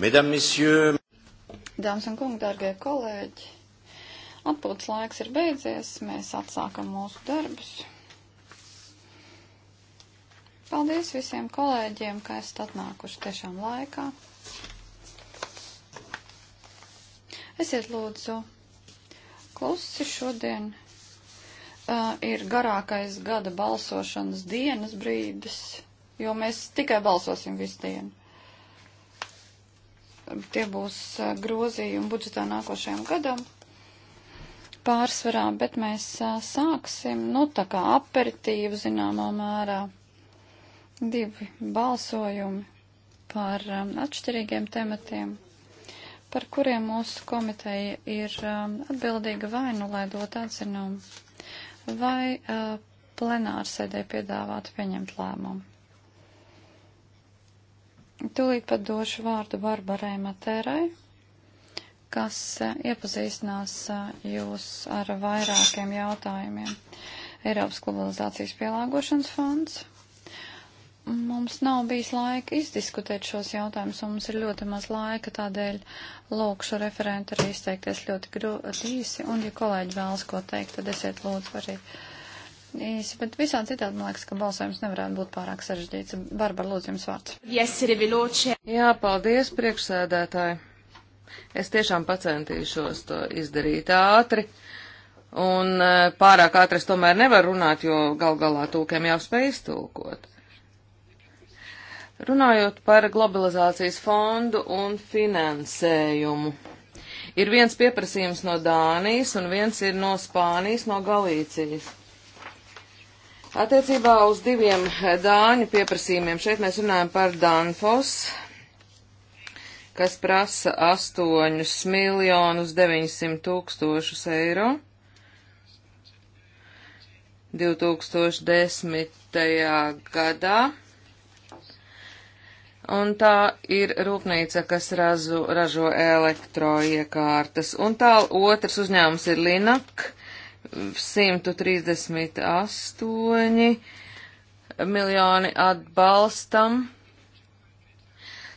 Mesdames, messieurs. Dāmas un kungi, dārgie kolēģi, atpūtas laiks ir beidzies, mēs atsākam mūsu darbus. Paldies visiem kolēģiem, ka esat atnākuši tiešām laikā. Esiet lūdzu klusi šodien. Uh, ir garākais gada balsošanas dienas brīdis, jo mēs tikai balsosim visu dienu tie būs eh, grozījumi budžetā nākošajam gadam pārsvarā, bet mēs eh, sāksim, nu, tā kā aperitīvu zināmā mērā, divi balsojumi par eh, atšķirīgiem tematiem, par kuriem mūsu komiteja ir atbildīga vai nu, lai dot atzinumu, vai plenārsēdē piedāvāt pieņemt lēmumu. Tūlīt pat došu vārdu Barbarai Matērai, kas e, iepazīstinās e, jūs ar vairākiem jautājumiem. Eiropas globalizācijas pielāgošanas fonds. Mums nav bijis laika izdiskutēt šos jautājumus, un mums ir ļoti maz laika, tādēļ lūkšu referentu arī izteikties ļoti īsi, un ja kolēģi vēlas ko teikt, tad esiet lūdzu arī. Uh, īsi, bet visādi citādi man liekas, ka balsojums nevarētu būt pārāk sarežģīts. Barbara, lūdzu, jums vārds. Yes, Jā, paldies, priekšsēdētāji. Es tiešām pacentīšos to izdarīt ātri. Un e, pārāk ātri es tomēr nevaru runāt, jo gal galā tūkiem jāspēj iztūkot. Runājot par globalizācijas fondu un finansējumu ir viens pieprasījums no Dānijas un viens ir no Spānijas, no Galīcijas. Attiecībā uz diviem eh, dāņu pieprasījumiem šeit mēs runājam par Danfos, kas prasa 8 miljonus 900 tūkstošus eiro. 2010. gadā. Un tā ir rūpnīca, kas razu, ražo elektroiekārtas. Un tāl otrs uzņēmums ir Linak 138 miljoni atbalstam,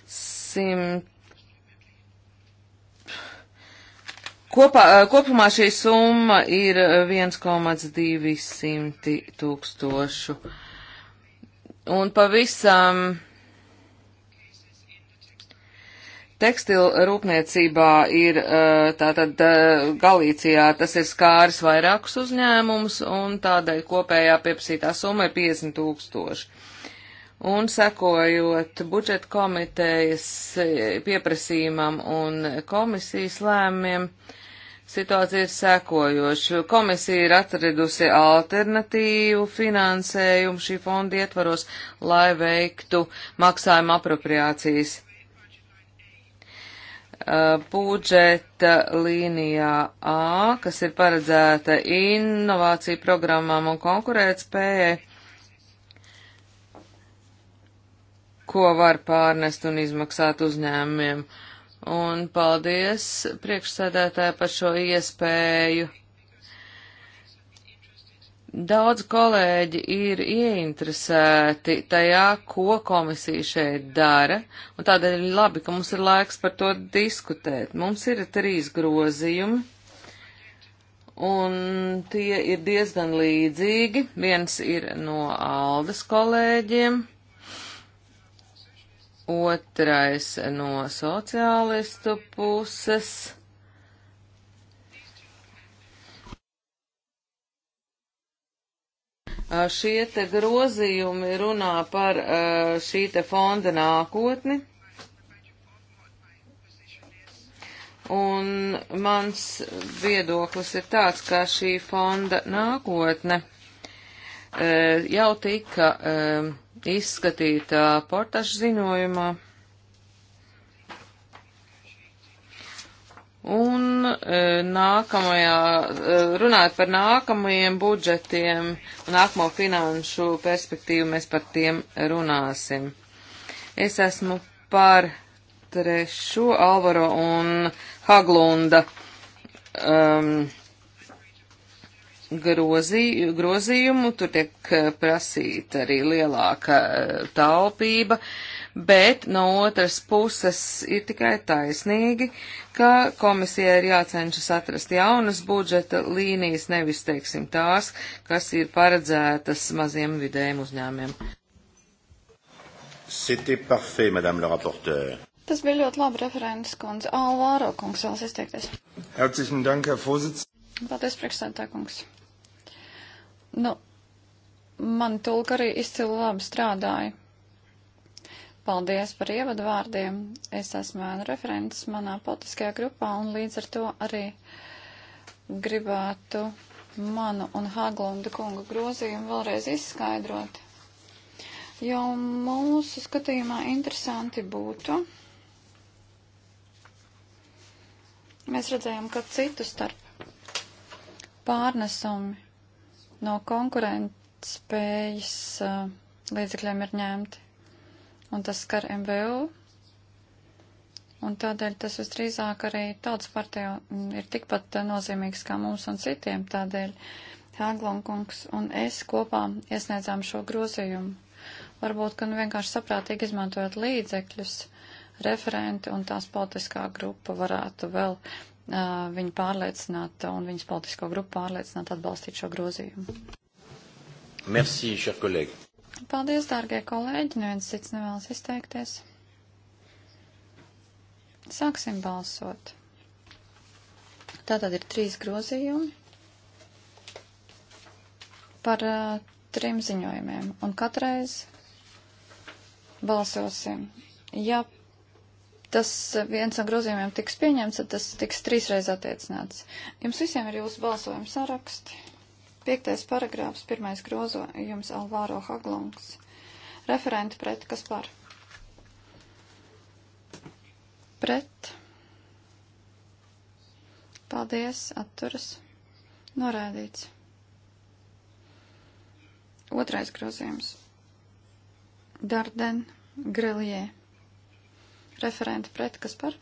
100 Kopā, kopumā šī summa ir 1,200 tūkstošu. Un pavisam Tekstila rūpniecībā ir eh, tātad eh, Galīcijā tas ir skāris vairākus uzņēmumus un tādēļ kopējā pieprasītā summa ir 50 tūkstoši. Un sekojot budžeta komitejas eh, pieprasījumam un komisijas lēmumiem, situācija ir sekojoša. Komisija ir atradusi alternatīvu finansējumu šī fonda ietvaros, lai veiktu maksājuma apropriācijas Eh, budžeta līnijā A, kas ir paredzēta inovāciju programmām un konkurētspējai, ko var pārnest un izmaksāt uzņēmumiem. Un paldies priekšsēdētāji par šo iespēju Daudz kolēģi ir ieinteresēti tajā, ko komisija šeit dara, un tādēļ ir labi, ka mums ir laiks par to diskutēt. Mums ir trīs grozījumi, un tie ir diezgan līdzīgi. Viens ir no Aldas kolēģiem, otrais no sociālistu puses Šie te grozījumi runā par šī te fonda nākotni. Un mans viedoklis ir tāds, ka šī fonda nākotne jau tika izskatīta portašu ziņojumā. Un e, nākamajā, e, runāt par nākamajiem budžetiem, nākamo finanšu perspektīvu mēs par tiem runāsim. Es esmu par trešo Alvaro un Haglunda um, grozī, grozījumu, tur tiek e, prasīta arī lielāka taupība. Uh, bet no otras puses ir tikai taisnīgi, ka komisija ir jācenšas atrast jaunas budžeta līnijas, nevis, teiksim, tās, kas ir paredzētas maziem vidējiem uzņēmiem. Parfait, madame la rapporteure. Tas bija ļoti labi, referents kundze. Alvāro kungs vēlas izteikties. Herzlichen Dank, Herr Vorsitz. Paldies, priekšsēdētāj kungs. Nu, man tulk arī izcili labi strādāja. Paldies par ievadu vārdiem. Es esmu ēnu referents manā politiskajā grupā un līdz ar to arī gribētu manu un Haglunda kunga grozījumu vēlreiz izskaidrot. Jo mūsu skatījumā interesanti būtu. Mēs redzējām, ka citu starp pārnesumi no konkurentspējas uh, līdzekļiem ir ņemti un tas skar MVU. Un tādēļ tas visdrīzāk arī tautas partijā ir tikpat nozīmīgs kā mums un citiem. Tādēļ Hēglonkungs un es kopā iesniedzām šo grozījumu. Varbūt, ka nu vienkārši saprātīgi izmantojot līdzekļus, referenti un tās politiskā grupa varētu vēl uh, viņu pārliecināt un viņas politisko grupu pārliecināt atbalstīt šo grozījumu. Merci, cher collègue. Paldies, dārgie kolēģi, neviens cits nevēlas izteikties. Sāksim balsot. Tātad ir trīs grozījumi par uh, trim ziņojumiem, un katreiz balsosim. Ja tas viens no grozījumiem tiks pieņemts, tad tas tiks trīsreiz attiecināts. Jums visiem ir jūsu balsojuma saraksti. Piektais paragrāfs, pirmais grozojums Alvāro Haglungs. Referenti pret, kas par? Pret. Paldies, atturas. Norādīts. Otrais grozījums. Darden Grelie. Referenti pret, kas par?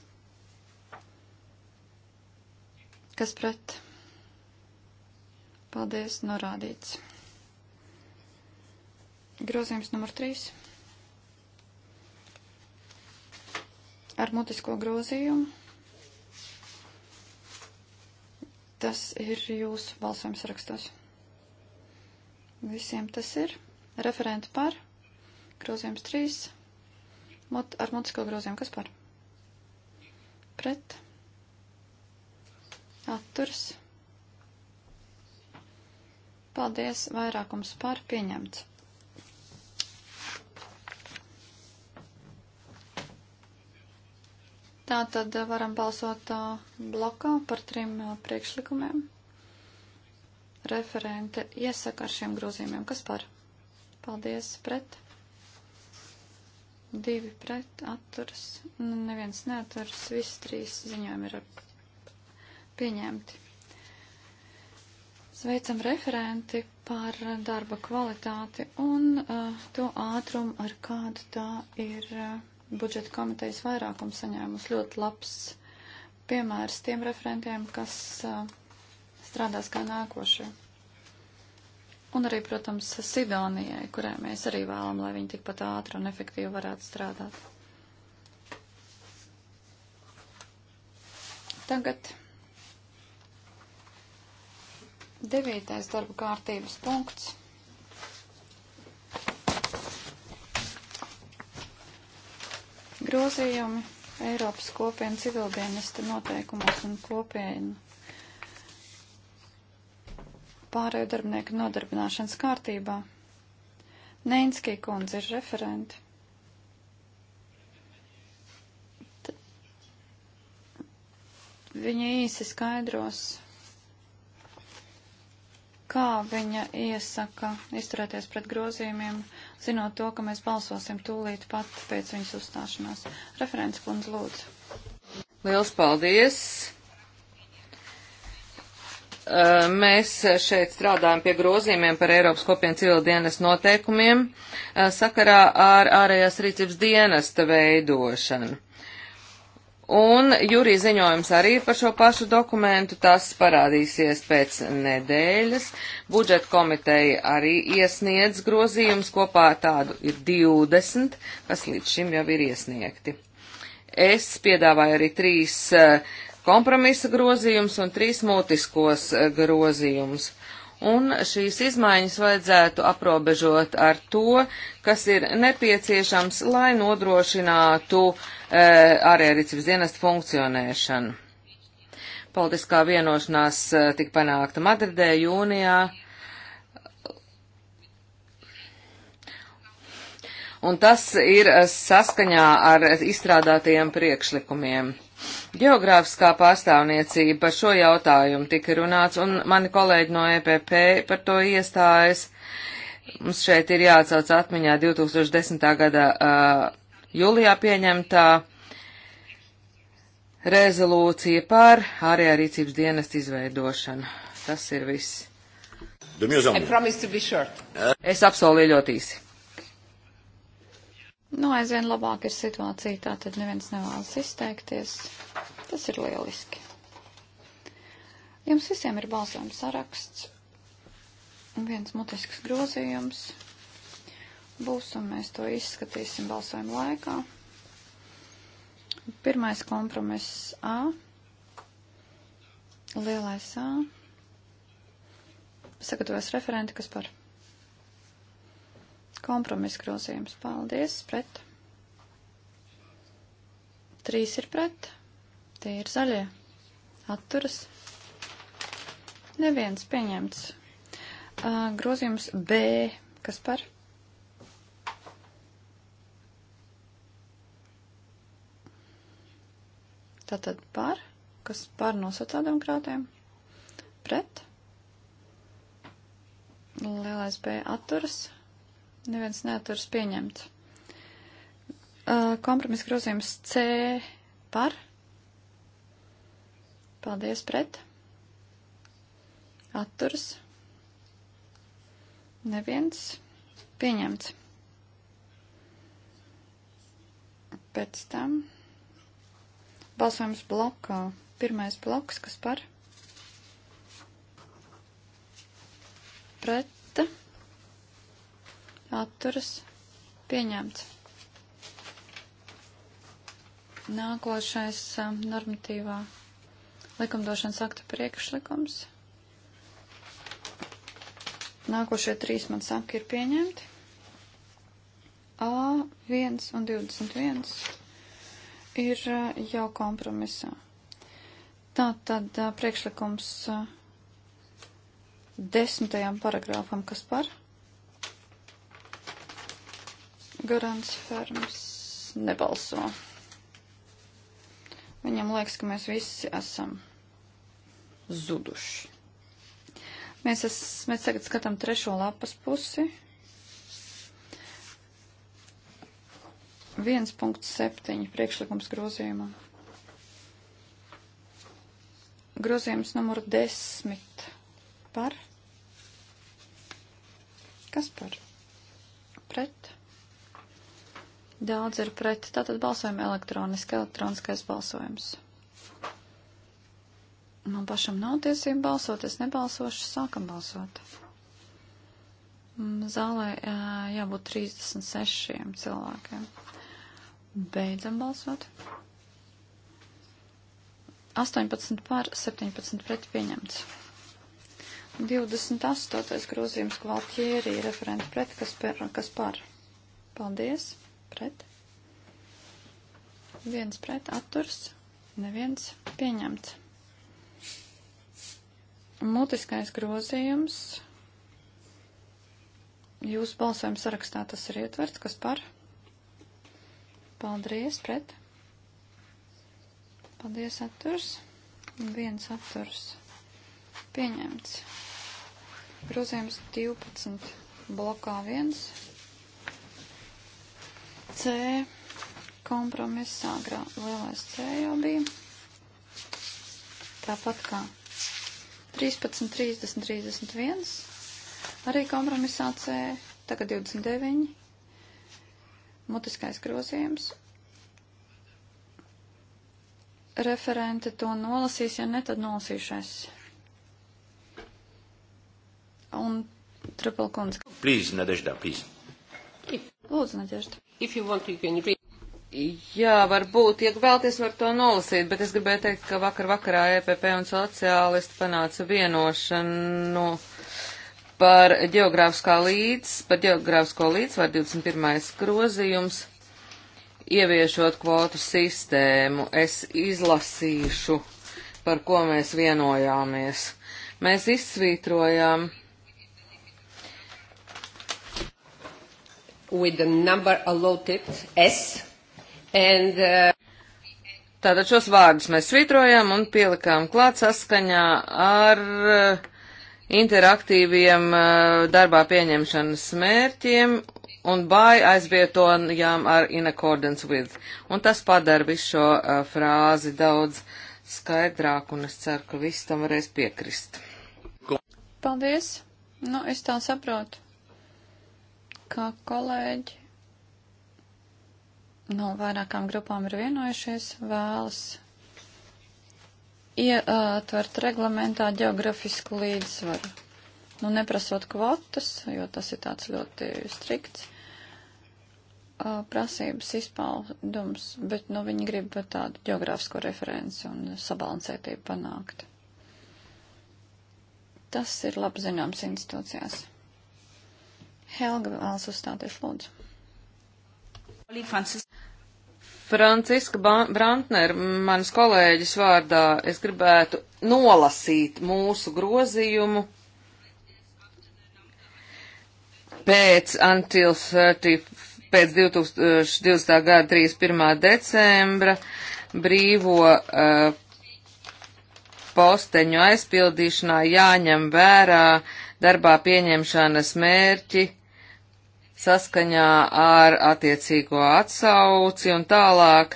Kas pret? Paldies, norādīts. Grozījums numur 3. Ar mutisko grozījumu. Tas ir jūsu balsojums rakstos. Visiem tas ir. Referenti par. Grozījums 3. Mut, ar mutisko grozījumu. Kas par? Pret. Atturs. Paldies, vairākums par pieņemts. Tā tad eh, varam balsot eh, blokā par trim eh, priekšlikumiem. Referente iesaka ar šiem grozījumiem. Kas par? Paldies, pret. Divi pret, atturas. Neviens neaturas. Visi trīs ziņojumi ir pieņemti. Sveicam referenti par darba kvalitāti un uh, to ātrumu, ar kādu tā ir uh, budžeta komitejas vairākums saņēmus. Ļoti labs piemērs tiem referentiem, kas uh, strādās kā nākošie. Un arī, protams, Sidonijai, kurai mēs arī vēlam, lai viņi tikpat ātri un efektīvi varētu strādāt. Tagad Devītais darba kārtības punkts. Grozījumi Eiropas kopienu civildienesta noteikumos un kopienu pārējo darbinieku nodarbināšanas kārtībā. Neinskī kundze ir referenti. Viņa īsi skaidros kā viņa iesaka izturēties pret grozījumiem, zinot to, ka mēs balsosim tūlīt pat pēc viņas uzstāšanās. Referents kundze lūdzu. Liels paldies! Mēs šeit strādājam pie grozījumiem par Eiropas kopienas civil dienas noteikumiem sakarā ar ārējās rīcības dienesta veidošanu. Un jūrī ziņojums arī par šo pašu dokumentu, tas parādīsies pēc nedēļas. Budžeta komiteja arī iesniedz grozījums, kopā tādu ir 20, kas līdz šim jau ir iesniegti. Es piedāvāju arī trīs eh, kompromisa grozījumus un trīs mutiskos eh, grozījumus. Un šīs izmaiņas vajadzētu aprobežot ar to, kas ir nepieciešams, lai nodrošinātu uh, ārējā eh, dienesta funkcionēšanu. Politiskā vienošanās eh, tika panākta Madridē jūnijā. Un tas ir eh, saskaņā ar izstrādātajiem priekšlikumiem. Geogrāfiskā pārstāvniecība par šo jautājumu tika runāts, un mani kolēģi no EPP par to iestājas. Mums šeit ir jāatsauc atmiņā 2010. gada uh, jūlijā pieņemtā rezolūcija par ārējā rīcības dienesta izveidošanu. Tas ir viss. Es apsolīju ļoti īsi. Nu, aizvien labāk ir situācija, tā tad neviens nevēlas izteikties. Tas ir lieliski. Jums visiem ir balsojums saraksts, viens mutisks grozījums būs, un mēs to izskatīsim balsojumu laikā. Pirmais kompromiss A. Lielais A. Sagatavojas referenti, kas par kompromisu grozījums. Paldies, pret. Trīs ir pret. Tie ir zaļie. Atturas. Neviens pieņemts. Uh, grozījums B. Kas par? Tātad par, kas par no sociāldemokrātiem, pret. Lielais B atturas. Neviens neaturas pieņemts. Kompromiss grozījums C par. Paldies pret. Atturas. Neviens pieņemts. Pēc tam Balsojums blokā. Pirmais bloks, kas par? Pret. Atturas. Pieņemts. Nākošais um, normatīvā likumdošanas akta priekšlikums. Nākošie trīs man saka ir pieņemti. A1 un 21 ir e, jau kompromisā. Tā tad e, priekšlikums e, desmitajam paragrāfam, kas par Garants Ferms nebalso. Viņam liekas, ka mēs visi esam zuduši. Mēs, es, mēs tagad skatām trešo lapas pusi. 1.7. priekšlikums grozījumam. Grozījums numur 10 par. Kas par? Pret. Daudz ir pret. Tātad balsojam elektroniski, elektroniskais balsojums. Man pašam nav tiesība balsot, es nebalsošu, sākam balsot. Mm, zālē jābūt 36 cilvēkiem. Beidzam balsot. 18 pār 17 pret pieņemts. 28. grozījums Gvaltjērī referenta pret, kas, per, kas par. Paldies. Pret. Viens pret atturs. Neviens pieņemts. Mutiskais grozījums. Jūsu balsojuma sarakstā tas ir ietverts, kas par. Paldies pret. Paldies atturs. Un viens atturs. Pieņemts. Grozījums 12. Blokā 1. C. Kompromiss agrā. Lielais C jau bija. Tāpat kā 13, 30, 31. Arī kompromisā C. Tagad 29 mutiskais grozījums. Referente to nolasīs, ja ne, tad nolasīšais. Un Triple Kundze. Please, Nadežda, please. Lūdzu, Nadežda. If you want, you can read. Jā, varbūt, ja vēlties, var to nolasīt, bet es gribēju teikt, ka vakar vakarā EPP un sociālisti panāca vienošanu. No par geogrāfiskā līdz, par geogrāfisko līdzsvaru 21. grozījums, ieviešot kvotu sistēmu. Es izlasīšu, par ko mēs vienojāmies. Mēs izsvītrojām. With the number allotted S and uh... Tātad šos vārdus mēs svītrojām un pielikām klāt saskaņā ar uh, interaktīviem eh, darbā pieņemšanas mērķiem un by aizvietojām ar in accordance with. Un tas padara visu šo uh, frāzi daudz skaidrāku, un es ceru, ka viss tam varēs piekrist. Paldies! Nu, es tā saprotu, kā kolēģi no vairākām grupām ir vienojušies, vēlas ietvert reglamentā geografisku līdzsvaru. Nu, neprasot kvotas, jo tas ir tāds ļoti strikts prasības izpildums, bet nu, viņi grib tādu geogrāfisko referenci un sabalansētību panākt. Tas ir labi zināms institūcijās. Helga vēlas uzstāties, lūdzu. Franciska Brantner, manas kolēģis vārdā, es gribētu nolasīt mūsu grozījumu pēc Until 30, pēc 2020. gada 31. decembra brīvo uh, posteņu aizpildīšanā jāņem vērā darbā pieņemšanas mērķi saskaņā ar attiecīgo atsauci un tālāk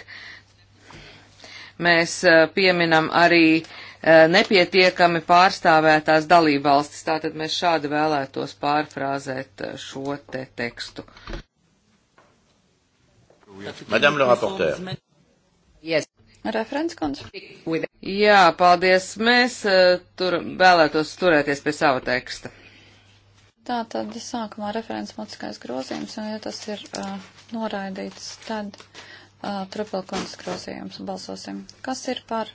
mēs eh, pieminam arī eh, nepietiekami pārstāvētās dalībvalstis. Tātad mēs šādi vēlētos pārfrāzēt eh, šo te tekstu. Madame le rapporteur. Yes. Referents kundze. Jā, paldies. Mēs tur vēlētos turēties pie sava teksta. Tā tad sākumā referents mutiskais grozījums, un ja tas ir uh, noraidīts, tad uh, trupelkonas grozījums balsosim. Kas ir par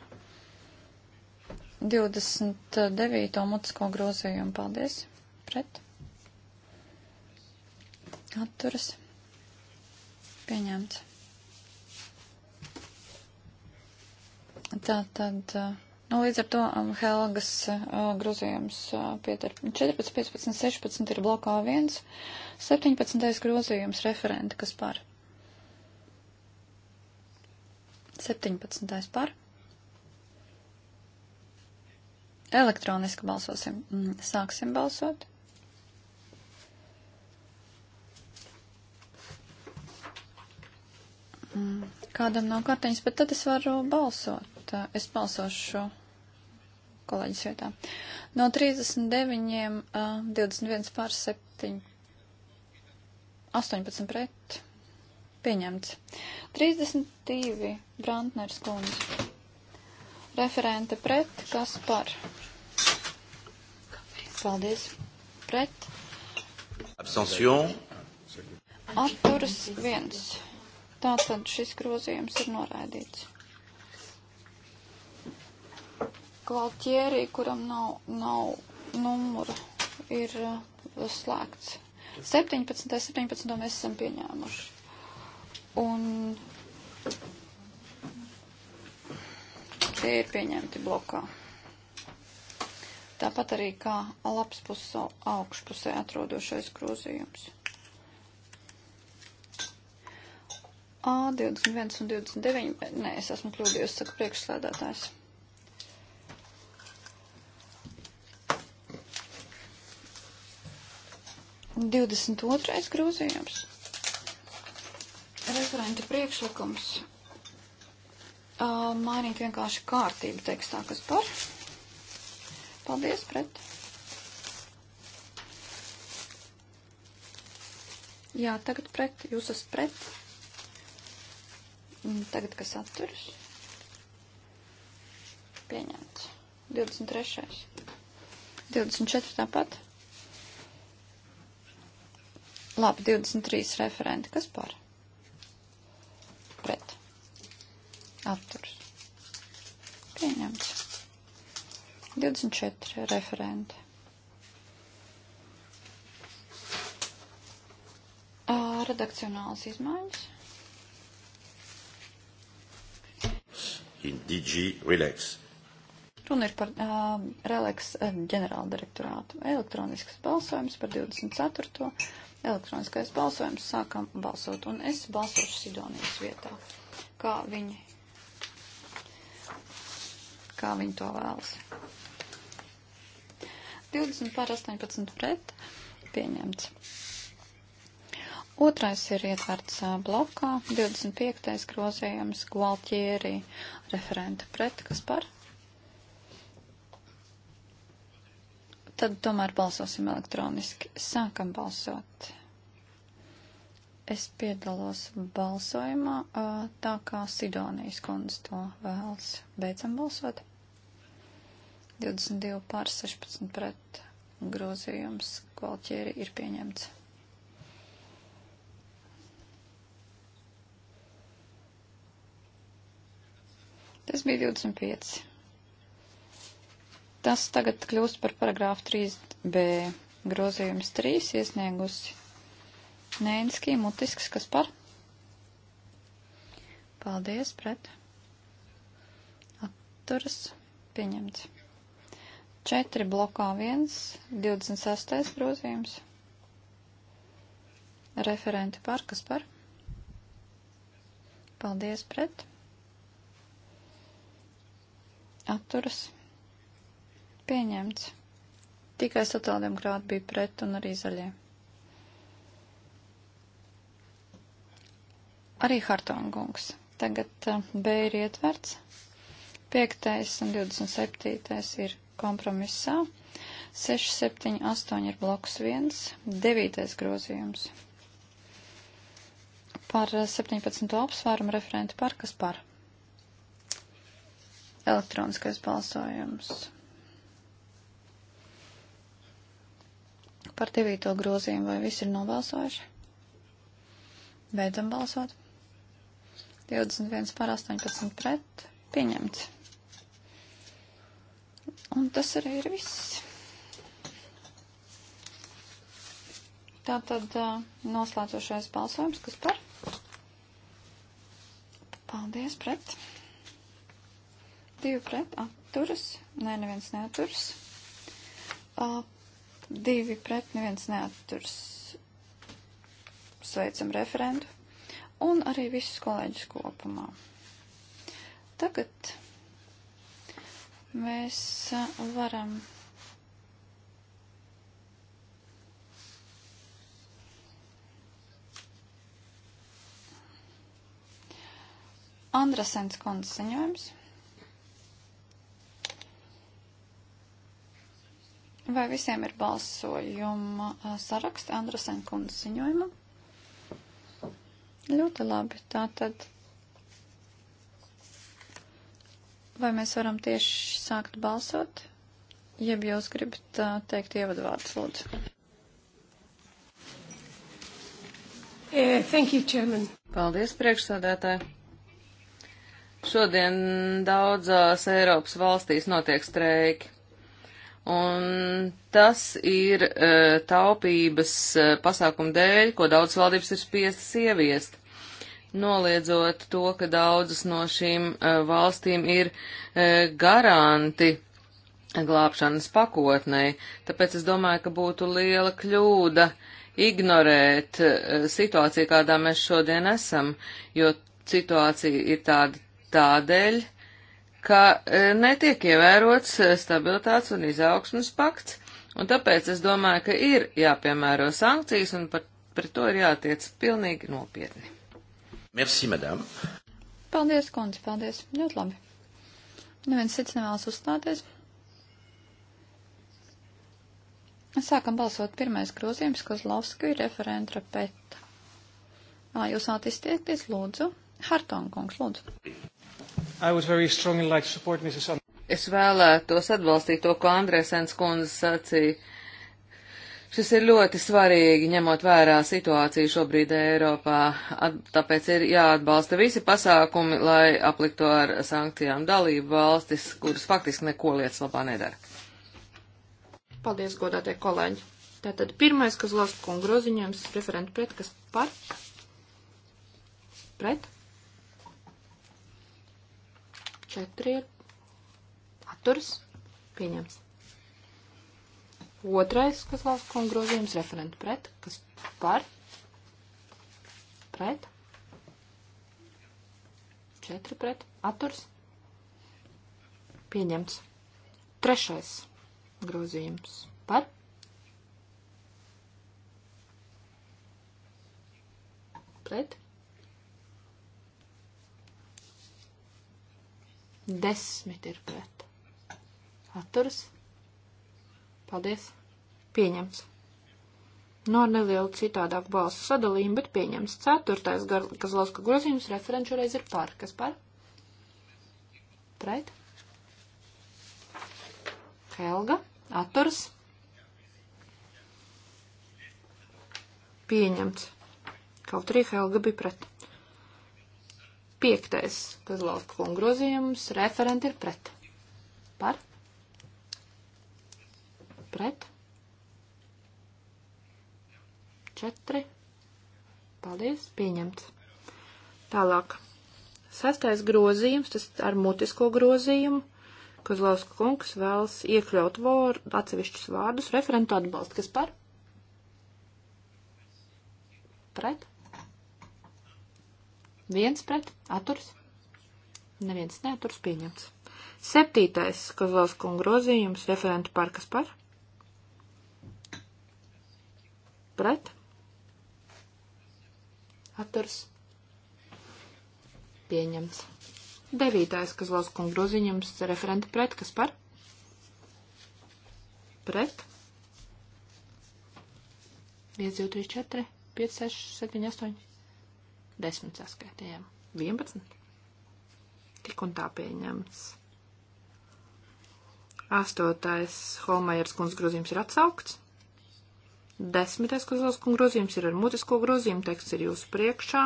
29. mutisko grozījumu? Paldies. Pret. Atturas. Pieņemts. Tā tad. Uh, Nu, līdz ar to um, Helgas uh, grozījums uh, pieter 14, 15, 16 ir blokā 1, 17. grozījums referenti, kas par. 17. par. Elektroniski balsosim. Mm, sāksim balsot. Mm, kādam nav kartiņas, bet tad es varu balsot. Es balsošu kolēģis vietā. No 39, uh, 21 pār 7, 18 pret, pieņemts. 32, Brantners kundze. Referente pret, kas par? Paldies. Pret. Abstention. Atturas viens. Tātad šis grozījums ir noraidīts. Gvaltierī, kuram nav, nav numura, ir uh, slēgts. 17. 17. mēs esam pieņēmuši. Un tie ir pieņemti blokā. Tāpat arī kā labs pusē, augšpusē atrodošais grozījums. A21 un 29, nē, es esmu kļūdījusi, saka priekšslēdētājs. 22. grozījums. Referenta priekšlikums. Uh, mainīt vienkārši kārtību tekstā, kas par. Paldies pret. Jā, tagad pret, jūs esat pret. Tagad, kas atturas? Pieņemts. 23. 24. tāpat. Labi, 23 referenti. Kas par? Pret. Atturs. Pieņemts. 24 referenti. Redakcionāls izmaiņas. In DG Relax. Runa ir par uh, Releks ģenerāla direktorātu. Elektronisks balsojums par 24. Elektroniskais balsojums sākam balsot. Un es balsošu Sidonijas vietā, kā viņi, kā viņi to vēlas. 20 pār 18 pret pieņemts. Otrais ir ietverts blokā, 25. grozījums Gualtieri referenta pret, kas par Tad tomēr balsosim elektroniski. Sākam balsot. Es piedalos balsojumā, tā kā Sidonijas kundze to vēlas. Beidzam balsot. 22 pār 16 pret grozījums kvalķieri ir pieņemts. Tas bija 25. Tas tagad kļūst par paragrāfu 3b. Grozījums 3 iesniegusi Nēnskī mutisks, kas par? Paldies, pret. Atturas pieņemts. 4 blokā 1, 26. grozījums. Referenti par, kas par? Paldies, pret. Atturas pieņemts Pieņemts. Tikai sociāldemokrāti bija pret un arī zaļie. Arī Hartongungs. Tagad eh, B ir ietverts. 5. un 27. ir kompromisā. 6, 7, 8 ir bloks 1. 9. grozījums. Par 17. Eh, apsvērumu referenti par kas par? Elektroniskais balsojums. Par devīto grozījumu vai visi ir nobalsojuši? Beidzam balsot. 21 par 18 pret. Pieņemts. Un tas arī ir viss. Tā tad noslēdzošais balsojums, kas par? Paldies, pret. Divi pret, atturas. Nē, neviens neaturas. Uh, Divi pret, neviens neaturs. Sveicam referendu un arī visus kolēģus kopumā. Tagad mēs uh, varam Andrasens kundzes ziņojums. Vai visiem ir balsojuma uh, saraksts Andrasen kundas ziņojuma? Ļoti labi. Tātad, vai mēs varam tieši sākt balsot? Jeb jūs gribat uh, teikt ievadvārdus, lūdzu. Yeah, thank you, Chairman. Paldies, priekšsādētāji. Šodien daudzās Eiropas valstīs notiek streiki. Un tas ir uh, taupības uh, pasākumu dēļ, ko daudz valdības ir spiestas ieviest, noliedzot to, ka daudzas no šīm uh, valstīm ir garanti glābšanas pakotnei. Tāpēc es domāju, ka būtu liela kļūda ignorēt situāciju, kādā mēs šodien esam, jo situācija ir tāda tādēļ, uh, ka e, netiek ievērots e, stabilitātes un izaugsmas pakts, un tāpēc es domāju, ka ir jāpiemēro sankcijas, un par, par to ir jātiec pilnīgi nopietni. Merci, madame. Paldies, kundze, paldies. Ļoti labi. Neviens cits nevēlas uzstāties. Sākam balsot pirmais grozījums, Kozlovski ir referentra peta. Ā, jūs vēlat izteikties, lūdzu. Hartonkungs, lūdzu. Like es vēlētos atbalstīt to, ko Andrēsens kundze sacīja. Šis ir ļoti svarīgi, ņemot vērā situāciju šobrīd Eiropā, At, tāpēc ir jāatbalsta visi pasākumi, lai aplikto ar sankcijām dalību valstis, kuras faktiski neko lietas labā nedara. Paldies, godātie kolēģi. Tātad pirmais, kas lasa kungu groziņojums, referenta pret, kas par? Pret? 4 ir atturs pieņems. Otrais, kas lauska un grozījums referentu pret, kas par, pret, 4 pret, atturs pieņemts. Trešais grozījums par. Pret. Desmit ir pret. Atturas. Paldies. Pieņems. No nu, ar nelielu citādāku balsu sadalījumu, bet pieņems. Ceturtais Gazlauska grozījums referenču reiz ir par. Kas par? Pret. Helga. Atturs. Pieņemts. Kaut arī Helga bija pret. Piektais Kazlovka kunga grozījums. Referenti ir pret. Par? Pret? Četri. Paldies, pieņemts. Tālāk. Sastais grozījums, tas ar mutisko grozījumu. Kozlovska kungs vēlas iekļaut vor, atsevišķus vārdus referentu atbalstu. Kas par? Pret? Viens pret, atturs. Neviens neaturs pieņemts. Septītais Kozlovska un grozījums referentu par kas par? Pret. Atturs. Pieņemts. Devītais Kozlovska un grozījums referentu pret kas par? Pret. 5, 2, 3, 4, 5, 6, 7, 8. 10 saskaitījām. 11. Tik un tā pieņemts. 8. Holmajers kundz grozījums ir atsaukts. 10. Kozlovs kundz grozījums ir ar mutisko grozījumu. Teksts ir jūsu priekšā.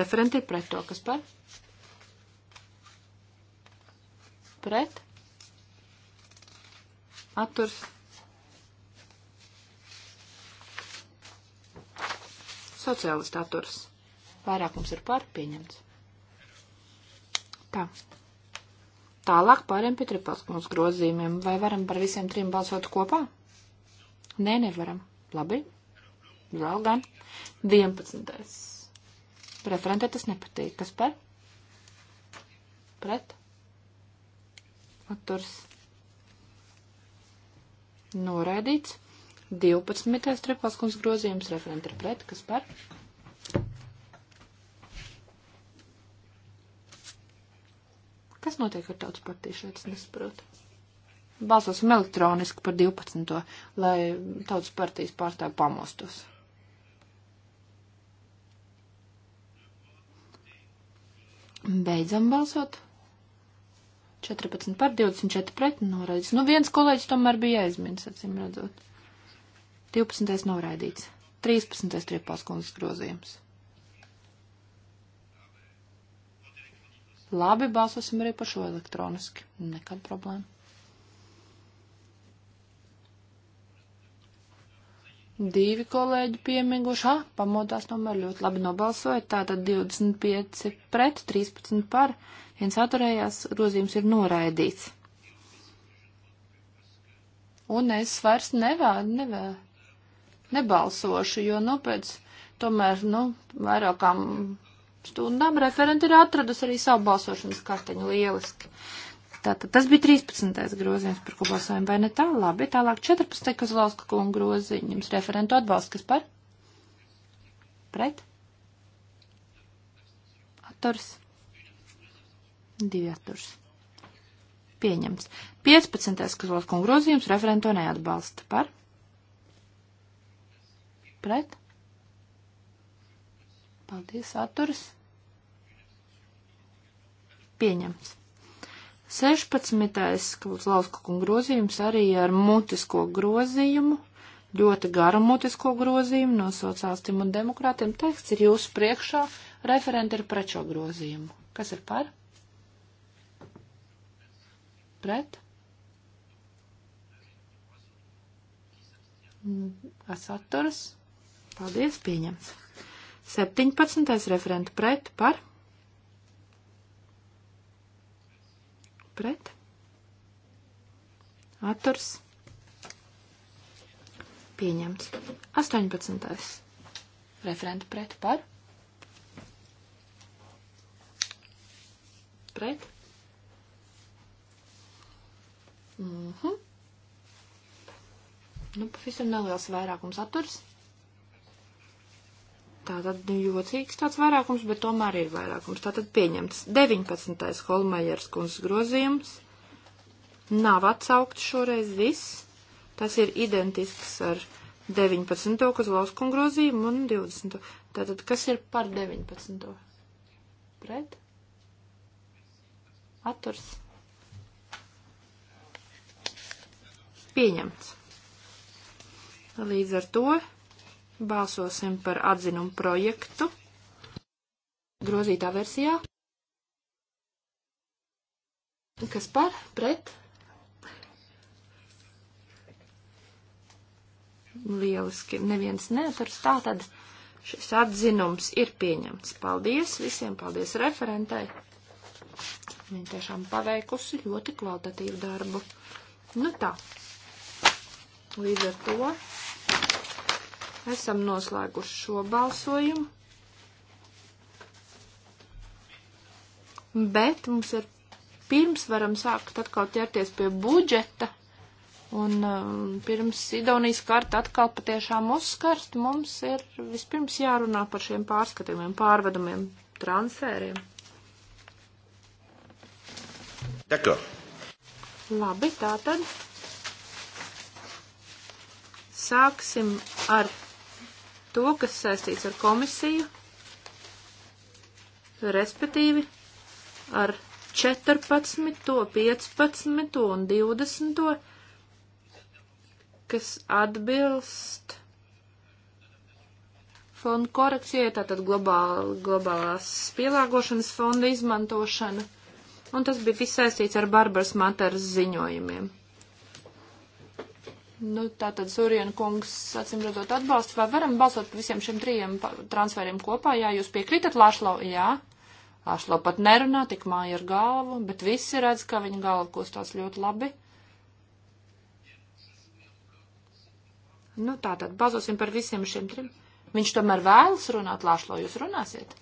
Referenti ir pret to, kas par? Pret? Atturs Sociālistu atturs. Vairākums ir par pieņemts. Tā. Tālāk pāriem pie tripalskumas grozījumiem. Vai varam par visiem trim balsot kopā? Nē, nevaram. Labi. Vēl gan. 11. Referentē tas nepatīk. Kas par? Pret? Atturs. Noraidīts. 12. trepalskungs grozījums, referenti ir pret, kas par? Kas notiek ar tautas partiju šeit, es nesaprotu. Balsosim elektroniski par 12. lai tautas partijas pārstāv pamostos. Beidzam balsot. 14 par 24 pret noraidis. Nu, viens kolēģis tomēr bija aizmins, acīm redzot. 12. noraidīts. 13. triepās kundzes grozījums. Labi, balsosim arī par šo elektroniski. Nekad problēma. Divi kolēģi piemiguši, ah, pamodās tomēr ļoti labi nobalsoja, tātad 25 pret, 13 par, viens atturējās, grozījums ir noraidīts. Un es vairs nevā, nevā, nebalsošu, jo, nu, pēc tomēr, nu, vairākām stundām referenti ir atradusi arī savu balsošanas karteņu lieliski. Tātad tas bija 13. grozījums, par ko balsojam, vai ne tā? Labi, tālāk 14. Kozlauska kunga grozījums. Referentu atbalsts, kas par? Pret? Atturs? Divi atturs. Pieņemts. 15. Kozlauska kunga grozījums referento neatbalsta. Par? pret. Paldies, atturas. Pieņemts. 16. Klauslauskaku grozījums arī ar mutisko grozījumu, ļoti garu mutisko grozījumu no sociālistiem un demokrātiem. Teksts ir jūsu priekšā, referenti ir pret šo grozījumu. Kas ir par? Pret? Mm, Asaturas? Paldies, pieņemts. 17. referentu pret par. Pret. Atturs. Pieņemts. 18. referentu pret par. Pret. Mhm. Nu, pavisam neliels vairākums atturs. Tātad nu, jocīgs tāds vairākums, bet tomēr ir vairākums. Tātad pieņemts 19. Holmajers kundzes grozījums. Nav atsaukt šoreiz viss. Tas ir identisks ar 19. Kozlausku grozījumu un 20. Tātad kas ir par 19. Pret? Atturs. Pieņemts. Līdz ar to Balsosim par atzinumu projektu grozītā versijā. Kas par? Pret? Lieliski. Neviens neatars. Tā tad šis atzinums ir pieņemts. Paldies visiem, paldies referentai. Viņa tiešām paveikusi ļoti kvalitatīvu darbu. Nu tā. Līdz ar to Esam noslēguši šo balsojumu. Bet mums ir pirms varam sākt atkal ķerties pie budžeta. Un um, pirms Sidonijas karta atkal patiešām uzskarst, mums ir vispirms jārunā par šiem pārskatījumiem, pārvedumiem, transfēriem. D'accord. Labi, tātad sāksim ar to, kas saistīts ar komisiju, respektīvi ar 14, 15 un 20, kas atbilst fondu korekcijai, tātad globāl, globālās pielāgošanas fonda izmantošana. Un tas bija viss saistīts ar Barbaras Materas ziņojumiem. Nu, tātad Surienu kungs, acīm redzot, atbalsts. Vai varam balsot par visiem šiem trījiem transferiem kopā? Jā, jūs piekrītat Lāšlau? Jā. Lāšlau pat nerunā, tik māja ar galvu, bet visi redz, ka viņa galva kustās ļoti labi. Nu, tātad, bazosim par visiem šiem trim. Viņš tomēr vēlas runāt, Lāšlau, jūs runāsiet?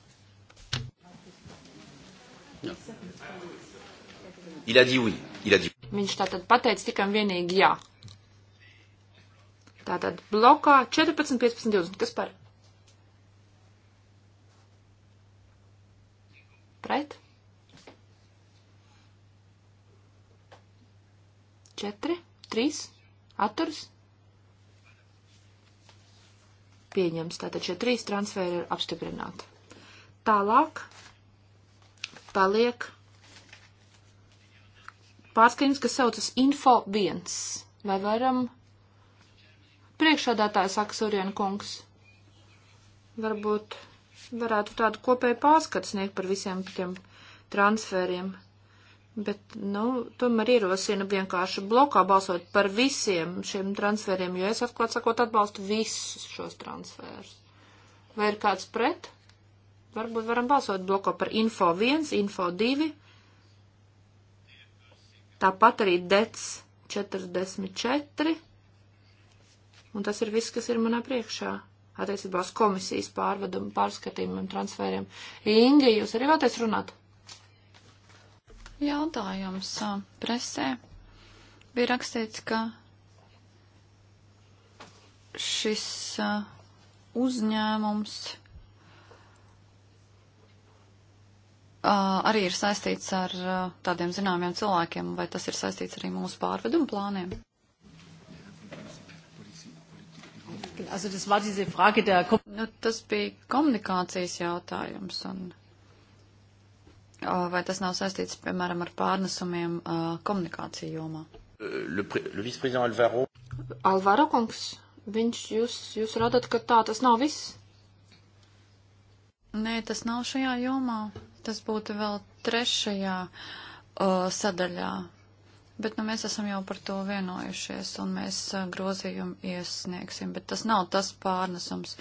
Jā. Il a dit oui. Il a dit. Viņš tātad pateica tikai vienīgi jā. Ja. Tātad blokā 14, 15, 20. Kas par? Pret? 4, 3, atturs. Pieņems. Tātad šie trīs transferi ir apstiprināti. Tālāk paliek pārskatījums, kas saucas Info 1. Vai varam Priekšādātāja saka Surien kungs. Varbūt varētu tādu kopēju pārskatu sniegt par visiem tiem transferiem. Bet, nu, tomēr ierosina vienkārši blokā balsot par visiem šiem transferiem, jo es atklāt sakot atbalstu visus šos transferus. Vai ir kāds pret? Varbūt varam balsot bloko par info 1, info 2. Tāpat arī dec 44. Un tas ir viss, kas ir manā priekšā attiecībā uz komisijas pārvedumu, pārskatījumiem, transferiem. Inga, jūs arī vēlaties runāt? Jautājums presē bija rakstīts, ka šis uzņēmums arī ir saistīts ar tādiem zināmiem cilvēkiem, vai tas ir saistīts arī mūsu pārvedumu plāniem? Also das war diese Frage der Kom nu, Tas bija komunikācijas jautājums. Un, vai tas nav saistīts, piemēram, ar pārnesumiem uh, komunikāciju jomā? Euh, le, le viceprezidents Alvaro. Alvaro kungs, viņš jūs, jūs radat, ka tā tas nav viss? Nē, tas nav šajā jomā. Tas būtu vēl trešajā uh, sadaļā Bet nu, mēs esam jau par to vienojušies, un mēs grozījumu iesniegsim, bet tas nav tas pārnesums.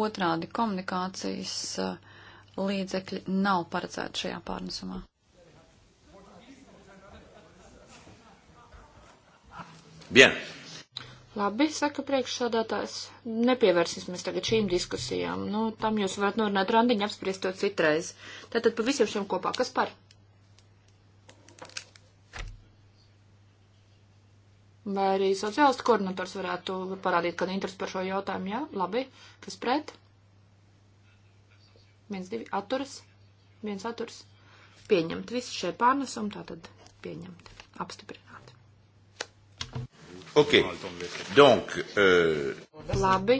Otrādi komunikācijas līdzekļi nav paredzēti šajā pārnesumā. Bien. Labi, saka priekšsādātājs, nepievērsīsimies tagad šīm diskusijām. Nu, tam jūs varat norunāt randiņu apspriest to citreiz. Tātad pa visiem šiem kopā, kas par? Vai arī sociālistu koordinators varētu parādīt, kad interesi par šo jautājumu, jā, labi, kas pret? Viens, divi, atturas, viens atturas. Pieņemt visu šie pārnesumi, tātad pieņemt, apstiprināt. Ok, donc. Euh... Labi.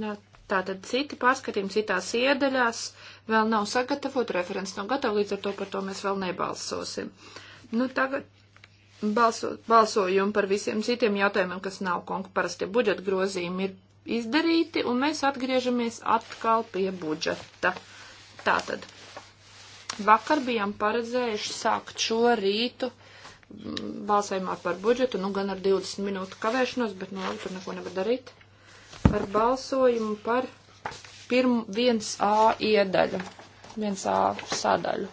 Nu, tātad citi pārskatījumi citās iedaļās vēl nav sagatavot referents nav no gatava, līdz ar to par to mēs vēl nebalsosim. Nu, tagad balso, balsojumu par visiem citiem jautājumiem, kas nav parastie budžeta grozījumi, ir izdarīti, un mēs atgriežamies atkal pie budžeta. Tātad, vakar bijām paredzējuši sākt šo rītu mm, balsojumā par budžetu, nu gan ar 20 minūtu kavēšanos, bet nu labi, tur neko nevar darīt, ar balsojumu par pirm 1A iedaļu, 1A sadaļu.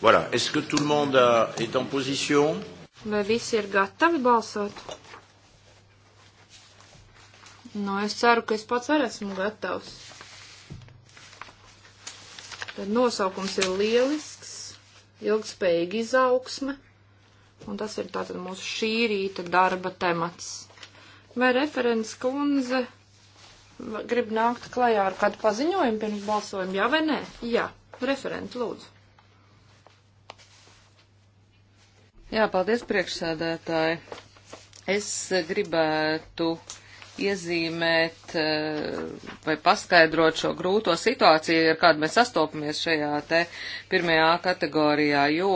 Voilà. Est-ce que tout le monde a, est en position? Vai visi ir gatavi balsot? Nu, es ceru, ka es pats arī esmu gatavs. Tad nosaukums ir lielisks, ilgspējīga izaugsme, un tas ir tātad mūsu šī rīta darba temats. Vai referents kundze grib nākt klajā ar kādu paziņojumu pirms balsojumu, jā vai nē? Jā, referents lūdzu. Jā, paldies priekšsēdētāji. Es gribētu iezīmēt eh, vai paskaidrot šo grūto situāciju, ar kādu mēs sastopamies šajā te pirmajā kategorijā, jo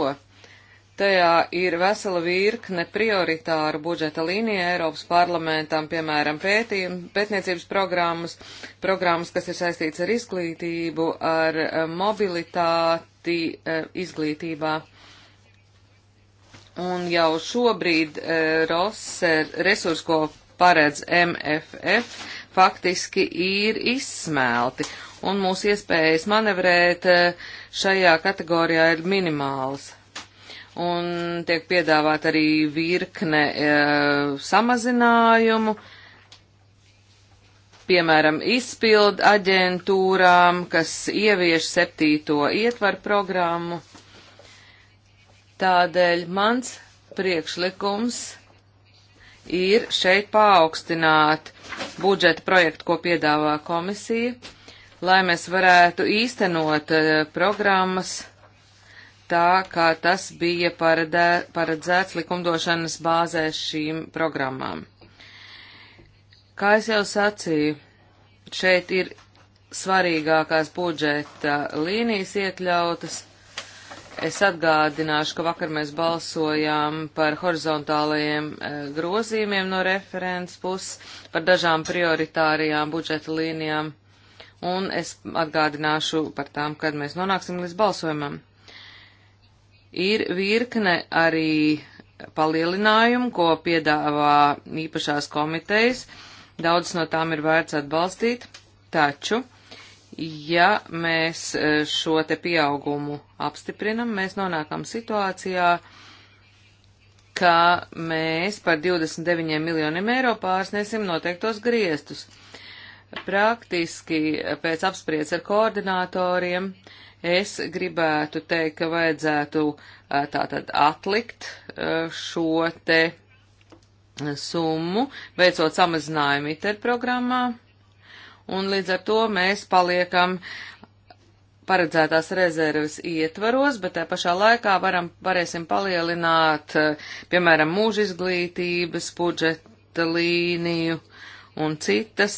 tajā ir vesela virkne prioritāru budžeta līnija Eiropas parlamentam, piemēram, pētījum, pētniecības programmas, programmas, kas ir saistīts ar izglītību, ar eh, mobilitāti eh, izglītībā Un jau šobrīd e, eh, Roser resursu, ko paredz MFF, faktiski ir izsmelti, un mūsu iespējas manevrēt eh, šajā kategorijā ir minimāls. Un tiek piedāvāt arī virkne e, samazinājumu, piemēram, izpildu aģentūrām, kas ievieš septīto ietvaru programmu Tādēļ mans priekšlikums ir šeit paaugstināt budžeta projektu, ko piedāvā komisija, lai mēs varētu īstenot uh, programmas tā, kā tas bija paredē, paredzēts likumdošanas bāzē šīm programmām. Kā es jau sacīju, šeit ir svarīgākās budžeta līnijas iekļautas Es atgādināšu, ka vakar mēs balsojām par horizontālajiem eh, grozījumiem no referents puses, par dažām prioritārijām budžeta līnijām, un es atgādināšu par tām, kad mēs nonāksim līdz balsojumam. Ir virkne arī palielinājumu, ko piedāvā īpašās komitejas. Daudz no tām ir vērts atbalstīt, taču ja mēs e, šo te pieaugumu apstiprinam, mēs nonākam situācijā, ka mēs par 29 miljoniem eiro pārsniesim noteiktos griestus. Praktiski pēc apspriedes ar koordinatoriem es gribētu teikt, ka vajadzētu e, tātad atlikt e, šo te summu, veicot samazinājumu ITER programmā un līdz ar to mēs paliekam paredzētās rezerves ietvaros, bet tā pašā laikā varam, varēsim palielināt, eh, piemēram, mūža izglītības, budžeta līniju un citas,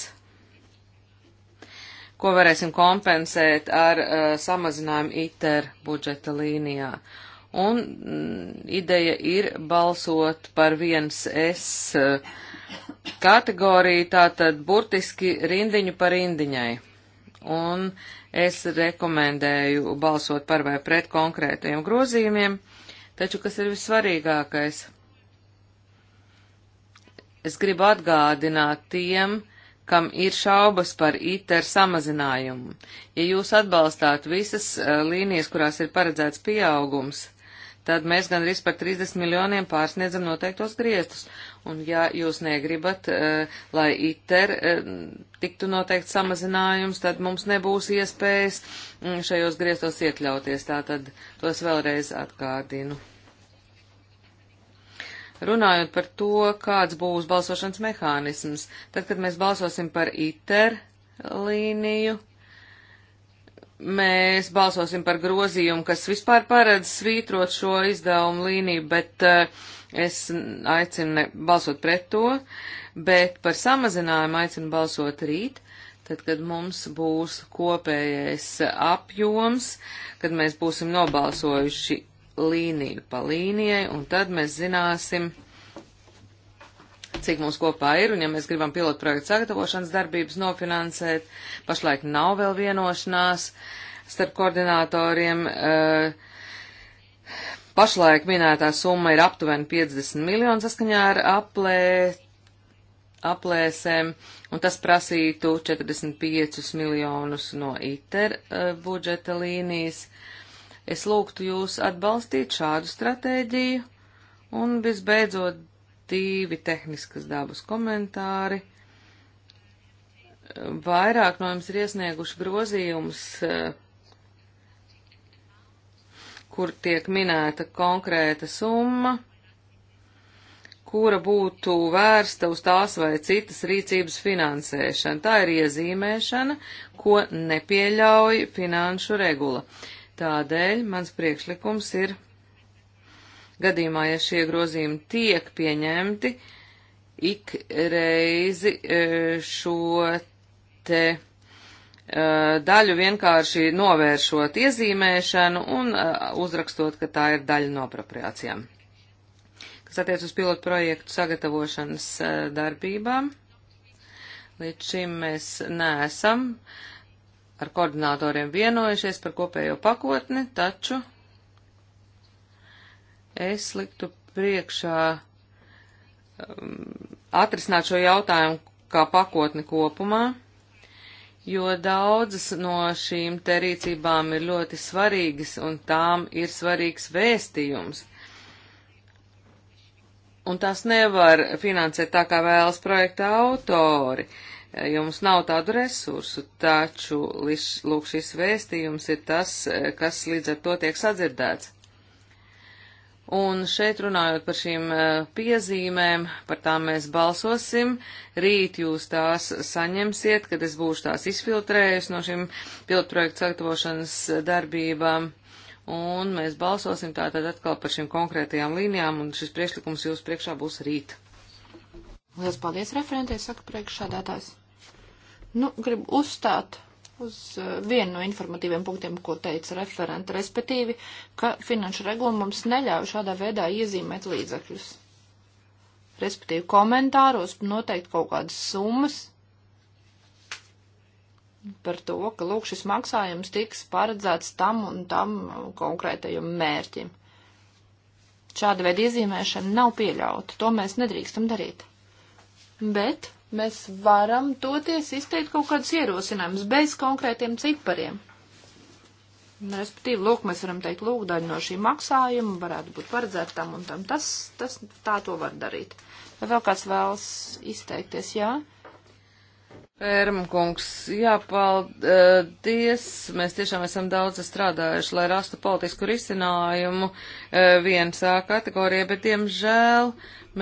ko varēsim kompensēt ar uh, samazinājumu ITER budžeta līnijā. Un m, mm, ideja ir balsot par viens S uh, kategorija tātad burtiski rindiņu par rindiņai. Un es rekomendēju balsot par vai pret konkrētajiem grozījumiem, taču kas ir vissvarīgākais? Es gribu atgādināt tiem, kam ir šaubas par ITER samazinājumu. Ja jūs atbalstāt visas e, līnijas, kurās ir paredzēts pieaugums, tad mēs gandrīz par 30 miljoniem pārsniedzam noteiktos griestus. Un ja jūs negribat, eh, lai ITER eh, tiktu noteikti samazinājums, tad mums nebūs iespējas mm, šajos griestos iekļauties. Tātad tos vēlreiz atgādinu. Runājot par to, kāds būs balsošanas mehānisms, tad, kad mēs balsosim par ITER līniju, mēs balsosim par grozījumu, kas vispār paredz svītrot šo izdevumu līniju, bet uh, Es aicinu ne, balsot pret to, bet par samazinājumu aicinu balsot rīt, tad, kad mums būs kopējais apjoms, kad mēs būsim nobalsojuši līniju pa līnijai, un tad mēs zināsim, cik mums kopā ir, un ja mēs gribam pilotu projektu sagatavošanas darbības nofinansēt, pašlaik nav vēl vienošanās starp koordinatoriem. Uh, Pašlaik minētā summa ir aptuveni 50 miljoni saskaņā ar aplē, aplēsēm, un tas prasītu 45 miljonus no ITER eh, budžeta līnijas. Es lūgtu jūs atbalstīt šādu stratēģiju, un visbeidzot divi tehniskas dabas komentāri. Vairāk no jums ir iesnieguši grozījumus eh, kur tiek minēta konkrēta summa, kura būtu vērsta uz tās vai citas rīcības finansēšanu. Tā ir iezīmēšana, ko nepieļauj finanšu regula. Tādēļ mans priekšlikums ir gadījumā, ja šie grozījumi tiek pieņemti, ik reizi eh, šo te Uh, daļu vienkārši novēršot iezīmēšanu un uh, uzrakstot, ka tā ir daļa no apropriācijām. Kas attiec uz pilotu projektu sagatavošanas uh, darbībām, līdz šim mēs neesam ar koordinatoriem vienojušies par kopējo pakotni, taču es liktu priekšā um, atrisināt šo jautājumu kā pakotni kopumā jo daudzas no šīm te rīcībām ir ļoti svarīgas un tām ir svarīgs vēstījums. Un tās nevar finansēt tā, kā vēlas projekta autori. Jums nav tādu resursu, taču, lūk, šis vēstījums ir tas, eh, kas līdz ar to tiek sadzirdēts. Un šeit runājot par šīm eh, piezīmēm, par tām mēs balsosim. Rīt jūs tās saņemsiet, kad es būšu tās izfiltrējusi no šīm pilotprojektu sagatavošanas darbībām. Un mēs balsosim tātad atkal par šīm konkrētajām līnijām, un šis priekšlikums jūs priekšā būs rīt. Lielas paldies referentē, saka priekšādātājs. Nu, gribu uzstāt uz eh, vienu no informatīviem punktiem, ko teica referenta, respektīvi, ka finanšu regula mums neļauj šādā veidā iezīmēt līdzekļus. Respektīvi, komentāros noteikti kaut kādas summas par to, ka lūk šis maksājums tiks paredzēts tam un tam konkrētajam mērķim. Šāda veida iezīmēšana nav pieļauta, to mēs nedrīkstam darīt. Bet Mēs varam toties izteikt kaut kādus ierosinājumus bez konkrētiem cipariem. Respektīvi, lūk, mēs varam teikt, lūk, daļa no šī maksājuma varētu būt paredzēta tam un tam. Tas, tas tā to var darīt. Vai vēl kāds vēlas izteikties? Jā. Ja? Pērmkungs, jā, paldies. Mēs tiešām esam daudz strādājuši, lai rastu politisku risinājumu e, viensā kategorijā, bet, diemžēl,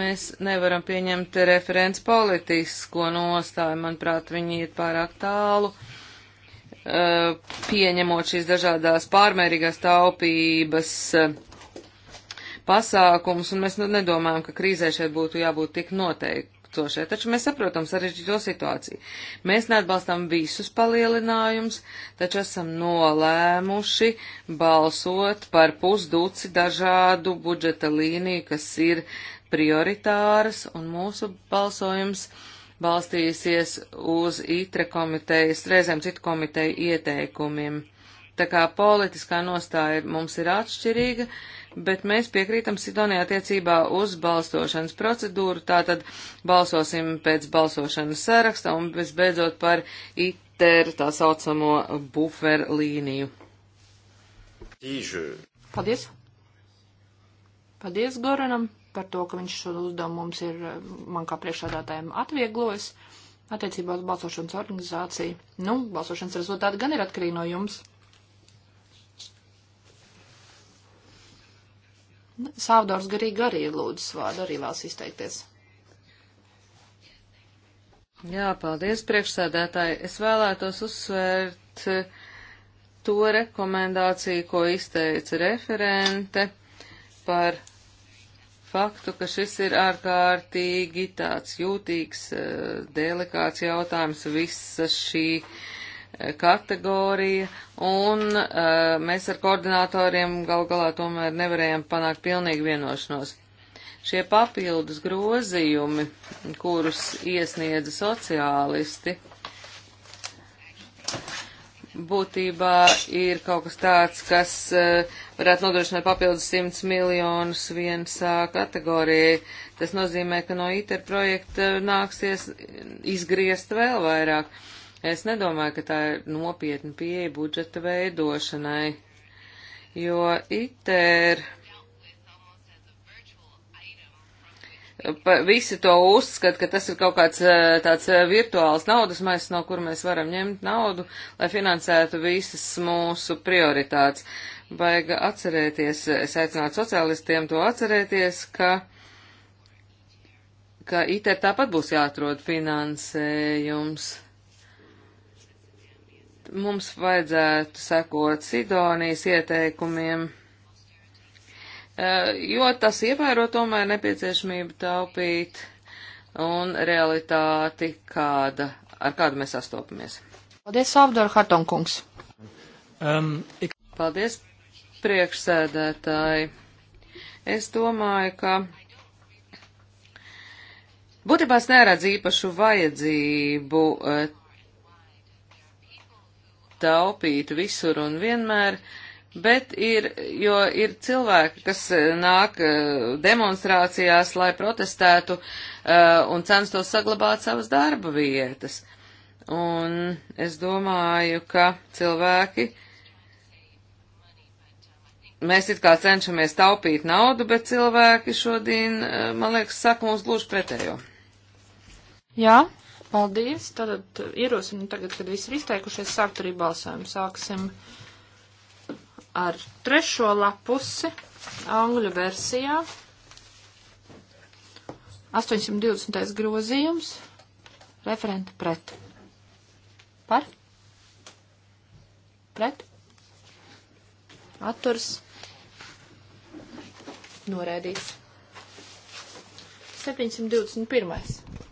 mēs nevaram pieņemt referents politisko nostāju. Manuprāt, viņi iet pārāk tālu, e, pieņemot šīs dažādās pārmērīgās taupības e, pasākums, un mēs nu nedomājam, ka krīzē šeit būtu jābūt tik noteikti atbilstošie, taču mēs saprotam sarežģīto situāciju. Mēs neatbalstam visus palielinājumus, taču esam nolēmuši balsot par pusduci dažādu budžeta līniju, kas ir prioritāras, un mūsu balsojums balstīsies uz ITRE komitejas, reizēm citu komiteju ieteikumiem. Tā kā politiskā nostāja mums ir atšķirīga, bet mēs piekrītam Sidonijā attiecībā uz balsošanas procedūru, tātad balsosim pēc balsošanas saraksta un visbeidzot par ITER tā saucamo buferu līniju. Paldies! Paldies Goranam par to, ka viņš šo uzdevumu mums ir, man kā priekšādātājiem, atvieglojis attiecībā uz balsošanas organizāciju. Nu, balsošanas rezultāti gan ir atkarīgi no jums. Sāvdors Garīgi arī lūdzu vārdu, arī vēlas izteikties. Jā, paldies, priekšsēdētāji. Es vēlētos uzsvērt eh, to rekomendāciju, ko izteica referente par faktu, ka šis ir ārkārtīgi tāds jūtīgs, eh, delikāts jautājums visa šī uh, kategorija, un uh, mēs ar koordinatoriem gal galā tomēr nevarējām panākt pilnīgu vienošanos. Šie papildus grozījumi, kurus iesniedza sociālisti, būtībā ir kaut kas tāds, kas uh, varētu nodrošināt papildus 100 miljonus viensā kategorijai. Tas nozīmē, ka no ITER projekta eh, nāksies izgriezt vēl vairāk. Uh, Es nedomāju, ka tā ir nopietna pieeja budžeta veidošanai, jo ITER. Pa, visi to uzskata, ka tas ir kaut kāds eh, tāds eh, virtuāls naudas maisis, no kur mēs varam ņemt naudu, lai finansētu visas mūsu prioritātes. Vajag atcerēties, es aicinātu sociālistiem to atcerēties, ka, ka IT tāpat būs jāatrod finansējums mums vajadzētu sekot Sidonijas ieteikumiem, eh, jo tas ievēro tomēr nepieciešamību taupīt un realitāti, kāda, ar kādu mēs sastopamies. Paldies, Avdor Hartonkungs. Um, ik... Paldies, priekšsēdētāji. Es domāju, ka būtībā es neredzu īpašu vajadzību eh, taupītu visur un vienmēr, bet ir, jo ir cilvēki, kas eh, nāk eh, demonstrācijās, lai protestētu eh, un censtos saglabāt savas darba vietas. Un es domāju, ka cilvēki, mēs it kā cenšamies taupīt naudu, bet cilvēki šodien, man liekas, saka mums gluži pretējo. Jā, Paldies. Tātad uh, ierosinu tagad, kad visi ir izteikušies, sākt arī balsojumu. Sāksim ar trešo lapusi angļu versijā. 820. grozījums. Referenta pret. Par? Pret? Atturs? Norēdīts. 721.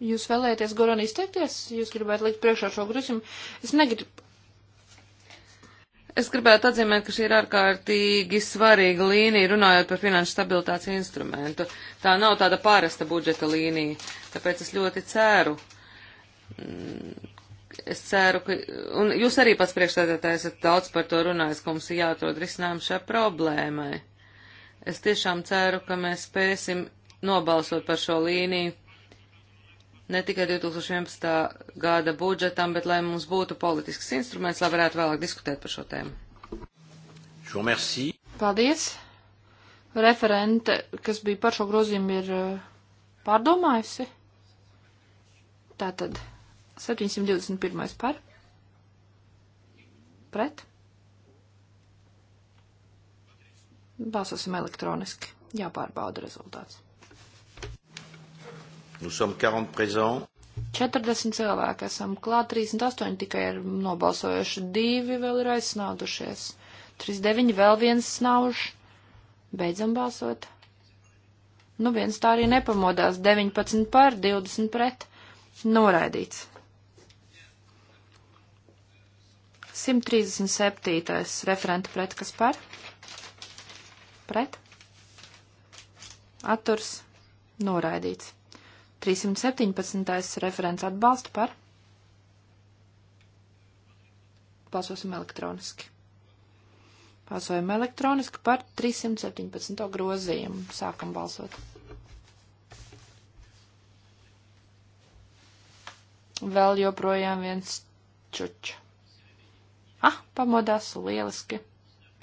Jūs vēlēties, Goran, izteikties? Jūs gribētu likt priekšā šo grozījumu? Es negribu. Es gribētu atzīmēt, ka šī ir ārkārtīgi svarīga līnija, runājot par finanšu stabilitātes instrumentu. Tā nav tāda pārasta budžeta līnija, tāpēc es ļoti ceru. Mm, es ceru, ka, un jūs arī pats priekšstādātājs esat daudz par to runājis, ka mums ir jāatrod risinājums šai problēmai. Es tiešām ceru, ka mēs spēsim nobalsot par šo līniju ne tikai 2011. gada budžetam, bet lai mums būtu politisks instruments, lai varētu vēlāk diskutēt par šo tēmu. Paldies! Referente, kas bija par šo grozījumu, ir eh, pārdomājusi. Tātad 721. par. Pret. Balsosim elektroniski. Jāpārbauda rezultāts. Nous sommes 40 présents. 40 cilvēki esam klāt, 38 tikai ir nobalsojuši, divi vēl ir aizsnaudušies, 39 vēl viens snauž, beidzam balsot. Nu, viens tā arī nepamodās, 19 pār, 20 pret, noraidīts. 137. referenta pret, kas par? Pret? Atturs, noraidīts. 317. referents atbalsta par. Balsosim elektroniski. Balsojam elektroniski par 317. grozījumu. Sākam balsot. Vēl joprojām viens čuč. Ah, pamodās lieliski.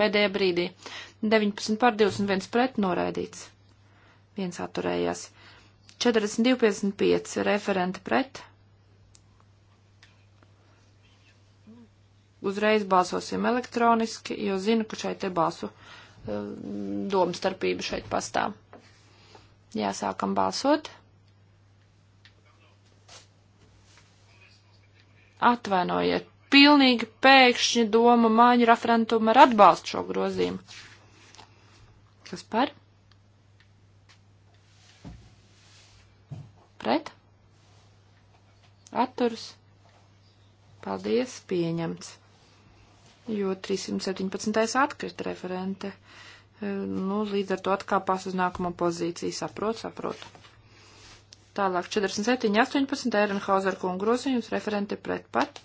Pēdējā brīdī. 19 par 21 pret noraidīts. Viens atturējās. 42,55 referenti pret. Uzreiz balsosim elektroniski, jo zinu, ka šeit te balsu eh, domstarpība šeit pastāv. Jā, sākam balsot. Atvainojiet, pilnīgi pēkšņi doma māņu referentuma ar atbalstu šo grozījumu. Kas par? pret, atturs, paldies, pieņemts. Jo 317. atkrita referente. E, nu, līdz ar to atkāpās uz nākamo pozīciju, saprot, saprot. Tālāk 47, 18, Ehrenhauser kungu grozījums, referente pret pat.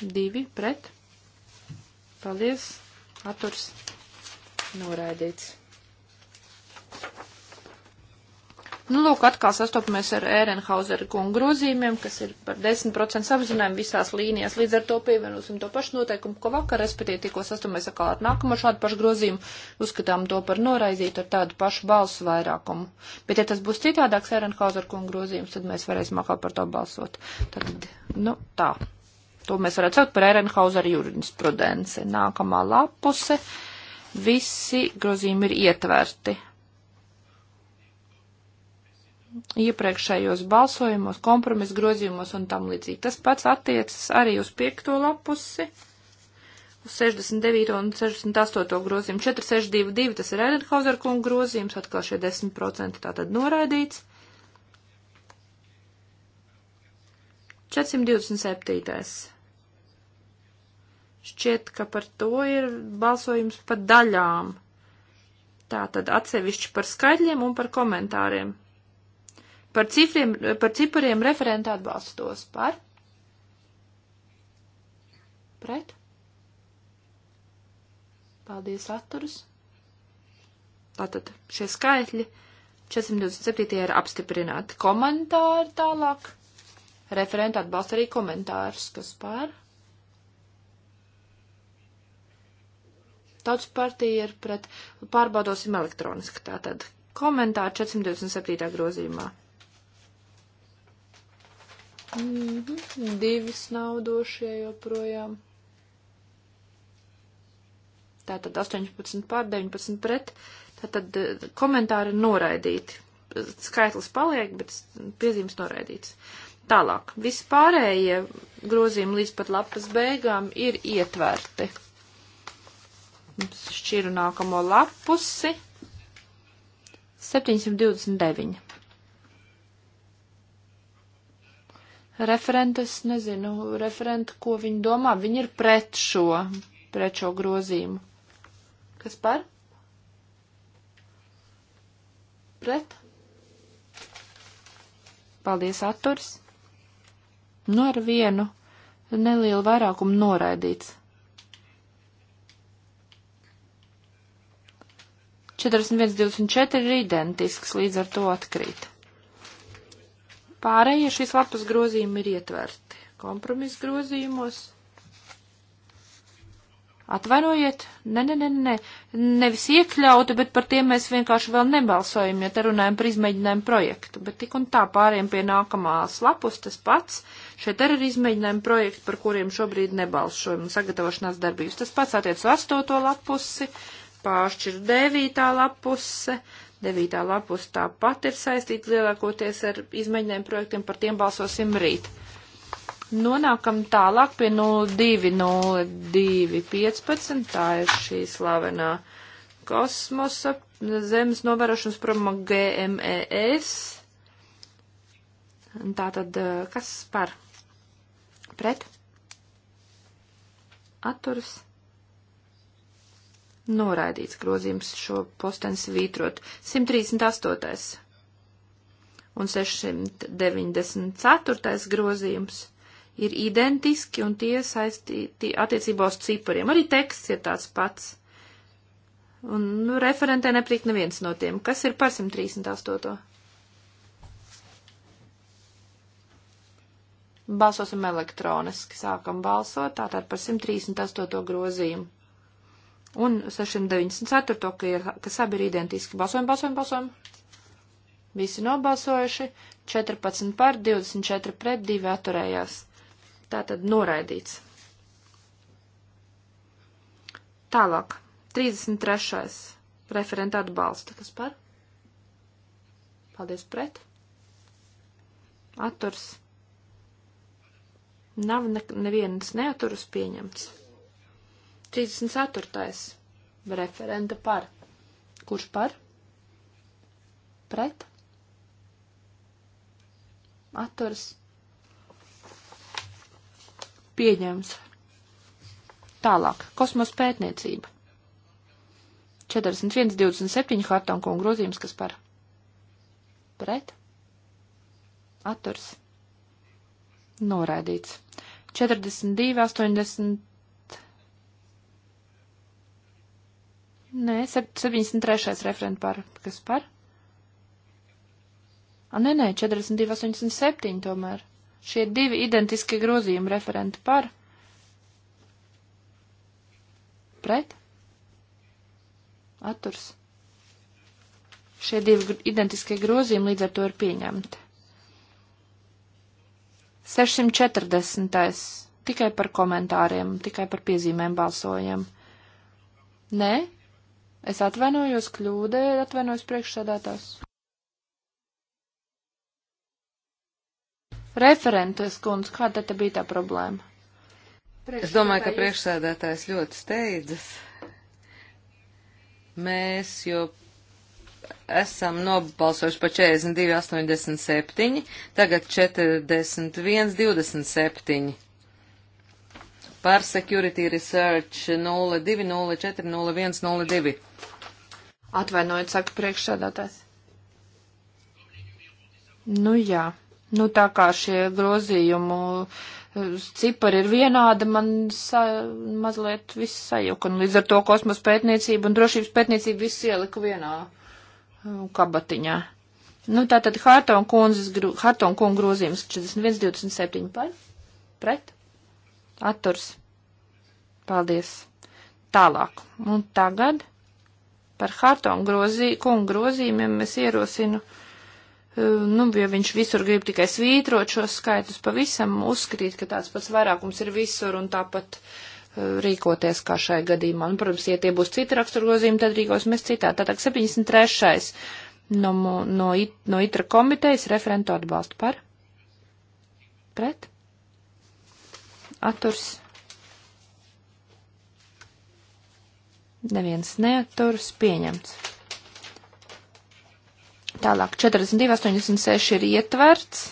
Divi pret. Paldies. Aturs. Noraidīts. Nu, lūk, atkal sastopamies ar Ērenhauseru kungu grozījumiem, kas ir par 10% samazinājumu visās līnijās. Līdz ar to pievienosim to pašu noteikumu, ko vakar, respektīvi, tikko sastopamies atkal ar nākamo šādu pašu grozījumu, uzskatām to par noraizītu ar tādu pašu balsu vairākumu. Bet, ja tas būs citādāks Ērenhauseru kungu grozījums, tad mēs varēsim atkal par to balsot. Tad, nu, tā. To mēs varētu saukt par Ērenhauseru jurisprudenci. Nākamā lapuse. Visi grozījumi ir ietverti iepriekšējos balsojumos, kompromisu grozījumos un tam līdzīgi. Tas pats attiecas arī uz piekto lapusi, uz 69 un 68 grozījumu. 4622 tas ir Edenhauser kunga grozījums, atkal šie 10% tātad noraidīts. 427. Šķiet, ka par to ir balsojums pa daļām. Tātad atsevišķi par skaidļiem un par komentāriem. Par, cifriem, par cipariem referenta atbalstos par? Pret? Paldies, atturas. Tātad šie skaitļi 427 ir apstiprināti. Komentāri tālāk. Referenta atbalsta arī komentārus, kas par? Tautas partija ir pret, pārbaudosim elektroniski, tātad komentāri 427. grozījumā. Mm -hmm. Divis naudošie joprojām. Tātad 18 pār 19 pret. Tātad eh, komentāri noraidīti. Skaitlis paliek, bet piezīmes noraidīts. Tālāk. Vispārējie grozījumi līdz pat lapas beigām ir ietverti. Šķiru nākamo lapusi. 729. Referentes, nezinu, referenta, ko viņi domā, viņi ir pret šo, pret šo grozījumu. Kas par? Pret? Paldies, atturs. Nu, ar vienu nelielu vairākumu noraidīts. 41, 24 ir identisks, līdz ar to atkrīt. Pārējie šīs lapas grozījumi ir ietverti kompromisu grozījumos. Atvainojiet, ne, ne, ne, ne, nevis iekļauti, bet par tiem mēs vienkārši vēl nebalsojam, ja te runājam par izmēģinājumu projektu, bet tik un tā pāriem pie nākamās lapus tas pats. Šeit arī ir izmēģinājumu projekti, par kuriem šobrīd nebalsojam, sagatavošanās darbības. Tas pats attiec uz astoto lapusi, pāršķir devītā lapuse, Devītā lapus tāpat ir saistīta lielākoties ar izmaiņiem projektiem, par tiem balsosim rīt. Nonākam tālāk pie 02.02.15, tā ir šī slavenā kosmosa zemes novērošanas programma GMES. Tātad, eh, kas par? Pret? Atturs? Noraidīts grozījums šo postens vītrot. 138. un 694. grozījums ir identiski un tie saistīti attiecībā uz cipariem. Arī teksts ir tāds pats. Un nu, referentē neprīk neviens no tiem. Kas ir par 138? Balsosim elektroniski. Sākam balsot tātad par 138 grozījumu un 694, kas abi ir identiski. Balsojam, balsojam, balsojam. Visi nobalsojuši, 14 par, 24 pret, 2 atturējās. Tātad noraidīts. Tālāk, 33. referenta atbalsta, kas par? Paldies pret. Atturs. Nav ne, nevienas neaturas pieņemts. 34. referenta par. Kurš par? Pret? Atturs. Pieņems. Tālāk. Kosmos pētniecība. 41, 27 hartonku un grozījums, kas par. Pret? Atturs. Noraidīts. 42, 80. Nē, 73. referenta par, kas par? A, nē, nē, 42, 87 tomēr. Šie divi identiski grozījumi referenti par. Pret? Atturs. Šie divi identiskie grozījumi līdz ar to ir pieņemti. 640. Tikai par komentāriem, tikai par piezīmēm balsojam. Nē, Es atvainojos kļūdē, atvainojos priekšsādātājs. Referentes kundz, kā te bija tā problēma? Es domāju, ka priekšsēdētājs ļoti steidzas. Mēs jo esam nobalsojuši pa 42, 87, tagad 41, 27 par Security Research 02040102. Atvainojiet, saka priekšsēdētājs. Nu jā, nu tā kā šie grozījumu eh, cipari ir vienādi, man sa, mazliet viss sajuka, un līdz ar to kosmos pētniecība un drošības pētniecība viss ielika vienā eh, kabatiņā. Nu tātad Harton kundzes, Harton kungu grozījums 41, 27 par, pret atturs. Paldies. Tālāk. Un tagad par Hartonu grozī, kungu grozījumiem es ierosinu, eh, nu, ja viņš visur grib tikai svītrot šos skaitus pavisam, uzskatīt, ka tāds pats vairākums ir visur un tāpat eh, rīkoties kā šai gadījumā. Un, nu, protams, ja tie būs citi raksturgrozījumi, tad rīkosimies citā. Tātad 73. no, no, it, no itra komitejas referentu atbalstu par? Pret? atturs. Neviens neatturas pieņemts. Tālāk 42,86 ir ietverts,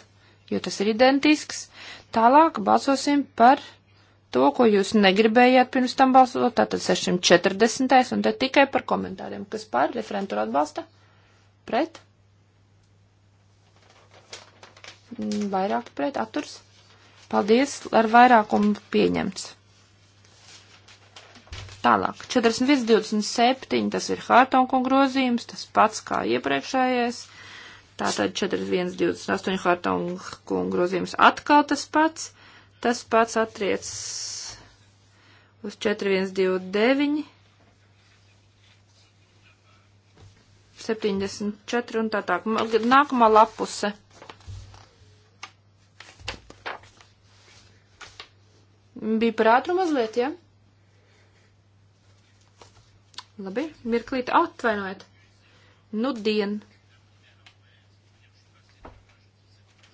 jo tas ir identisks. Tālāk balsosim par to, ko jūs negribējāt pirms tam balsot, tātad 640. un te tikai par komentāriem, kas par referentu atbalsta pret. Vairāk pret atturs. Paldies, ar vairākumu pieņemts. Tālāk, 41, 27, tas ir Hārtonku grozījums, tas pats kā iepriekšējais. Tātad 41, 28 Hārtonku grozījums atkal tas pats. Tas pats attiec uz 4129, 74 un tā tā. Nākamā lapuse. Bija par ātru mazliet, jā? Ja? Labi, mirklīt atvainojiet. Nu, dien.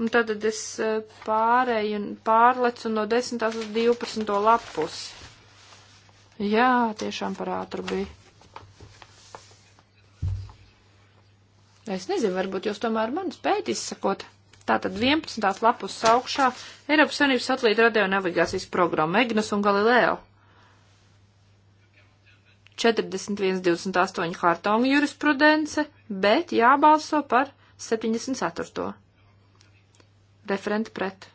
Un tad es eh, pārēju un pārlecu no 10. uz 12. lapus. Jā, tiešām par ātru bija. Es nezinu, varbūt jūs tomēr man spējat izsakot. Tātad 11. lapus augšā Eiropas Savienības satelīta radio navigācijas programma Egnas un Galileo. 41.28 Hartonga jurisprudence, bet jābalso par 74. Referenti pret.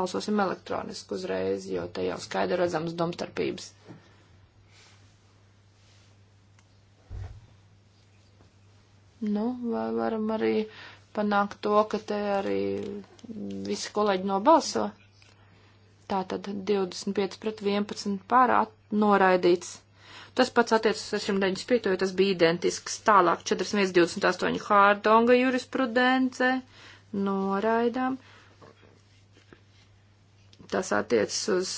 Balsosim elektroniski uzreiz, jo te jau skaidri redzams domstarpības. Nu, vai varam arī panākt to, ka te arī visi kolēģi nobalso? Tātad 25 pret 11 pār noraidīts. Tas pats attiecas uz 695, jo tas bija identisks. Tālāk 4128 Hārdonga jurisprudence noraidām. Tas attiecas uz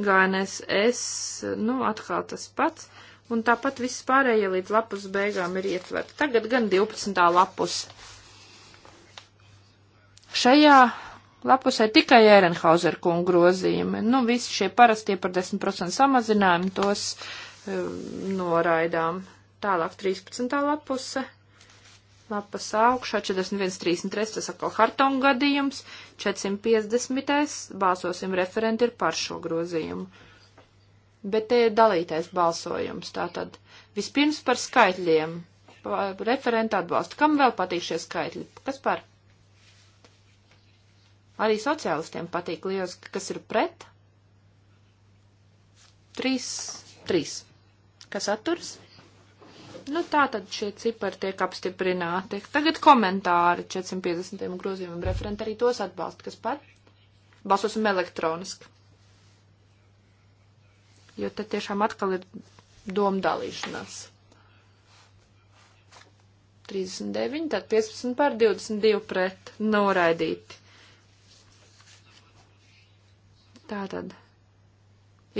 GNSS, nu, atkal tas pats un tāpat viss pārējie līdz lapas beigām ir ietverti. Tagad gan 12. lapus. Šajā lapusē tikai Ērenhauser kungu grozījumi. Nu, visi šie parastie par 10% samazinājumi tos um, noraidām. Tālāk 13. lapuse. Lapas augšā 41.33, tas atkal Hartonga gadījums, 450. Balsosim referenti ir par šo grozījumu bet te ir dalītais balsojums. Tātad vispirms par skaitļiem. Referenta atbalstu. Kam vēl patīk šie skaitļi? Kas par? Arī sociālistiem patīk liels, kas ir pret. Trīs, trīs. Kas atturs? Nu, tā tad šie cipari tiek apstiprināti. Tagad komentāri 450 grozījumam referenta arī tos atbalsta. Kas par? Balsosim elektroniski jo te tiešām atkal ir doma dalīšanās. 39, tad 15 pār 22 pret noraidīti. Tātad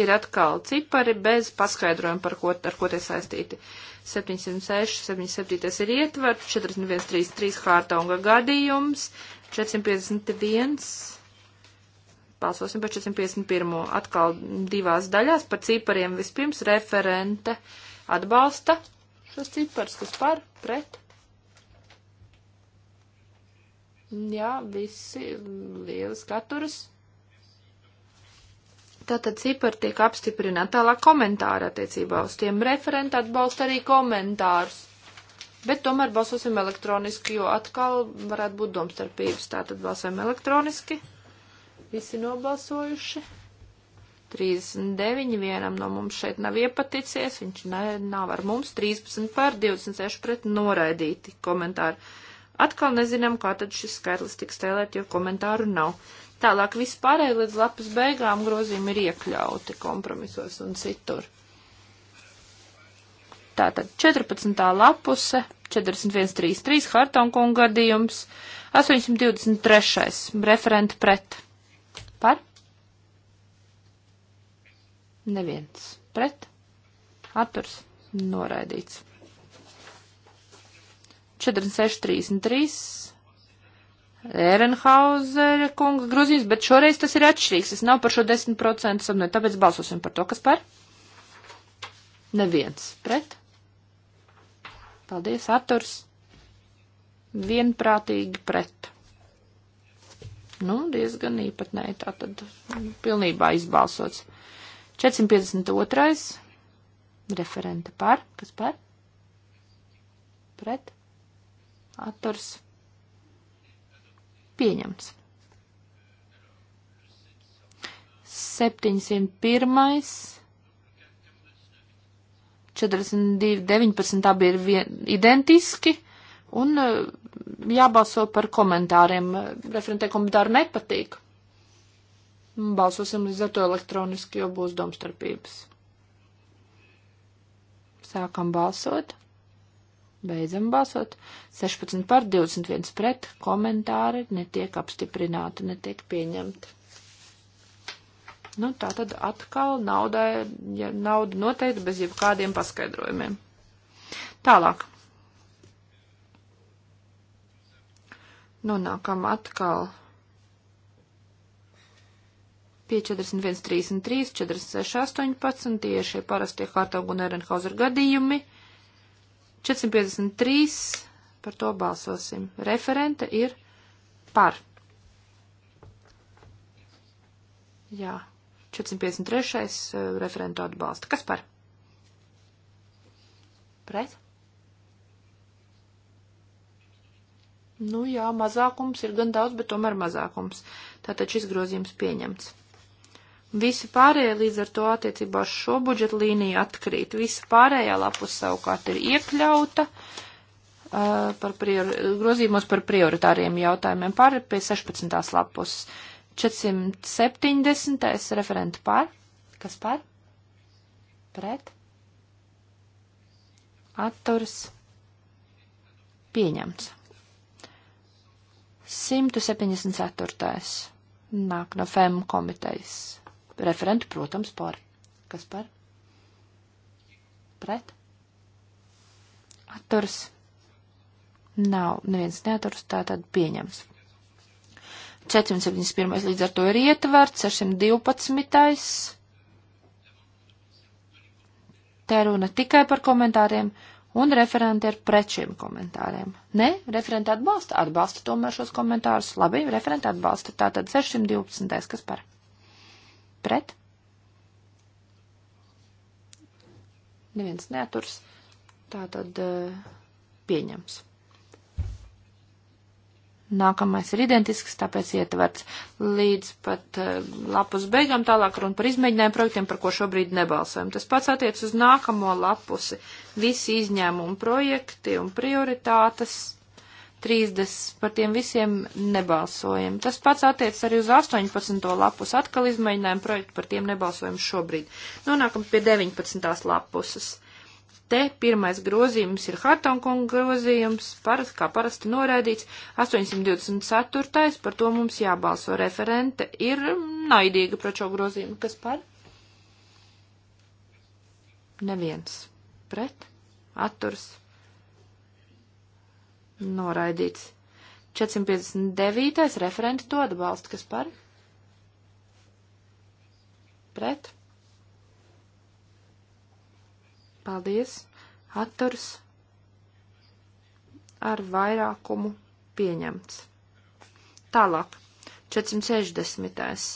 ir atkal cipari bez paskaidrojuma, par ko, ar ko tie saistīti. 706, 77 ir ietverts, 4133 hārta un gadījums, 451 Balsosim par 451. Atkal divās daļās par cipariem. Vispirms referente atbalsta šos cipars, kas par, pret. Jā, visi lielas katuras. Tātad cipari tiek apstiprināti. Tālāk komentāri attiecībā uz tiem referenti atbalsta arī komentārus. Bet tomēr balsosim elektroniski, jo atkal varētu būt domstarpības. Tātad balsojam elektroniski. Visi nobalsojuši. 39 vienam no mums šeit nav iepaticies, viņš ne, nav ar mums 13 pār 26 pret noraidīti komentāri. Atkal nezinām, kā tad šis skaitlis tiks tēlēt, jo komentāru nav. Tālāk vispārēji līdz lapas beigām grozījumi ir iekļauti kompromisos un citur. Tātad 14. lapuse, 41.33 Hartonkunga gadījums, 823. referenta pret. Par? Neviens. Pret? Atturs noraidīts. 46.33. Ehrenhauser kungs grozījums, bet šoreiz tas ir atšķirīgs. Tas nav par šo 10% samnoju, tāpēc balsosim par to, kas par? Neviens. Pret? Paldies, atturs. Vienprātīgi pret. Nu, diezgan īpatnēji tā tad mm, pilnībā izbalsots. 452. referente par, kas par? Pret? Atturs? Pieņemts. 701. 42, 19 abi ir vien, identiski, un uh, jābalso par komentāriem. Referentē komentāri nepatīk. Balsosim līdz ar to elektroniski, jo būs domstarpības. Sākam balsot. Beidzam balsot. 16 par 21 pret. Komentāri netiek apstiprināti, netiek pieņemti. Nu, tā tad atkal naudai, ja nauda noteikti bez jebkādiem paskaidrojumiem. Tālāk. Nonākam nu, atkal pie 41, 33, 46, 18, tieši parastie Hartog un Ehrenhauser gadījumi. 453, par to balsosim. Referente ir par. Jā, 453. Eh, referentu atbalsta. Kas par? Pret? Nu jā, mazākums ir gan daudz, bet tomēr mazākums. Tātad šis grozījums pieņemts. Visi pārējie līdz ar to attiecībā uz šo budžetu līniju atkrīt. Visa pārējā lapus savukārt ir iekļauta uh, par priori, grozījumos par prioritāriem jautājumiem par pie 16. lapus. 470. referenta par. Kas par? Pret? Atturs. Pieņemts. 174. Nāk no FEM komitejas. Referenti, protams, par. Kas par? Pret? Atturs. Nav, neviens neaturs, tā tad pieņems. 471. līdz ar to ir ietverts, 612. Te runa tikai par komentāriem Un referenti ir pret šiem komentāriem. Nē, referenti atbalsta, atbalsta tomēr šos komentārus. Labi, referenti atbalsta. Tātad 612. kas par? Pret? Neviens neturs. Tātad eh, pieņems. Nākamais ir identisks, tāpēc ietverts līdz pat uh, eh, lapus beigām, tālāk runa par izmēģinājumu projektiem, par ko šobrīd nebalsojam. Tas pats attiec uz nākamo lapusi. Visi izņēmumi projekti un prioritātes 30, par tiem visiem nebalsojam. Tas pats attiec arī uz 18. lapus, atkal izmēģinājumu projektu, par tiem nebalsojam šobrīd. Nonākam pie 19. lapuses. Te pirmais grozījums ir Hartonkonga grozījums, parast, kā parasti noraidīts, 824. par to mums jābalso. Referente ir naidīga pret šo grozījumu. Kas par? Neviens. Pret? Atturs. Noraidīts. 459. referenti to atbalsta. Kas par? Pret? Paldies. Atturs ar vairākumu pieņemts. Tālāk. 460.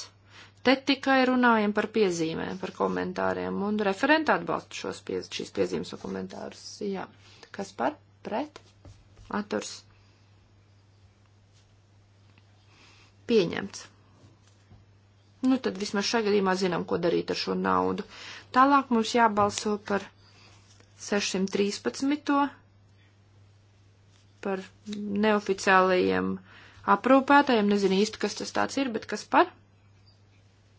Te tikai runājam par piezīmēm, par komentāriem, un referenta atbalsta šos pie, šīs piezīmes un komentārus. Jā. Kas par? Pret? Atturs. Pieņemts. Nu, tad vismaz šajā gadījumā zinām, ko darīt ar šo naudu. Tālāk mums jābalso par 613. par neoficiālajiem aprūpētājiem. Nezinu īsti, kas tas tāds ir, bet kas par?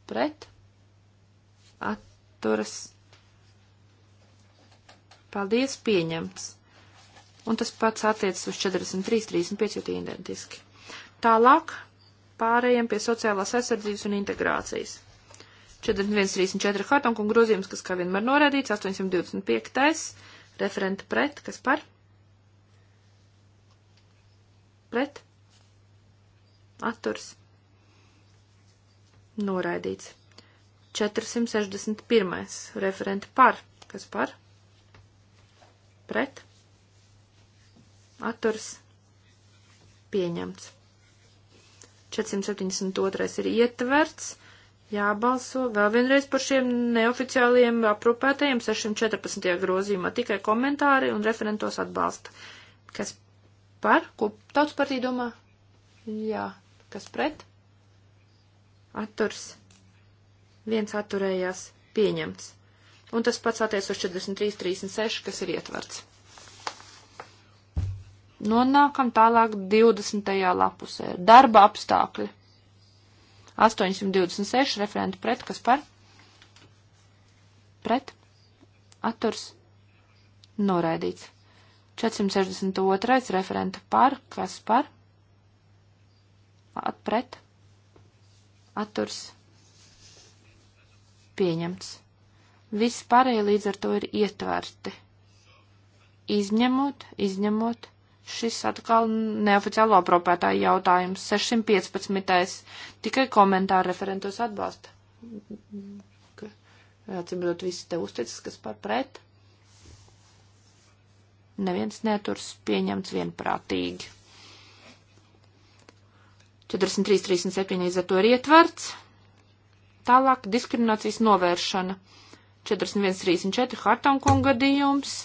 Pret? Atturas. Paldies, pieņemts. Un tas pats attiecas uz 43, 35, jo tie identiski. Tālāk pārējiem pie sociālās aizsardzības un integrācijas. 41.34 Hartunga un grozījums, kas kā vienmēr norādīts, 825. referenta pret, kas par? Pret? Atturs. Noraidīts. 461. referenta par, kas par? Pret? Atturs. Pieņemts. 472. ir ietverts jābalso vēl vienreiz par šiem neoficiāliem aprūpētajiem 614. grozījumā. Tikai komentāri un referentos atbalsta. Kas par? Ko tautas partija domā? Jā. Kas pret? Atturs. Viens atturējās. Pieņemts. Un tas pats attiec uz 43.36, kas ir ietverts. Nonākam tālāk 20. lapusē. Darba apstākļi. 826 referentu pret, kas par? Pret. Atturs. Noraidīts. 462 referenta par, kas par? At, pret. Atturs. Pieņemts. Visi pārējie līdz ar to ir ietverti. Izņemot, izņemot Šis atkal neoficiālo apropētāju jautājums 615. Tikai komentāri referentos atbalsta. Atsimrot, visi te uzticas, kas par pret. Neviens neturs pieņemts vienprātīgi. 43, 37 līdz ar to ir ietverts. Tālāk diskriminācijas novēršana. 41, 34 Hartonkunga gadījums.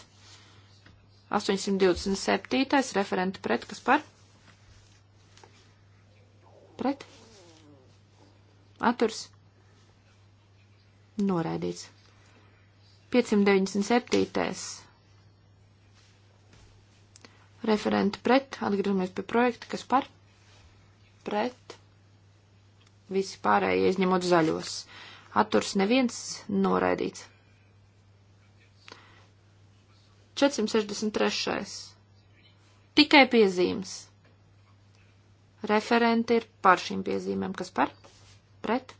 827. referenta pret, kas par? Pret? Aturs? Noraidīts. 597. Referenta pret, atgriežamies pie projekta, kas par? Pret. Visi pārējie, izņemot zaļos. Atturs neviens, noraidīts. 463. Tikai piezīmes. Referenti ir par šīm piezīmēm. Kas par? Pret?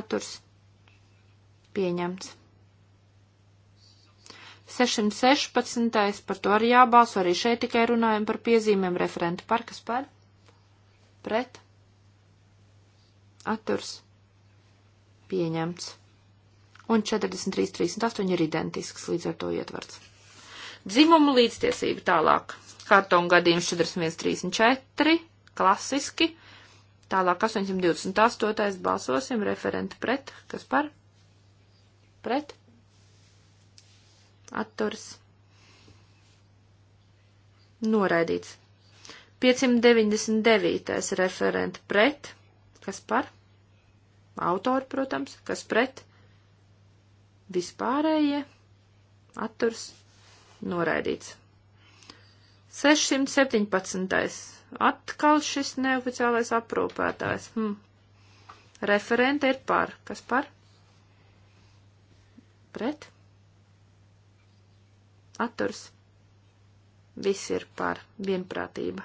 Atturs. Pieņemts. 616. par to arī jābalso. Arī šeit tikai runājam par piezīmēm. Referenti par? Kas par? Pret? Atturs. Pieņemts un 43.38 ir identisks, līdz ar to ietverts. Dzimumu līdztiesība tālāk. Kartonga gadījums 41.34, klasiski. Tālāk 828. balsosim, referenti pret, kas par? Pret? Atturs. Noraidīts. 599. referenti pret, kas par? Autori, protams, kas pret? vispārējie, atturs, noraidīts. 617. Atkal šis neoficiālais aprūpētājs. Hmm. Referente ir par. Kas par? Pret? Atturs. Visi ir par. Vienprātība.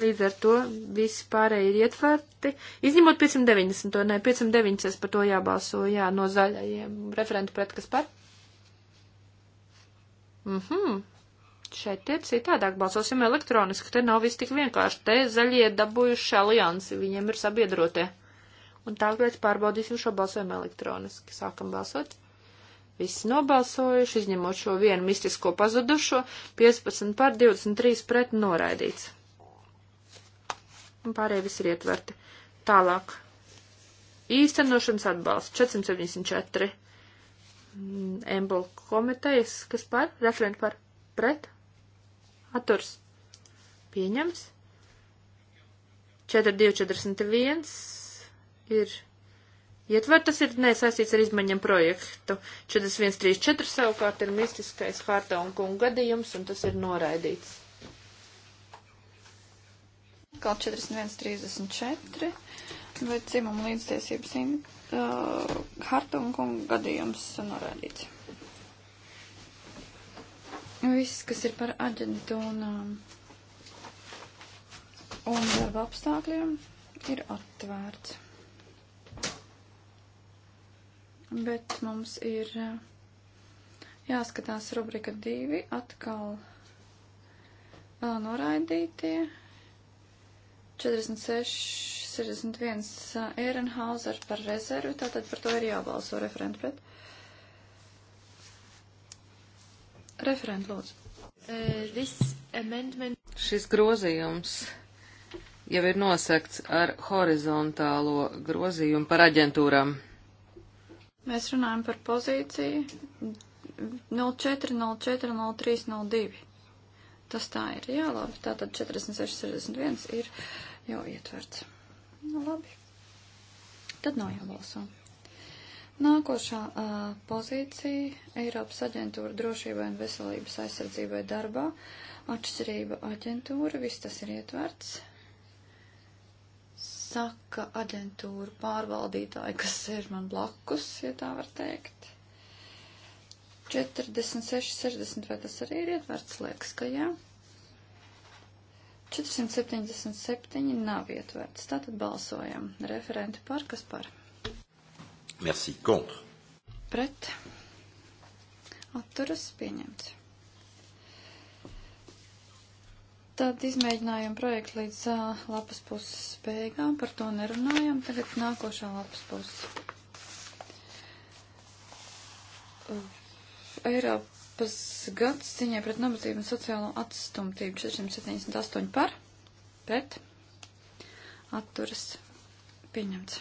Līdz ar to visi pārējie ir ietverti. Izņemot 590, nē, 590 par to jābalso, jā, no zaļajiem referentu pret kas par. Mhm. Šeit ir citādāk balsosim elektroniski, te nav viss tik vienkārši. Te zaļie dabūjuši aliansi, viņiem ir sabiedrotie. Un tagad pārbaudīsim šo balsojumu elektroniski. Sākam balsot. Visi nobalsojuši, izņemot šo vienu mistisko pazudušo, 15 par 23 pret noraidīts un pārējie visi ir ietverti. Tālāk. Īstenošanas atbalsts 474. Embla komitejas, kas par, referenti par, pret, atturs, pieņems. 4241 ir ietver, tas ir nesaistīts ar izmaiņam projektu. 4134 savukārt ir mistiskais Hārta un kunga gadījums, un tas ir noraidīts atkal 41.34 vai dzimumu līdztiesības uh, Hartunga kunga gadījums norādīts. Viss, kas ir par aģentūnām un darba apstākļiem, ir atvērts. Bet mums ir uh, jāskatās rubrika 2 atkal uh, noraidītie 46, 61 eh, Ehrenhauser par rezervi, tātad par to ir jābalso referent pret. Referent, lūdzu. Uh, amendment... Šis grozījums jau ir nosakts ar horizontālo grozījumu par aģentūram. Mēs runājam par pozīciju 04, 04, 03, 02. Tas tā ir. Jā, labi. Tātad 46, 61 ir jau ietverts. Nu, labi. Tad nav jābalso. Nākošā uh, pozīcija - Eiropas aģentūra drošībai un veselības aizsardzībai darbā. Atšķirība aģentūra, viss tas ir ietverts. Saka aģentūra pārvaldītāji, kas ir man blakus, ja tā var teikt. 46, 60, vai tas arī ir ietverts, liekas, ka jā. Ja? 477 nav ietverts. Tātad balsojam. Referenti par, kas par? Merci, contre. Pret. Atturas pieņemts. Tad izmēģinājām projektu līdz uh, lapas puses beigām, par to nerunājām. Tagad nākošā lapas puse. Uh, Eiropa Eiropas gads ciņā pret nabadzību un sociālo atstumtību 478 par, pret, atturas pieņemts.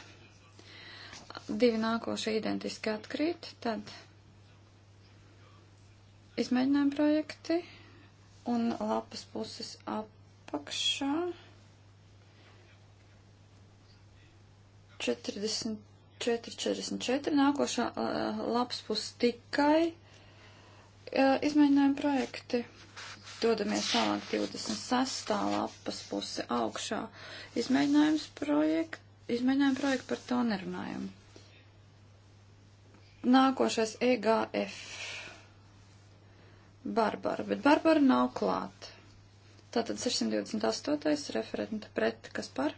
Divi nākošie identiski atkrīt, tad izmēģinājumi projekti un lapas puses apakšā 44, 44, nākošā eh, lapas puses tikai Izmēģinājumi projekti. Dodamies tālāk 26. lapas puse augšā. Izmēģinājums projekti. Izmēģinājumu projektu par to nerunājumu. Nākošais EGF. Barbara, bet Barbara nav klāta. Tātad 628. referenta pret, kas par?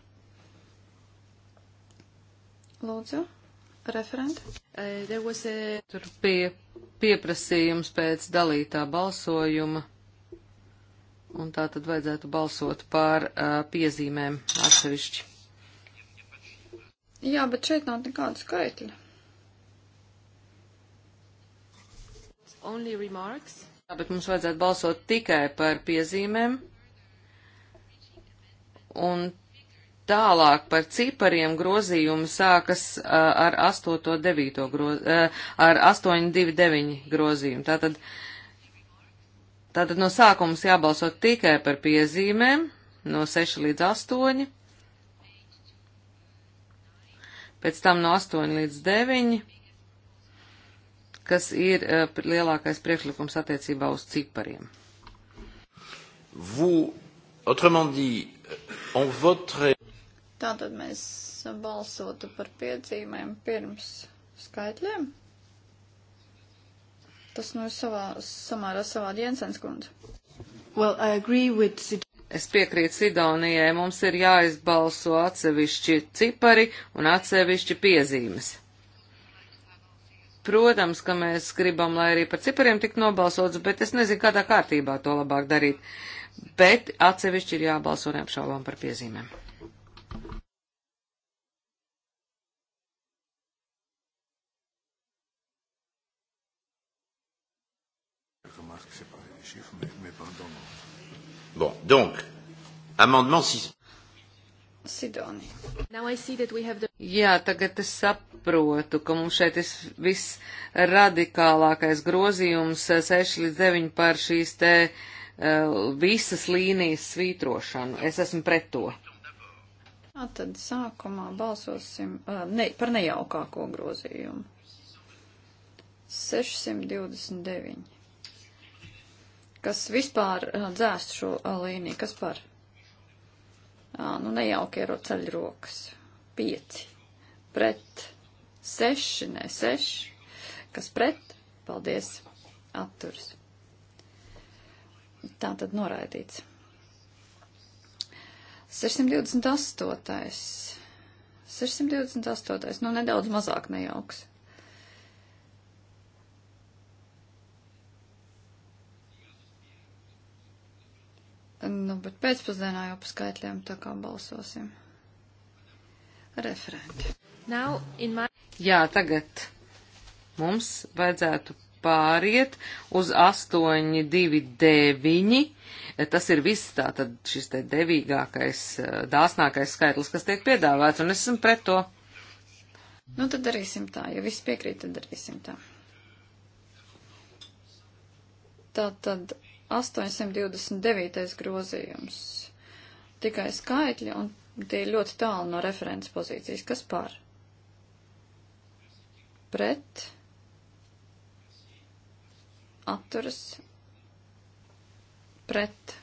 Lūdzu, referenta. Uh, a... Tur bija pieprasījums pēc dalītā balsojuma, un tā tad vajadzētu balsot par uh, piezīmēm atsevišķi. Jā, bet šeit nav nekāda skaitļa. Only remarks. Jā, bet mums vajadzētu balsot tikai par piezīmēm, un Tālāk par cipariem grozījumi sākas uh, ar 8.9. Groz, uh, ar 8.29 grozījumu. Tātad, tātad no sākums jābalso tikai par piezīmēm no 6 līdz 8. Pēc tam no 8 līdz 9, kas ir uh, lielākais priekšlikums attiecībā uz cipariem. Vous, autrement dit, on voterait Tātad mēs balsotu par piedzīmēm pirms skaitļiem. Tas nu ir savā, samērā savā Jensens kundze. Well, with... es piekrītu Sidonijai, mums ir jāizbalso atsevišķi cipari un atsevišķi piezīmes. Protams, ka mēs gribam, lai arī par cipariem tik nobalsots, bet es nezinu, kādā kārtībā to labāk darīt. Bet atsevišķi ir jābalso neapšaubām par piezīmēm. Bon, donc, amendement 6. Sidoni. The... Jā, tagad es saprotu, ka mums šeit ir viss radikālākais grozījums 6 eh, līdz 9 par šīs te uh, visas līnijas svītrošanu. Es esmu pret to. Jā, tad sākumā balsosim uh, ne, par nejaukāko grozījumu. 629 kas vispār eh, dzēst šo eh, līniju. Kas par? Ā, nu nejauki iero ceļ rokas. Pieci. Pret. Seši, ne seši. Kas pret? Paldies. Atturs. Tā tad noraidīts. 628. 628. Nu, nedaudz mazāk nejauks. Nu, bet pēcpusdienā jau pa skaitļiem tā kā balsosim. Referenti. Now in my... Jā, tagad mums vajadzētu pāriet uz 8, 2, 9. Tas ir viss tātad šis te devīgākais, eh, dāsnākais skaitlis, kas tiek piedāvāts, un es esmu pret to. Nu, tad darīsim tā. Ja viss piekrīt, tad darīsim tā. Tā tad 829. grozījums. Tikai skaitļi, un tie ir ļoti tālu no referents pozīcijas. Kas par? Pret. Atturas. Pret.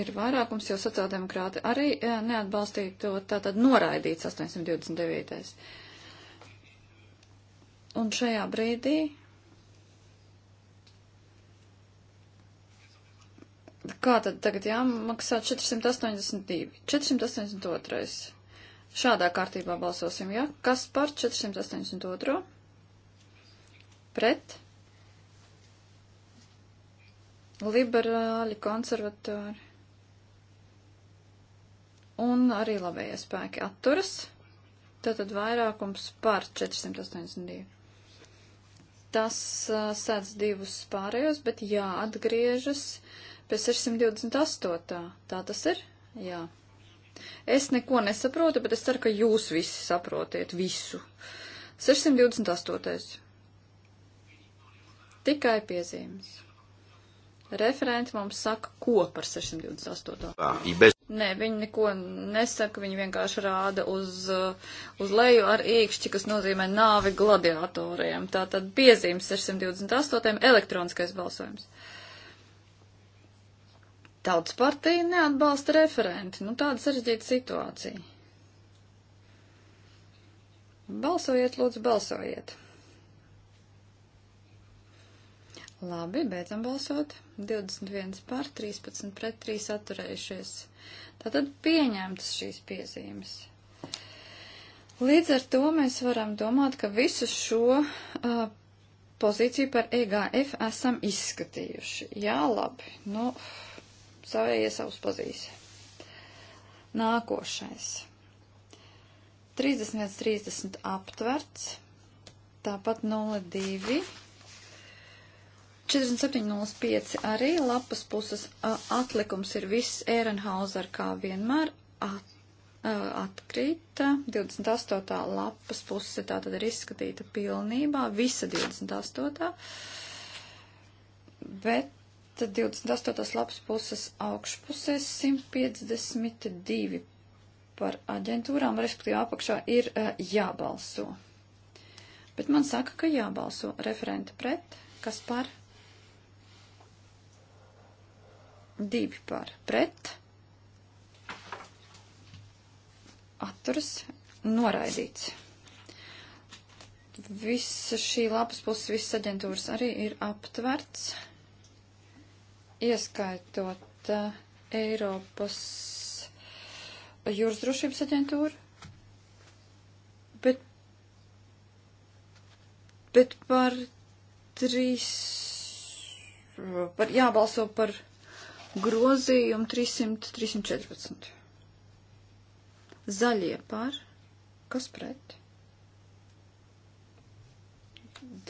Ir vairākums, jo sociāldemokrāti arī neatbalstīja to, tātad noraidīts 829. Un šajā brīdī kā tad tagad jāmaksā 482? 482. Šādā kārtībā balsosim, jā? Ja? Kas par 482? Pret? Liberāļi, konservatori. Un arī labējie spēki atturas. Tātad vairākums par 482. Tas uh, sēdz divus pārējos, bet jāatgriežas. Uh, Pie 628. Tā tas ir? Jā. Es neko nesaprotu, bet es ceru, ka jūs visi saprotiet visu. 628. Tikai piezīmes. Referenti mums saka, ko par 628. Tā, Nē, viņi neko nesaka, viņi vienkārši rāda uz, uh, uz leju ar īkšķi, kas nozīmē nāvi gladiatoriem. Tātad piezīmes 628. elektroniskais balsojums. Tautas partija neatbalsta referenti. Nu, tāda sarežģīta situācija. Balsojiet, lūdzu, balsojiet. Labi, beidzam balsot. 21 pār 13 pret 3 atturējušies. Tātad pieņemtas šīs piezīmes. Līdz ar to mēs varam domāt, ka visu šo uh, pozīciju par EGF esam izskatījuši. Jā, labi. Nu, savējie savus pazīs. Nākošais. 31.30 aptverts, tāpat 02. 47.05 arī lapas puses a, atlikums ir viss Ehrenhauser kā vienmēr at, a, atkrīta. 28. lapas puse tā tad ir izskatīta pilnībā, visa 28. Bet Tad 28. lapas puses augšpusē 152 par aģentūrām, respektīvi apakšā ir uh, jābalso. Bet man saka, ka jābalso referenta pret, kas par? Divi par pret. Atturs noraidīts. Visa šī lapas puses, visas aģentūras arī ir aptverts ieskaitot uh, Eiropas jūras drošības aģentūru, bet, bet par trīs, par jābalso par grozījumu 300, 314. Zaļie par, kas pret?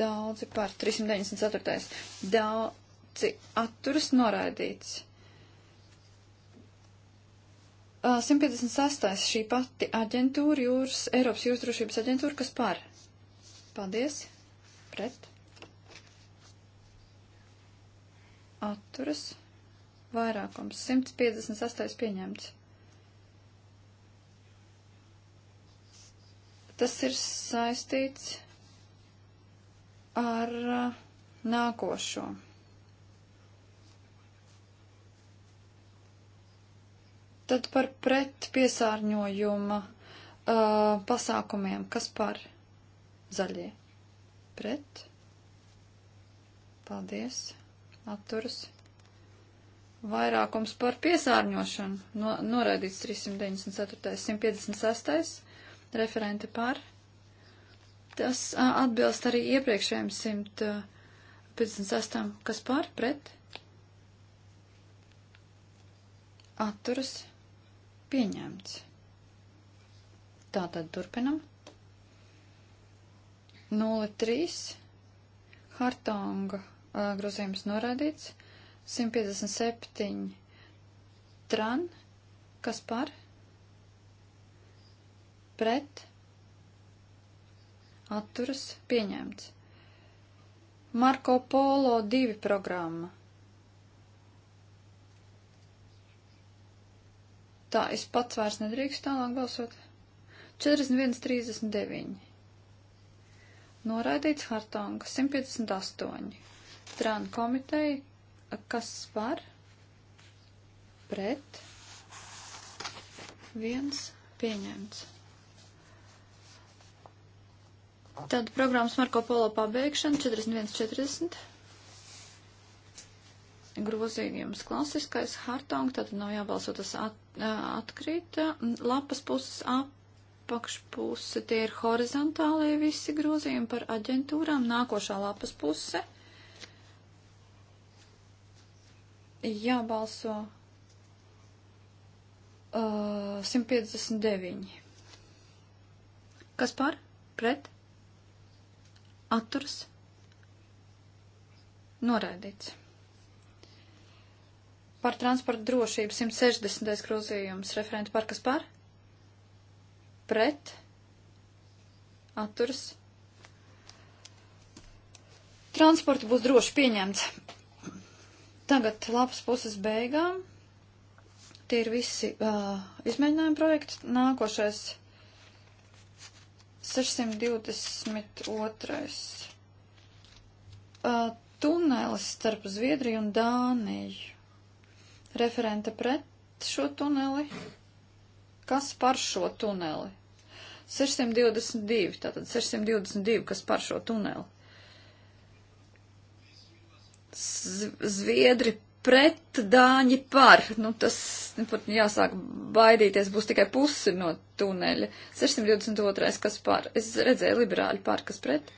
Daudzi par 394. Daudz, pieci atturas noraidīts. 156. šī pati aģentūra, jūras, Eiropas jūras drošības aģentūra, kas par. Paldies. Pret. Atturas. Vairākums. 158. pieņemts. Tas ir saistīts ar nākošo. Tad par pretpiesārņojuma uh, pasākumiem, kas par zaļie pret. Paldies. Atturas. Vairākums par piesārņošanu. No, noraidīts 394. 156. Referenti par. Tas uh, atbilst arī iepriekšējiem 158. Kas par pret? Atturas Pieņemts. Tātad turpinam. 03. Hartonga grozījums norādīts. 157. Tran. Kas par? Pret. Atturas pieņemts. Marko Polo 2 programma. Tā, es pats vairs nedrīkst tālāk balsot. 41.39. Noraidīts Hartonga 158. Tran komiteja, kas var pret viens pieņemts. Tad programmas Marko Polo pabeigšana 41.40 grozījums klasiskais hartong, tad nav jābalso tas at, atkrīt. Lapas puses apakšpuse, tie ir horizontālie visi grozījumi par aģentūrām. Nākošā lapas puse jābalso uh, 159. Kas par? Pret? Atturs? Noraidīts. Par transporta drošību 160. grozījums referenti par kas par? Pret. Atturs. Transporta būs droši pieņemts. Tagad labs puses beigām. Tie ir visi uh, izmēģinājumi projekti. Nākošais 622. Uh, tunelis starp Zviedriju un Dāniju. Referente pret šo tuneli. Kas par šo tuneli? 622, tātad 622, kas par šo tuneli. Zviedri pret dāņi par. Nu, tas, nu, pat jāsāk baidīties, būs tikai pusi no tuneļa. 622. kas par. Es redzēju liberāļu par, kas pret.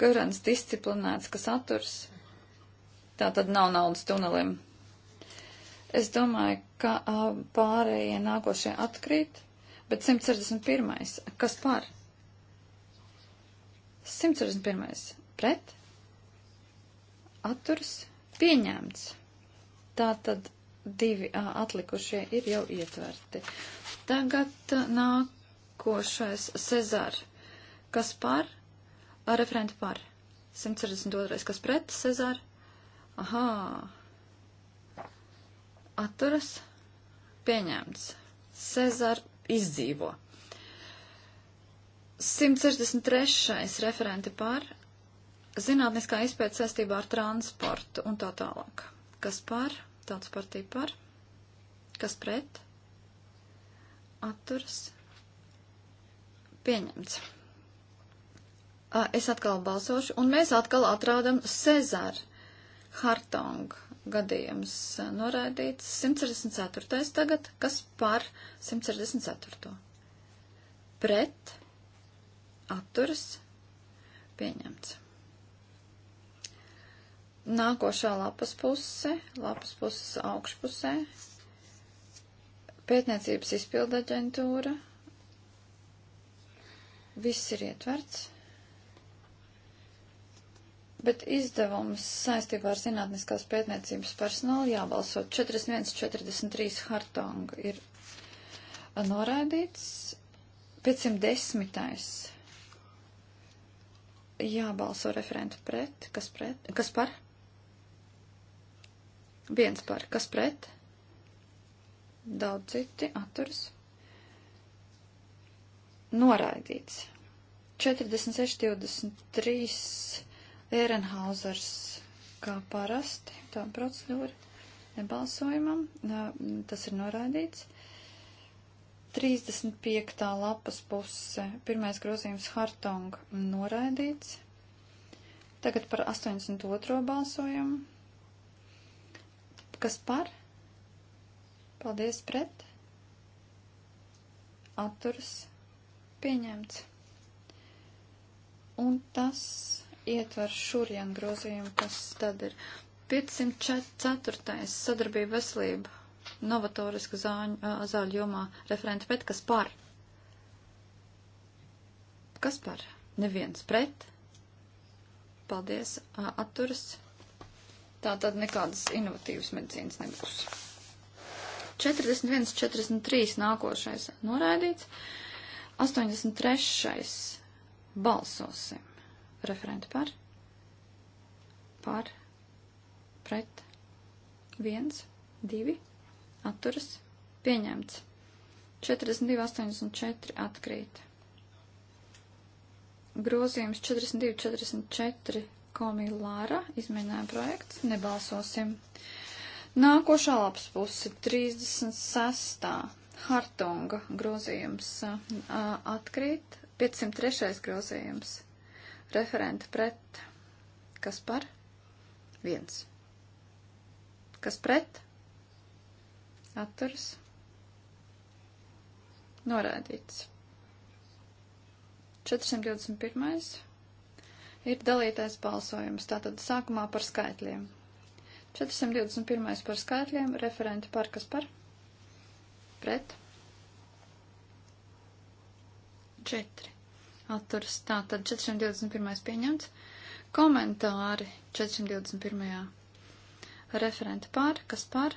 Garants disciplinēts, kas atturs. Tā tad nav naudas tunelim. Es domāju, ka pārējie nākošie atkrīt, bet 161. Kas par? 161. Pret? Atturs? Pieņemts. Tā tad divi a, atlikušie ir jau ietverti. Tagad a, nākošais Cezar. Kas par? A, referenti par. 162. Kas pret Cezar? Aha. Atturas pieņemts. Cezar izdzīvo. 163. referenti par zinātniskā izpēta saistībā ar transportu un tā tālāk. Kas par? Tāds partija par? Kas pret? Atturs? Pieņemts. Es atkal balsošu, un mēs atkal atrādam Cezaru Hartong gadījums noraidīts. 164. tagad, kas par 164. Pret atturas pieņemts. Nākošā lapas puse, lapas puses augšpusē, pētniecības izpilda aģentūra, viss ir ietverts. Bet izdevums saistībā ar zinātniskās pētniecības personālu jābalso 41.43 Hartonga ir noraidīts. 510. jābalso referentu pret. Kas pret? Kas par? Viens par. Kas pret? Daudz citi atturs. Noraidīts. 46.23. Ērenhauzers kā parasti, tā procedūra nebalsojumam, tas ir noraidīts. 35. lapas puse, pirmais grozījums Hartong noraidīts. Tagad par 82. balsojumu. Kas par? Paldies pret. Atturs pieņemts. Un tas ietver šurjan grozījumu, kas tad ir 504. sadarbība veselība novatorisku zāņu, zāļu jomā referenti pret, kas par? Kas par? Neviens pret. Paldies, atturas. Tā tad nekādas inovatīvas medicīnas nebūs. 41, 43 nākošais noraidīts. 83. balsosim referenti par, par, pret, viens, divi, atturas, pieņemts. 42, 84 atkrīt. Grozījums 42, 44 komilāra, izmēģinājuma projekts, nebalsosim. Nākošā lapas puse - 36. Hartonga grozījums atkrīt, 503. grozījums referenta pret, kas par, viens. Kas pret, atturs, norādīts. 421. ir dalītais balsojums, tātad sākumā par skaitļiem. 421. par skaitļiem, referenti par kas par, pret, 4 atturs. Tā tad 421. pieņemts. Komentāri 421. Referenta pār, kas par?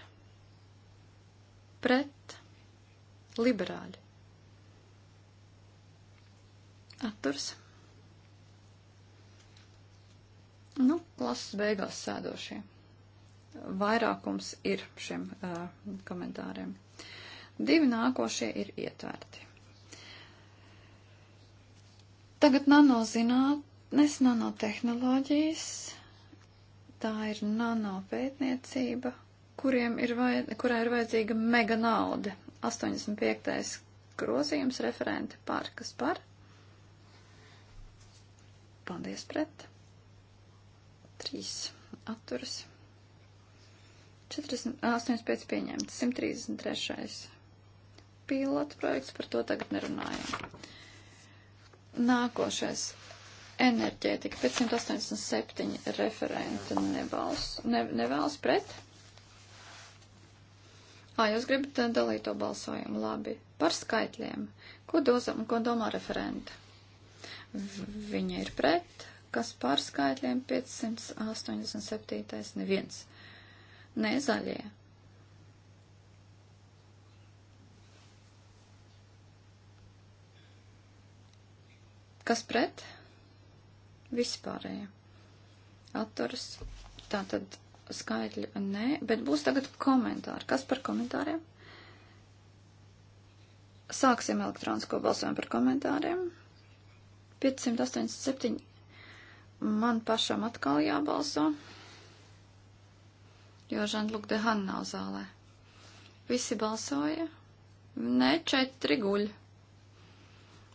Pret. Liberāļi. Atturs. Nu, klases beigās sēdošie. Vairākums ir šiem uh, komentāriem. Divi nākošie ir ietverti. Tagad nanozinātnes, nanotehnoloģijas, tā ir nanopētniecība, kuriem ir vajad, kurā ir vajadzīga mega nauda. 85. grozījums referenti par, kas par? Paldies pret. 3. Atturas. 40, 85 pieņemts. 133. Pilotu projekts par to tagad nerunājam. Nākošais enerģētika. 587 referenta nebals, ne, nevēlas pret. Ā, jūs gribat eh, dalīt to balsojumu. Labi. Par skaitļiem. Ko, dozam, ko domā referenta? Viņa ir pret. Kas par skaitļiem 587? Neviens. Ne zaļie. Kas pret? Visi pārējie. Atturas. Tā tad skaitļi nē, bet būs tagad komentāri. Kas par komentāriem? Sāksim elektronisko balsojumu par komentāriem. 587. Man pašam atkal jābalso, jo Žanluk Dehan nav zālē. Visi balsoja. Nē, četri guļ.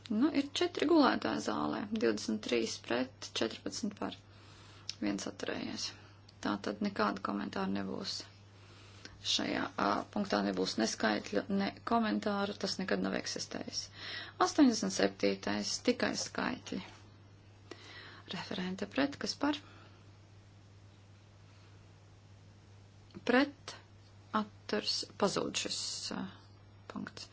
Nu, ir četri gulētāji zālē, 23 pret, 14 par. Viens atturējies. Tā tad nekāda komentāra nebūs. Šajā a, punktā nebūs ne skaitļu, ne komentāru, tas nekad nav eksistējis. 87. tikai skaitļi. Referente pret, kas par? Pret atturs pazūd šis a, punkts.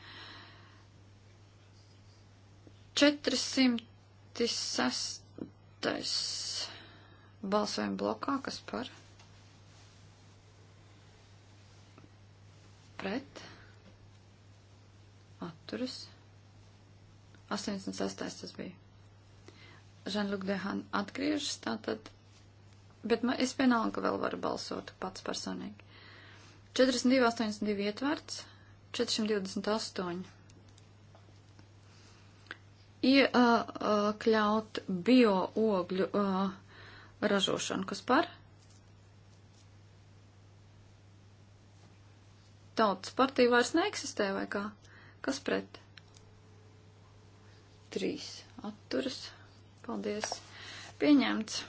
406. Balsojam blokā, kas par? Pret. Atturas. 86. tas bija. Žanluk Dehan atgriežas, tātad. Bet man, es vienalga vēl varu balsot pats personīgi. 42, 82 ietverts, 428 iekļaut bioogļu ražošanu. Kas par? Tautas partija vairs neeksistē vai kā? Kas pret? Trīs atturas. Paldies. Pieņemts.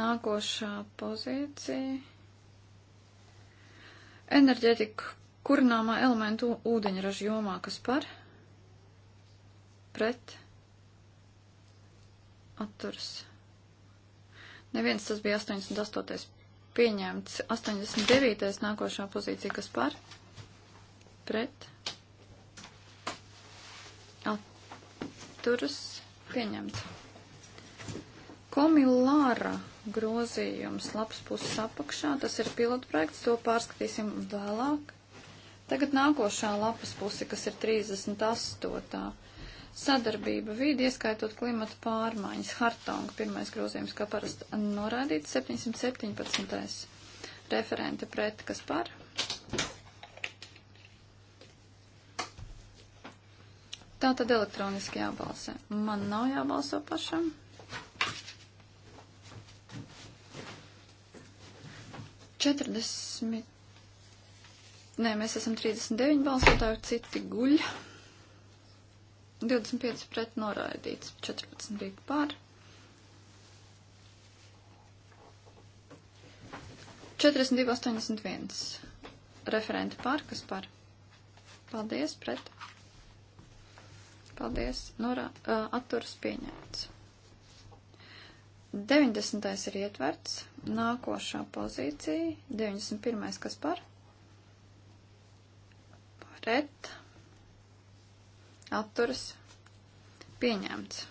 Nākošā pozīcija. Enerģetika kurināmā elementu ūdeņraža jomā, kas par? pret atturs. Neviens tas bija 88. pieņemts. 89. nākošā pozīcija, kas par pret atturas pieņemts. Komilāra grozījums labs puses apakšā, tas ir pilotprojekts, to pārskatīsim vēlāk. Tagad nākošā lapas puse, kas ir 38 sadarbība vīdi, ieskaitot klimata pārmaiņas. Hartonga pirmais grozījums, kā parasti norādīts, 717. referente pret, kas par. Tā tad elektroniski jābalsē. Man nav jābalso pašam. Četrdesmit. Nē, mēs esam 39 balsotāji, citi guļ. 25 pret noraidīts, 14 bija pār. 42, 81. Referenti pār, kas par? Paldies, pret. Paldies, norā, uh, atturas pieņemts. 90. ir ietverts, nākošā pozīcija, 91. kas par? Pret atturas pieņemts.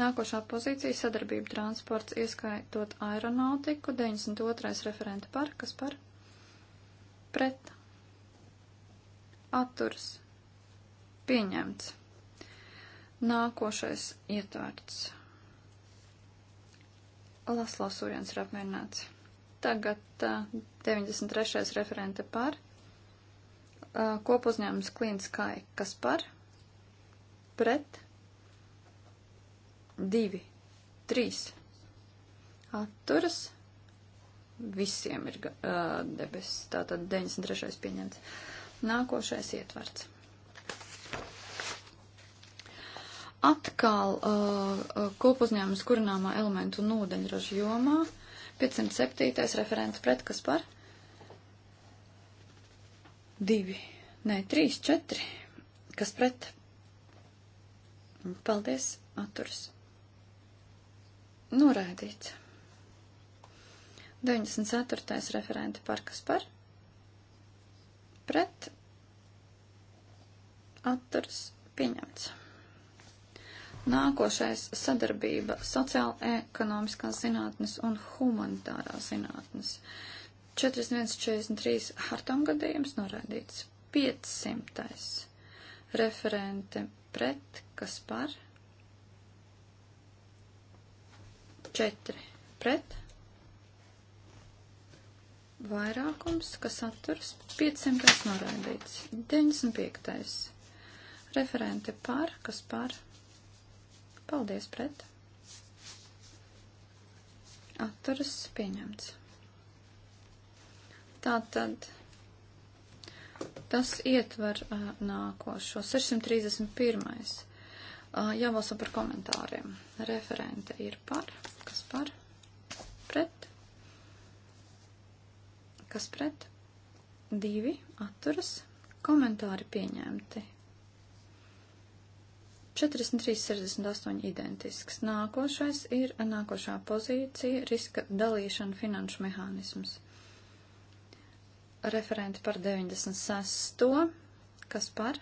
Nākošā pozīcija - sadarbība transports, ieskaitot aeronautiku, 92. referenta par, kas par pret atturas pieņemts. Nākošais ietārts. Laslavs Uriens ir apmierināts. Tagad tā, 93. referenta par kopuzņēmums klientskai, kas par, pret, divi, trīs, atturas, visiem ir uh, debesis, tātad 93. pieņemts. Nākošais ietverts. Atkal uh, kopuzņēmums kurināmā elementu un ūdeņraža jomā 507. referents pret, kas par, pret, Divi, nē, trīs, četri. Kas pret? Paldies, atturs. Noraidīts. 94. referenta par kas par? Pret. Atturs pieņemts. Nākošais sadarbība sociāla ekonomiskās zinātnes un humanitārās zinātnes. Uh, 4143 Hartong gadījums norādīts. 500. Referente pret, kas par? 4 pret. Vairākums, kas atturas 500. norādīts. 95. Referente par, kas par? Paldies pret. Atturas pieņemts. Tātad tas ietver uh, nākošo 631. Uh, jābalso par komentāriem. Referente ir par. Kas par? Pret. Kas pret? Divi atturas. Komentāri pieņemti. 43,68 identisks. Nākošais ir nākošā pozīcija - riska dalīšana finanšu mehānisms referenti par 96. Kas par?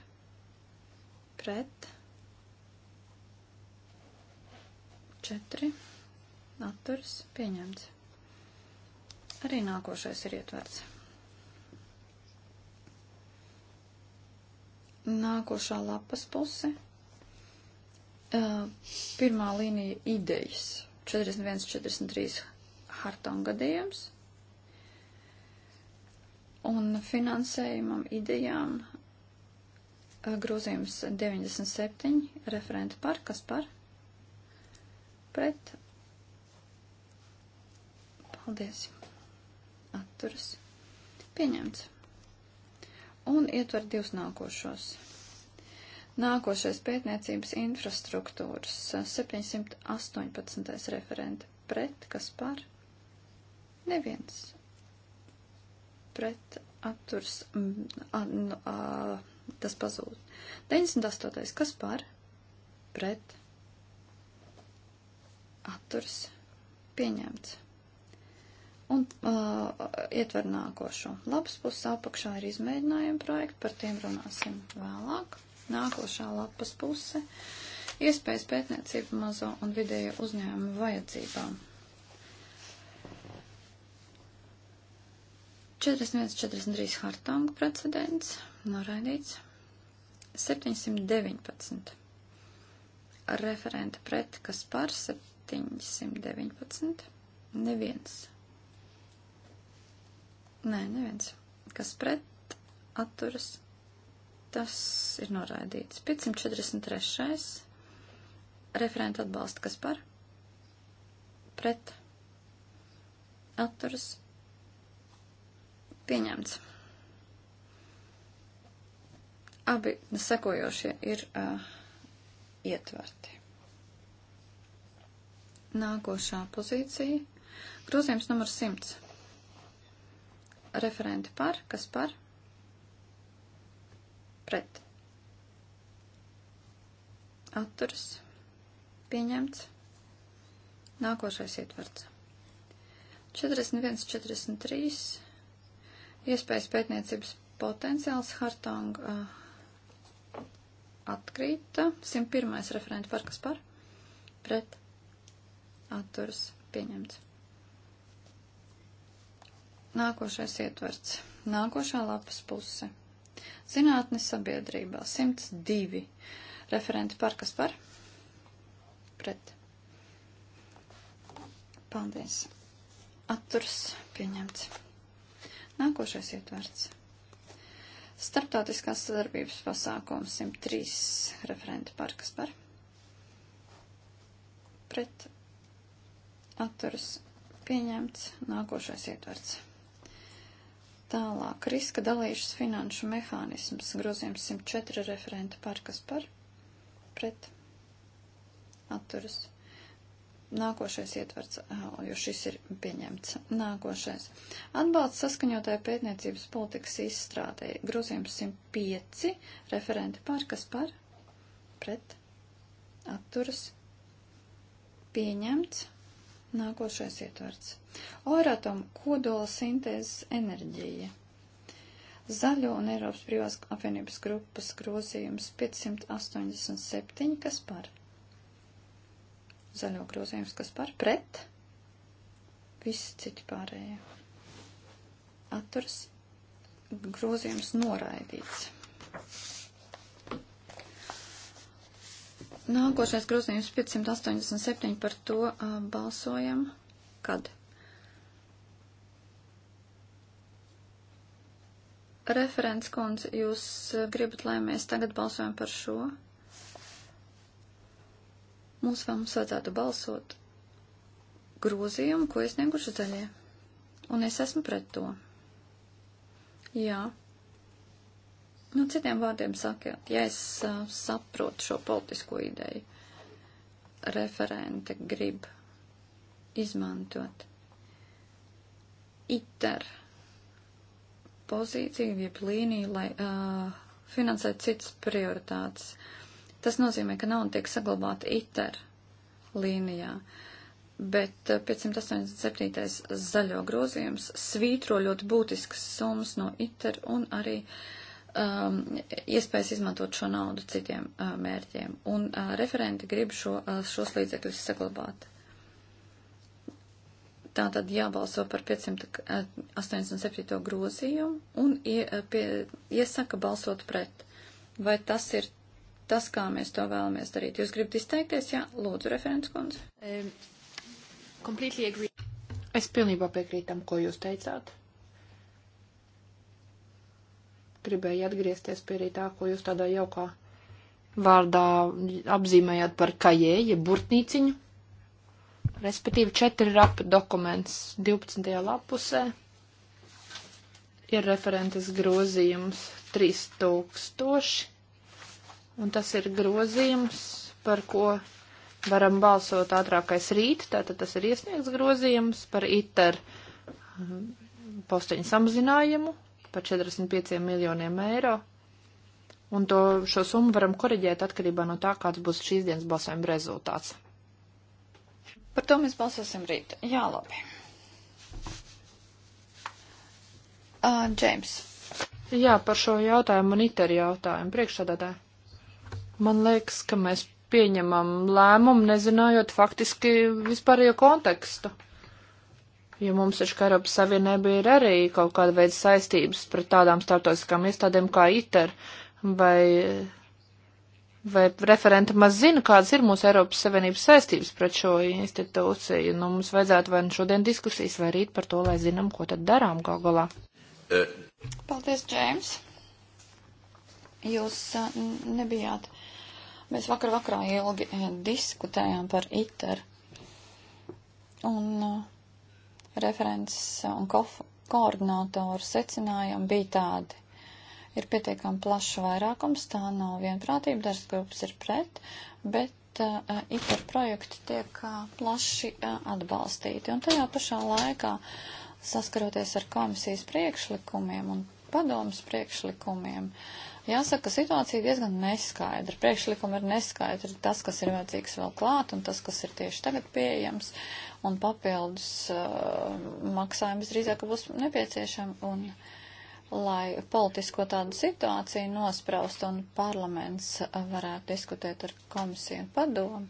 Pret. 4. Atturs pieņemts. Arī nākošais ir ietverts. Nākošā lapas puse. Pirmā līnija idejas. 41, 43 Hartonga gadījums un finansējumam idejām eh, grozījums 97 referenta par, kas par? Pret. Paldies. Atturas. Pieņemts. Un ietver divus nākošos. Nākošais pētniecības infrastruktūras 718 eh, referenta pret, kas par? Neviens pret atturs, a, a, tas pazūd. 98. kas par pret atturs pieņemts. Un uh, ietver nākošo. Labs puses apakšā ir izmēģinājuma projekti, par tiem runāsim vēlāk. Nākošā lapas puse - iespējas pētniecība mazo un vidējo uzņēmumu vajadzībām. 41.43 Hartong precedents noraidīts. 719. Referenta pret, kas par 719. Neviens. Nē, neviens. Kas pret atturas, tas ir noraidīts. 543. Referenta atbalsta, kas par pret atturas Pieņemts. Abi sekojošie ir uh, ietverti. Nākošā pozīcija. Grozījums numur 100. Referenti par, kas par? Pret. Atturs. Pieņemts. Nākošais ietverts. 41, 43. Iespējas pētniecības potenciāls Hartong uh, atkrīta. 101. referenta par kas par? Pret. Atturs pieņemts. Nākošais ietverts. Nākošā lapas puse. Zinātnes sabiedrībā 102. Referenti par kas par? Pret. Paldies. Atturs pieņemts. Nākošais ietverts. Startautiskās sadarbības pasākums 103 referenti par kas par. Pret atturas pieņemts nākošais ietverts. Tālāk riska dalīšanas finanšu mehānisms grozījums 104 referenti par kas par. Pret atturas pieņemts Nākošais ietverts, jo šis ir pieņemts. Nākošais. Atbalsts saskaņotāja pētniecības politikas izstrādē. Grozījums 105. Referenti par, kas par? Pret. Atturas. Pieņemts. Nākošais ietverts. Oratom kodola sintēzes enerģija. Zaļo un Eiropas brīvās apvienības grupas grozījums 587. Kas par? zaļo grozījums, kas par pret, viss citi pārējie. Atturs grozījums noraidīts. Nākošais grozījums 587 par to uh, balsojam. Kad? Referents kundze, jūs gribat, lai mēs tagad balsojam par šo? Mums vēl mums vajadzētu balsot grozījumu, ko iesnieguši zaļie. Un es esmu pret to. Jā. Nu, citiem vārdiem sakot, ja es uh, saprotu šo politisko ideju, referente grib izmantot iter pozīciju, jeb līniju, lai uh, finansētu citas prioritātes. Uh, Tas nozīmē, ka nauda tiek saglabāta ITER līnijā, bet 587. Eh, zaļo grozījums svītro ļoti būtiskas summas no ITER un arī um, iespējas izmantot šo naudu citiem uh, mērķiem. Un uh, referenti grib šo, uh, šos līdzekļus saglabāt tātad jābalso par 587. grozījumu un ie, uh, pie, iesaka balsot pret. Vai tas ir tas, kā mēs to vēlamies darīt. Jūs gribat izteikties? Jā, lūdzu, referents kundze. Um, es pilnībā piekrītu tam, ko jūs teicāt. Gribēju atgriezties pie tā, ko jūs tādā jaukā vārdā apzīmējāt par kajēju, burtnīciņu. Respektīvi, četri rapa dokuments 12. lapusē ir referentes grozījums 3000 Un tas ir grozījums, par ko varam balsot ātrākais rīt, tātad tas ir iesniegts grozījums par ITER um, posteņu samazinājumu par 45 miljoniem eiro. Un to, šo summu varam koriģēt atkarībā no tā, kāds būs šīs dienas balsojuma rezultāts. Par to mēs balsosim rīt. Jā, labi. Džeims. Uh, James. Jā, par šo jautājumu un ITER jautājumu priekšsādātāju. Man liekas, ka mēs pieņemam lēmumu, nezinājot faktiski vispārējo kontekstu. Jo mums taču kā Eiropas Savienība ir arī kaut kāda veida saistības pret tādām startautiskām iestādēm kā ITER vai, vai referenta maz zina, kādas ir mūsu Eiropas Savienības saistības pret šo institūciju. Nu, mums vajadzētu vai nu šodien diskusijas, vai rīt par to, lai zinām, ko tad darām gal galā. Eh. Paldies, Džēms. Jūs eh, nebijāt Mēs vakar vakarā ilgi eh, diskutējām par ITER un eh, referents un koordinātoru secinājumi bija tādi. Ir pietiekami plašs vairākums, tā nav vienprātība, dažas grupas ir pret, bet uh, ITER projekti tiek uh, plaši uh, atbalstīti. Un tajā pašā laikā, saskaroties ar komisijas priekšlikumiem un padomas priekšlikumiem, uh, Jāsaka, situācija diezgan neskaidra. Priekšlikumi ir neskaidri. Tas, kas ir vajadzīgs vēl klāt, un tas, kas ir tieši tagad pieejams, un papildus uh, maksājums drīzāk būs nepieciešama. Un, lai politisko tādu situāciju nospraust un parlaments varētu diskutēt ar komisiju un padomu,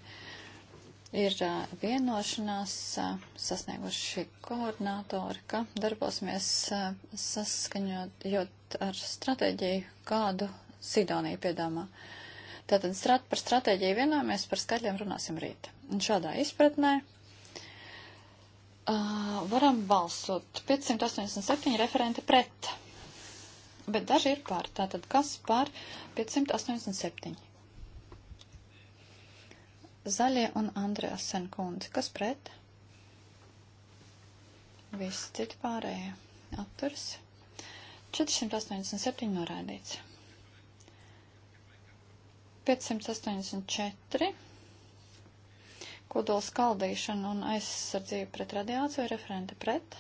ir uh, vienošanās uh, sasnieguši koordinātori, ka darbosimies uh, saskaņot, jo ar stratēģiju, kādu Sidonija piedāvā. Tātad strat, par stratēģiju vienojāmies, par skaļiem runāsim rīt. Un šādā izpratnē uh, varam balsot 587 referenti pret, bet daži ir pār. Tātad kas pār 587? Zaļie un Andrēs Senkundze. Kas pret? Visi citi pārējie. Atturs. 487 norādīts. 584. Kodols kaldīšana un aizsardzība pret radiāciju referente pret.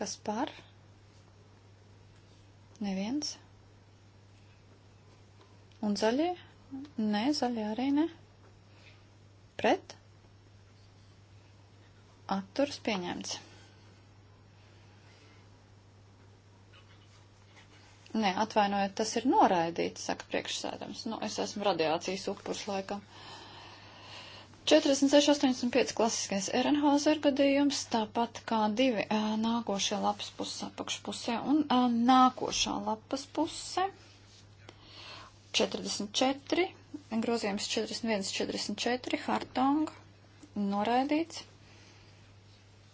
Kas par? Neviens. Un zaļie? Nē, zaļie arī ne. Pret? Atturs pieņemts. Nē, atvainojiet, tas ir noraidīts, saka priekšsēdams. Nu, es esmu radiācijas upurs laikam. 46,85 klasiskais Ehrenhauser gadījums, tāpat kā divi uh, nākošie lapas puses apakšpusē un uh, nākošā lapas puse 44, grozījums 41, 44, Hartong, noraidīts.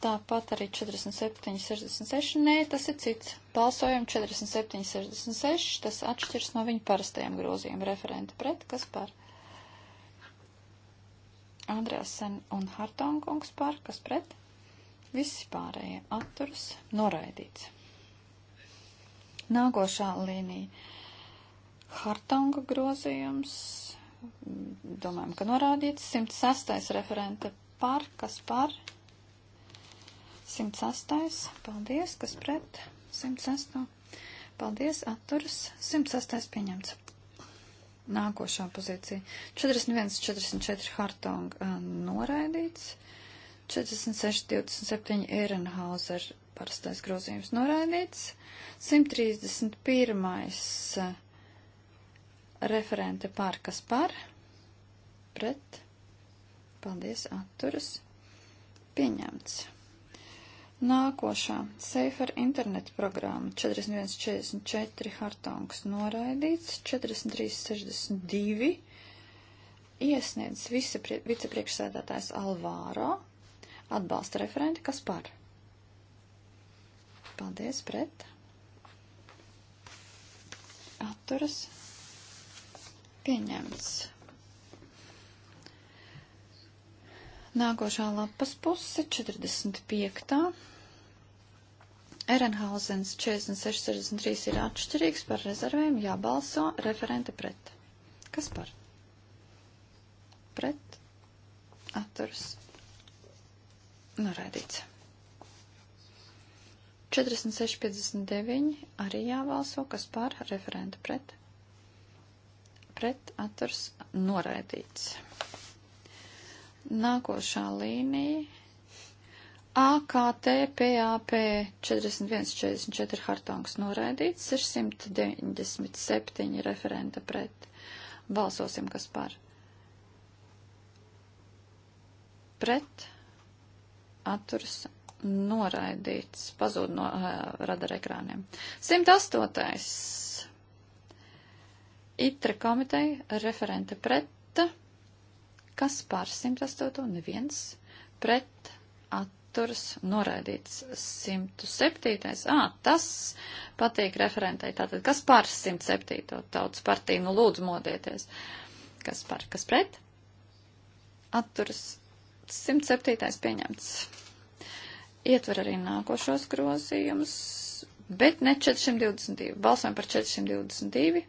Tāpat arī 47, 66. Nē, tas ir cits. Balsojam 47, 66. Tas atšķirs no viņa parastajiem grozījiem. Referenti pret, kas par? Andrēsen un Hartonkungs par, kas pret? Visi pārējie atturas noraidīts. Nākošā līnija. Hartonga grozījums. Domājam, ka norādīts 106. referente par, kas par? 108. Paldies, kas pret 108. Paldies, atturas 108. pieņemts. Nākošā pozīcija. 41, 44 Hartong noraidīts. 46, 27 Ehrenhauser parastais grozījums noraidīts. 131. referente par kas par. Pret. Paldies, atturas. Pieņemts. Nākošā Safer internet programma 4144 Hartongs noraidīts, 4362 iesniedz prie, vicepriekšsēdētājs Alvāro, atbalsta referenti, kas par. Paldies, pret. Atturas. Pieņemts. Nākošā lapas puse 45. Erenhausens 4663 ir atšķirīgs par rezervēm, jābalso referente pret. Kas par? Pret. Atturs. Norēdīts. 4659 arī jābalso, kas par referente pret. Pret. Atturs. Norēdīts. Nākošā līnija AKT PAP 4144 Hartongs noraidīts, 697 referenta pret. Balsosim, kas par. Pret atturs noraidīts, pazūd no uh, radara ekrāniem. 108. ITRA komiteja referente pret. Kas par 108? Neviens. Pret atturs atturas noraidīts 107. Ā, tas patīk referentai. Tātad, kas par 107. tautas partiju? Nu, lūdzu, modieties. Kas par, kas pret? Atturas 107. pieņemts. Ietver arī nākošos grozījumus, bet ne 422. Balsojam par 422.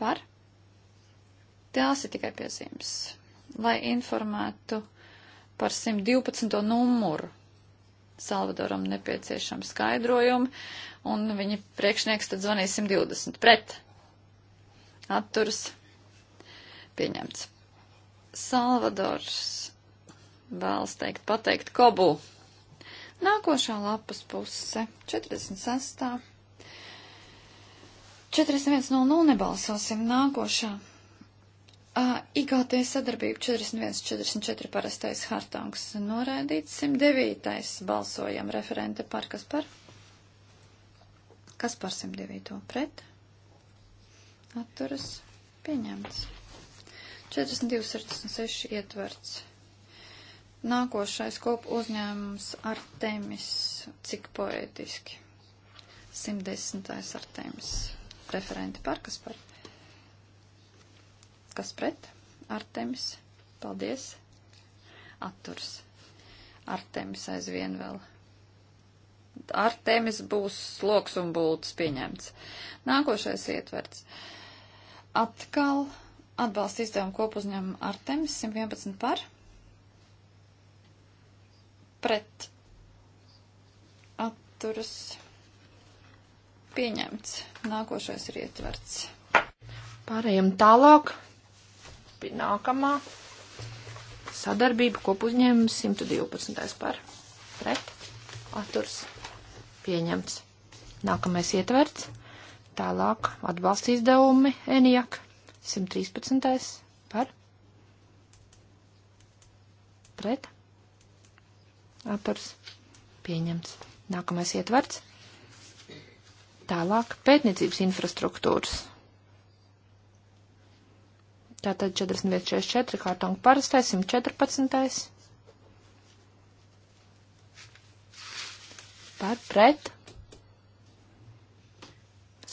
Par? Tās ir tikai piezīmes. Lai informētu par 112. numuru. Salvadoram nepieciešami skaidrojumi, un viņa priekšnieks tad zvanīja 120 pret. Atturs pieņemts. Salvadors vēlas teikt pateikt kobu. Nākošā lapas puse 46. 41.00 nebalsosim nākošā. Uh, IKT sadarbība 41-44 parastais hartangs noraidīts, 109. balsojam referente par kas par? Kas par 109. pret? Atturas pieņemts. 42-66 ietverts. Nākošais kopu uzņēmums Artemis, cik poētiski. 110. Artemis. Referenti par kas par? Kas pret? Artemis. Paldies. Atturs. Artemis aizvien vēl. Artemis būs sloks un būtis pieņemts. Nākošais ietverts. Atkal atbalsta izdevumu kopuzņēmumu Artemis 111 par. Pret. Atturas. Pieņemts. Nākošais ir ietverts. Pārējiem tālāk pie nākamā. Sadarbība kopuzņēmums 112. par pret atturs pieņemts. Nākamais ietverts. Tālāk atbalsta izdevumi ENIAK 113. par pret atturs pieņemts. Nākamais ietverts. Tālāk pētniecības infrastruktūras Tātad 41.64 kārtonga parastais, 114. Par pret.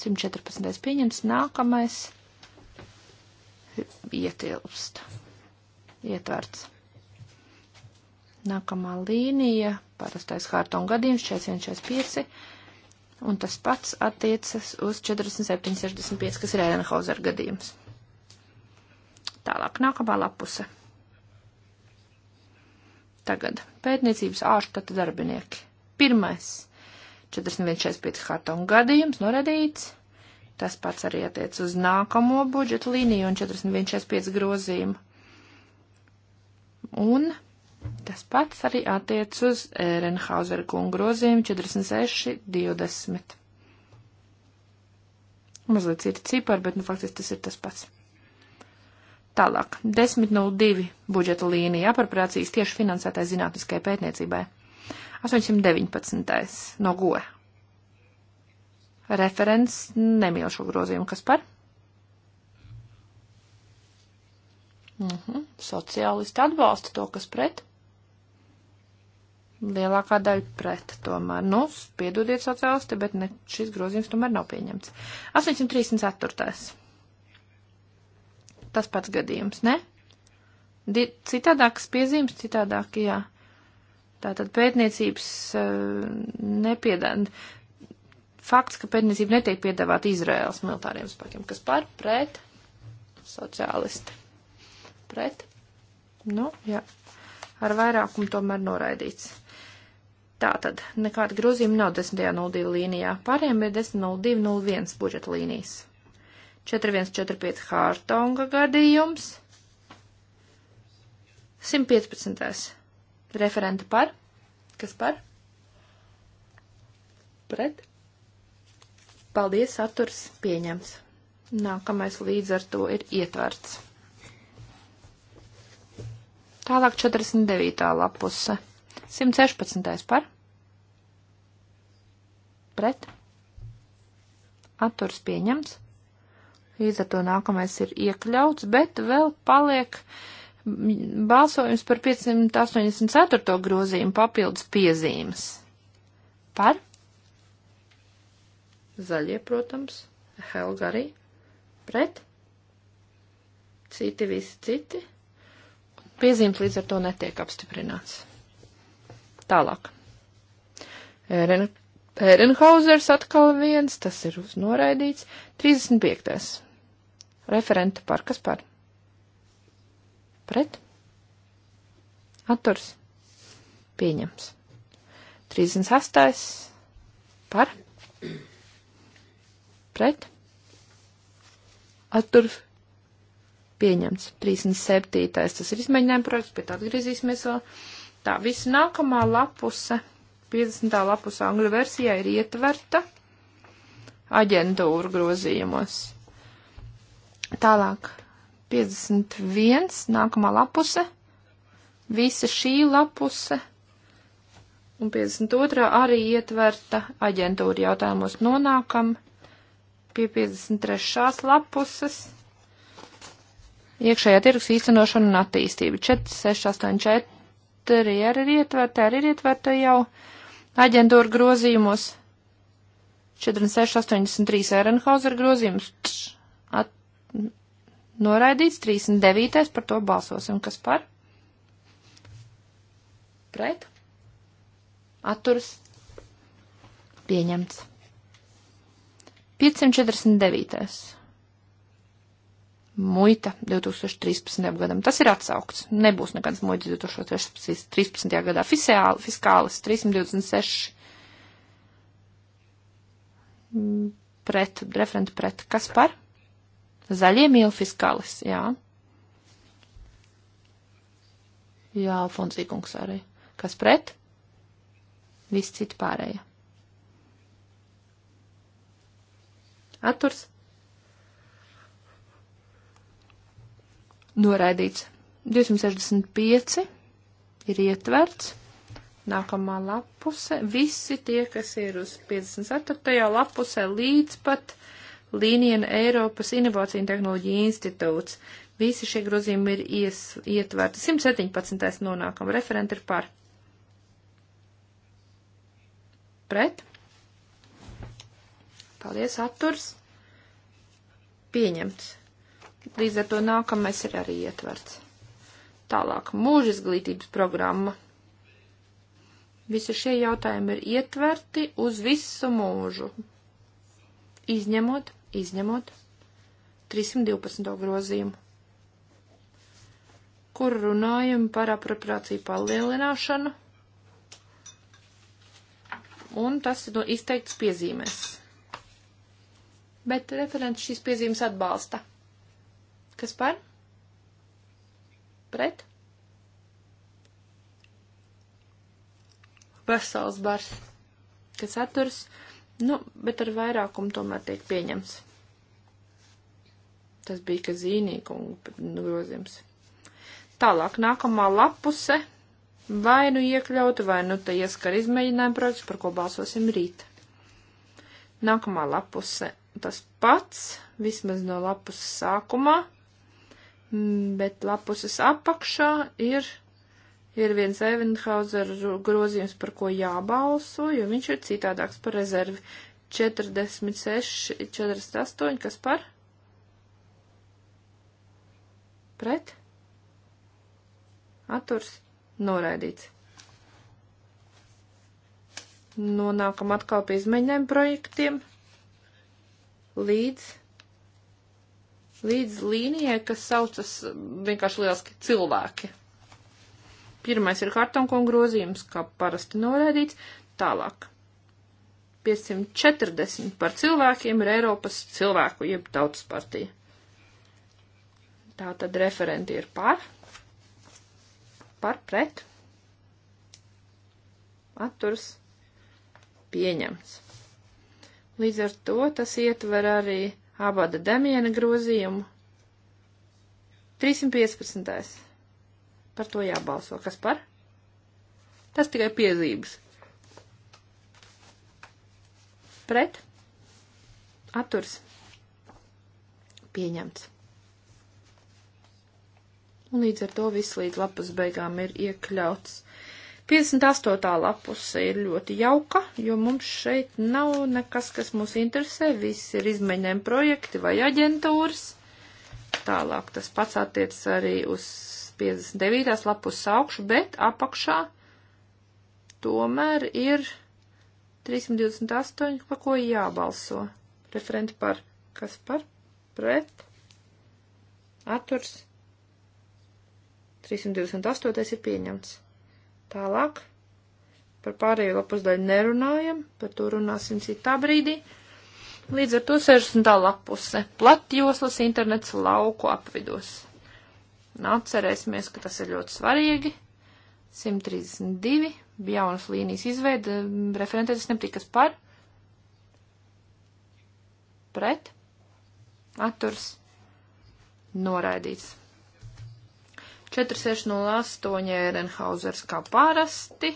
114. pieņemts, nākamais ietilpst, ietverts. Nākamā līnija, parastais hārtonga gadījums, 4145, un tas pats attiecas uz 4765, kas ir Ērenhauser gadījums. Tālāk, nākamā lapuse. Tagad pētniecības ārštata darbinieki. Pirmais. 41.45 Hatton gadījums noradīts. Tas pats arī attiec uz nākamo budžeta līniju un 41.45 grozījumu. Un tas pats arī attiec uz Ehrenhauser kungu grozījumu 46.20. Mazliet citi cipari, bet nu faktiski tas ir tas pats. Tālāk, 10.02 budžeta līnija apropriācijas tieši finansētai zinātniskajai pētniecībai. 819. no goja. Referents nemīl šo grozījumu, kas par? Mhm, sociālisti atbalsta to, kas pret. Lielākā daļa pret tomēr. Nu, piedodiet sociālisti, bet ne, šis grozījums tomēr nav pieņemts. 834. Tas pats gadījums, ne? Di citādākas piezīmes, citādāk, jā. Tātad pētniecības uh, eh, nepiedāvā. Fakts, ka pētniecība netiek piedāvāta Izraēlas militāriem spēkiem, kas par pret sociālisti. Pret. Nu, jā. Ar vairākumu tomēr noraidīts. Tātad nekāda grozījuma nav 10.02 līnijā, pārējiem ir 10.02.01 budžeta līnijas. 4145 Hārtonga gadījums. 115. Referenta par? Kas par? Pret? Paldies, saturs pieņems. Nākamais līdz ar to ir ietverts. Tālāk 49. lapuse. 116. par? Pret? Atturs pieņems. Līdz ar to nākamais ir iekļauts, bet vēl paliek balsojums par 584. grozījumu papildus piezīmes. Par? Zaļie, protams, Helga arī. Pret? Citi, visi citi. Piezīmes līdz ar to netiek apstiprināts. Tālāk. Eren, Erenhausers atkal viens, tas ir noraidīts. 35 referenta par kas par? Pret? Atturs? Pieņems. 36. Par? Pret? Atturs? Pieņems. 37. Tas ir izmēģinājuma projekts, bet atgriezīsimies vēl. Tā, visa nākamā lapuse, 50. lapuse angļu versijā ir ietverta aģentūru grozījumos. Tālāk, 51, nākamā lapuse, visa šī lapuse un 52 arī ietverta aģentūra jautājumos nonākam pie 53. lapuses. Iekšējā tirgus īstenošana un attīstība 4, 6, 8, 4 arī ir ietverta, arī ir ietverta jau aģentūra grozījumos 46, 83 Ehrenhauser grozījums. Tš noraidīts, 39. par to balsosim. Kas par? Pret? Atturs? Pieņemts. 549. Muita 2013. gadam. Tas ir atsaukts. Nebūs nekādas muitas 2013. gadā. Fiskāli, fiskālis 326. Pret, referenta pret. Kas par? Zaļie mīl fiskālis, jā. Jā, Alfonsīkungs arī. Kas pret? Viss citi pārējie. Atturs. Noraidīts. 265 ir ietverts. Nākamā lapuse. Visi tie, kas ir uz 54. lapusē līdz pat Līnija Eiropas Inovācija un Tehnoloģija institūts. Visi šie grozījumi ir ies, ietverti. 117. nonākam. Referenti ir par. Pret. Paldies, atturs. Pieņemts. Līdz ar to nākamais ir arī ietverts. Tālāk, mūža izglītības programma. Visi šie jautājumi ir ietverti uz visu mūžu, izņemot izņemot 312. grozījumu, kur runājam par apropriāciju palielināšanu, un tas ir no izteikts piezīmēs. Bet referents šīs piezīmes atbalsta. Kas par? Pret? Vesels bars, kas atturs Nu, bet ar vairākumu tomēr tiek pieņems. Tas bija kazīnīkunga nu, grozījums. Tālāk nākamā lapuse vai nu iekļauta, vai nu te ieskar izmēģinājumu projekts, par ko balsosim rīt. Nākamā lapuse tas pats, vismaz no lapuses sākumā, bet lapuses apakšā ir ir viens Evenhauser grozījums, par ko jābalso, jo viņš ir citādāks par rezervi. 46, 48, kas par? Pret? Atturs noraidīts. Nonākam atkal pie izmaiņām projektiem līdz, līdz līnijai, kas saucas vienkārši lieliski cilvēki. Pirmais ir kartonkonga grozījums, kā parasti noraidīts. Tālāk. 540 par cilvēkiem ir Eiropas cilvēku, jeb tautas partija. Tā tad referenti ir par, par pret, atturs, pieņems. Līdz ar to tas ietver arī abada demiena grozījumu. 315. Par to jābalso. Kas par? Tas tikai piezīmes. Pret. Atturs. Pieņemts. Un līdz ar to viss līdz lapas beigām ir iekļauts. 58. lapuse ir ļoti jauka, jo mums šeit nav nekas, kas mūs interesē. Viss ir izmeņēm projekti vai aģentūras. Tālāk tas pats attiec arī uz 59. lapus augšu, bet apakšā tomēr ir 328, pa ko jābalso. Referenti par kas par pret atturs 328 ir pieņemts. Tālāk par pārējo lapas daļu nerunājam, par to runāsim citā brīdī. Līdz ar to 60. lapuse. Platjoslas internets lauku apvidos. Atcerēsimies, ka tas ir ļoti svarīgi. 132 bija jaunas līnijas izveida, referentētas nepatikas par, pret, atturs, noraidīts. 4608 Ehrenhausers kā parasti.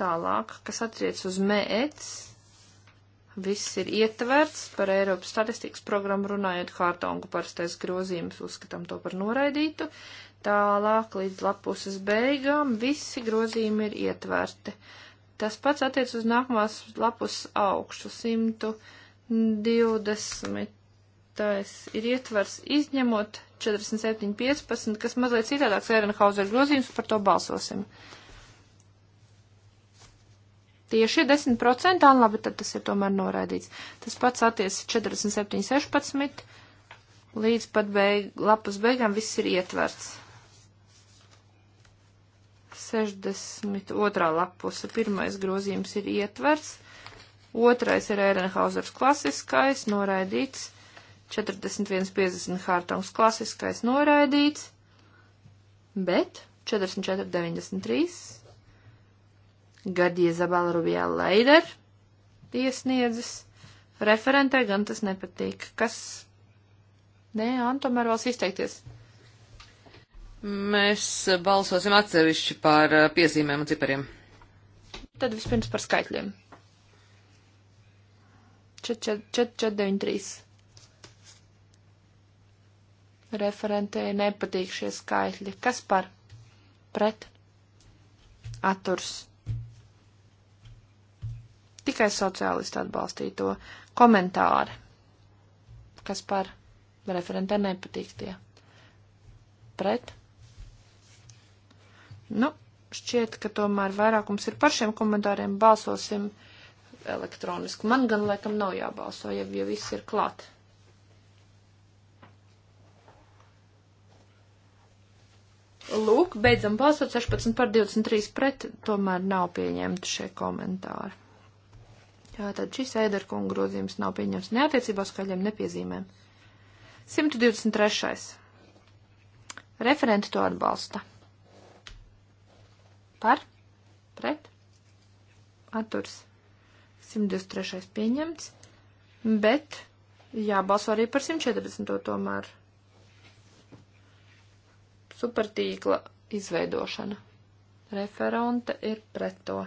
Tālāk, kas attiec uz mēts, viss ir ietverts par Eiropas statistikas programmu runājot Hārtongu parastais grozījums, uzskatām to par noraidītu. Tālāk līdz lapuses beigām visi grozījumi ir ietverti. Tas pats attiec uz nākamās lapus augšu 120. ir ietvers izņemot 47.15, kas mazliet citādāks Ērenhauser grozījums, par to balsosim. Uh, Tieši 10%, un labi, tad tas ir tomēr noraidīts. Tas pats attiecas 47, 16, līdz pat beig, lapas beigām viss ir ietverts. 62. lapuse pirmais grozījums ir ietverts, otrais ir Ērenhauzers klasiskais, noraidīts, 41, 50 hārtons klasiskais noraidīts, bet 44, 93 Gadie Zabala Rubijā Leider iesniedzis. Referentē gan tas nepatīk. Kas? Nē, Antomēr vēl izteikties. Mēs balsosim atsevišķi par uh, piezīmēm un cipariem. Tad vispirms par skaitļiem. 4493. Referentēji nepatīk šie skaitļi. Kas par? Pret? Aturs tikai sociālisti atbalstīto komentāri, kas par referentē nepatīk tie. Pret? Nu, šķiet, ka tomēr vairākums ir par šiem komentāriem balsosim elektroniski. Man gan laikam nav jābalso, ja, ja viss ir klāt. Lūk, beidzam balsot 16 par 23 pret, tomēr nav pieņemti šie komentāri. Tātad šis ēderkunga grozījums nav pieņems neatiecībā skaļiem nepiezīmēm. 123. Referenti to atbalsta. Par? Pret? Atturs. 123. pieņemts, bet jābalso arī par 140. tomēr. Supertīkla izveidošana. Referente ir pret to.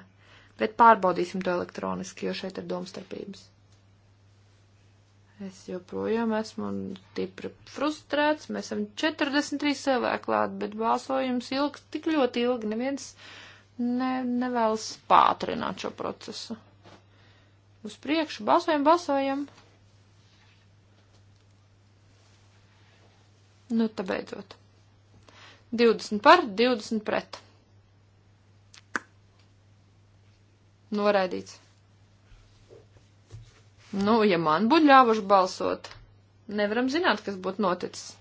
Bet pārbaudīsim to elektroniski, jo šeit ir domstarpības. Es joprojām esmu stipri frustrēts. Mēs esam 43 cilvēki klāt, bet balsojums ilgs tik ļoti ilgi. Neviens ne, nevēlas pātrināt šo procesu. Uz priekšu balsojam, balsojam. Nu, tā beidzot. 20 par, 20 pret. Noraidīts. Nu, ja man būtu ļāvuši balsot, nevaram zināt, kas būtu noticis.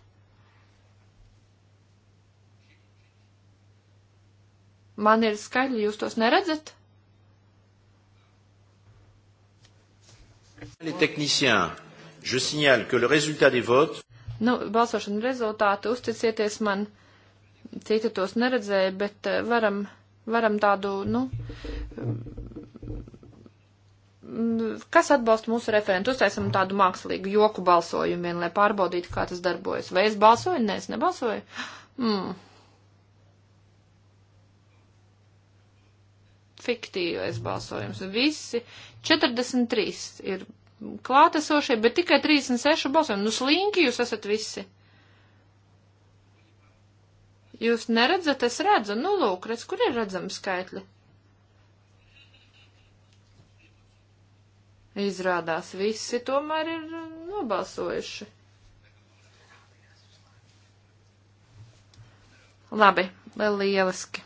Man ir skaidri, jūs tos neredzat? Les techniciens, je signale que le résultat des votes. Nu, balsošana rezultāti uzticieties man, citi tos neredzēja, bet eh, varam, varam tādu, nu, kas atbalsta mūsu referentu? Uztaisam tādu mākslīgu joku balsojumu vien, lai pārbaudītu, kā tas darbojas. Vai es balsoju? Nē, es nebalsoju. Mm. Fiktīvais balsojums. Visi 43 ir klātesošie, bet tikai 36 balsojumi. Nu, slinki jūs esat visi. Jūs neredzat, es redzu. Nu, lūk, redz, kur ir redzami skaitļi. Izrādās visi tomēr ir uh, nobalsojuši. Labi, lieliski.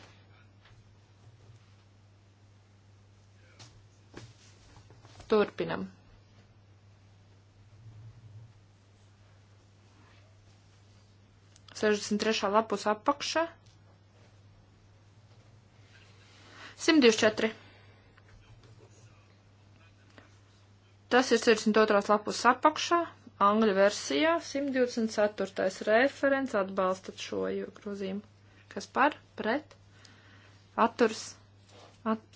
Turpinam. Sešdesmit trešā lapus apakšā. Simt divdesmit četri. Tas ir 62. lapus apakšā, angļu versijā, 124. referents atbalstat šo grozījumu. Kas par, pret, atturs, at,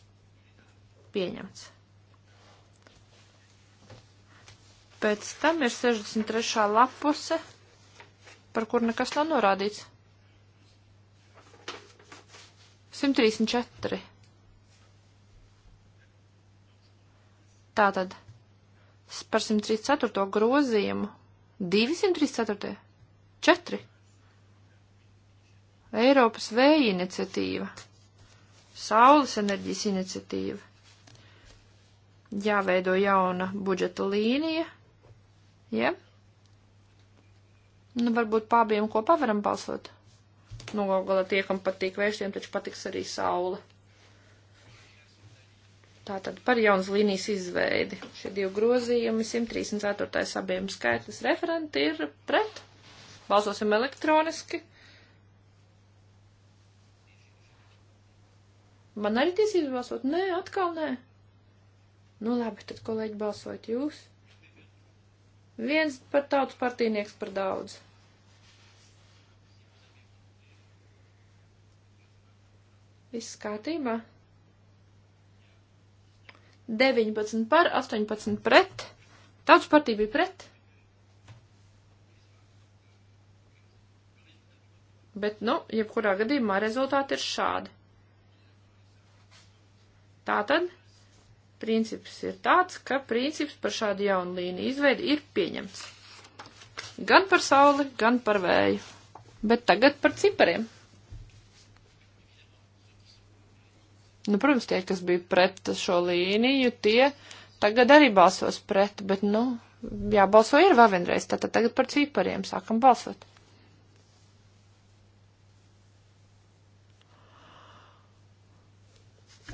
pieņemts. Pēc tam ir 63. lapuse, par kur nekas nav norādīts. 134. Tātad par 134. grozījumu. 234. 4. Eiropas vēja iniciatīva. Saules enerģijas iniciatīva. Jāveido jauna budžeta līnija. Ja? Nu, varbūt pārbiem kopā varam balsot. Nu, galu galā tie, kam patīk vērstiem, taču patiks arī saule. Tātad par jaunas līnijas izveidi. Šie divi grozījumi, 134. abiem skaitlis referenti ir pret. Balsosim elektroniski. Man arī tiesības balsot? Nē, atkal nē. Nu labi, tad kolēģi balsot jūs. Viens par tautu partīnieks par daudz. Viss kārtībā? 19 par, 18 pret. Tautas partija bija pret. Bet, nu, jebkurā gadījumā rezultāti ir šādi. Tātad, princips ir tāds, ka princips par šādu jaunu līniju izveidi ir pieņemts. Gan par sauli, gan par vēju. Bet tagad par cipariem. Nu, protams, tie, kas bija pret šo līniju, tie tagad arī balsos pret, bet, nu, jābalso ir vēl vienreiz. Tātad tagad par cipariem sākam balsot.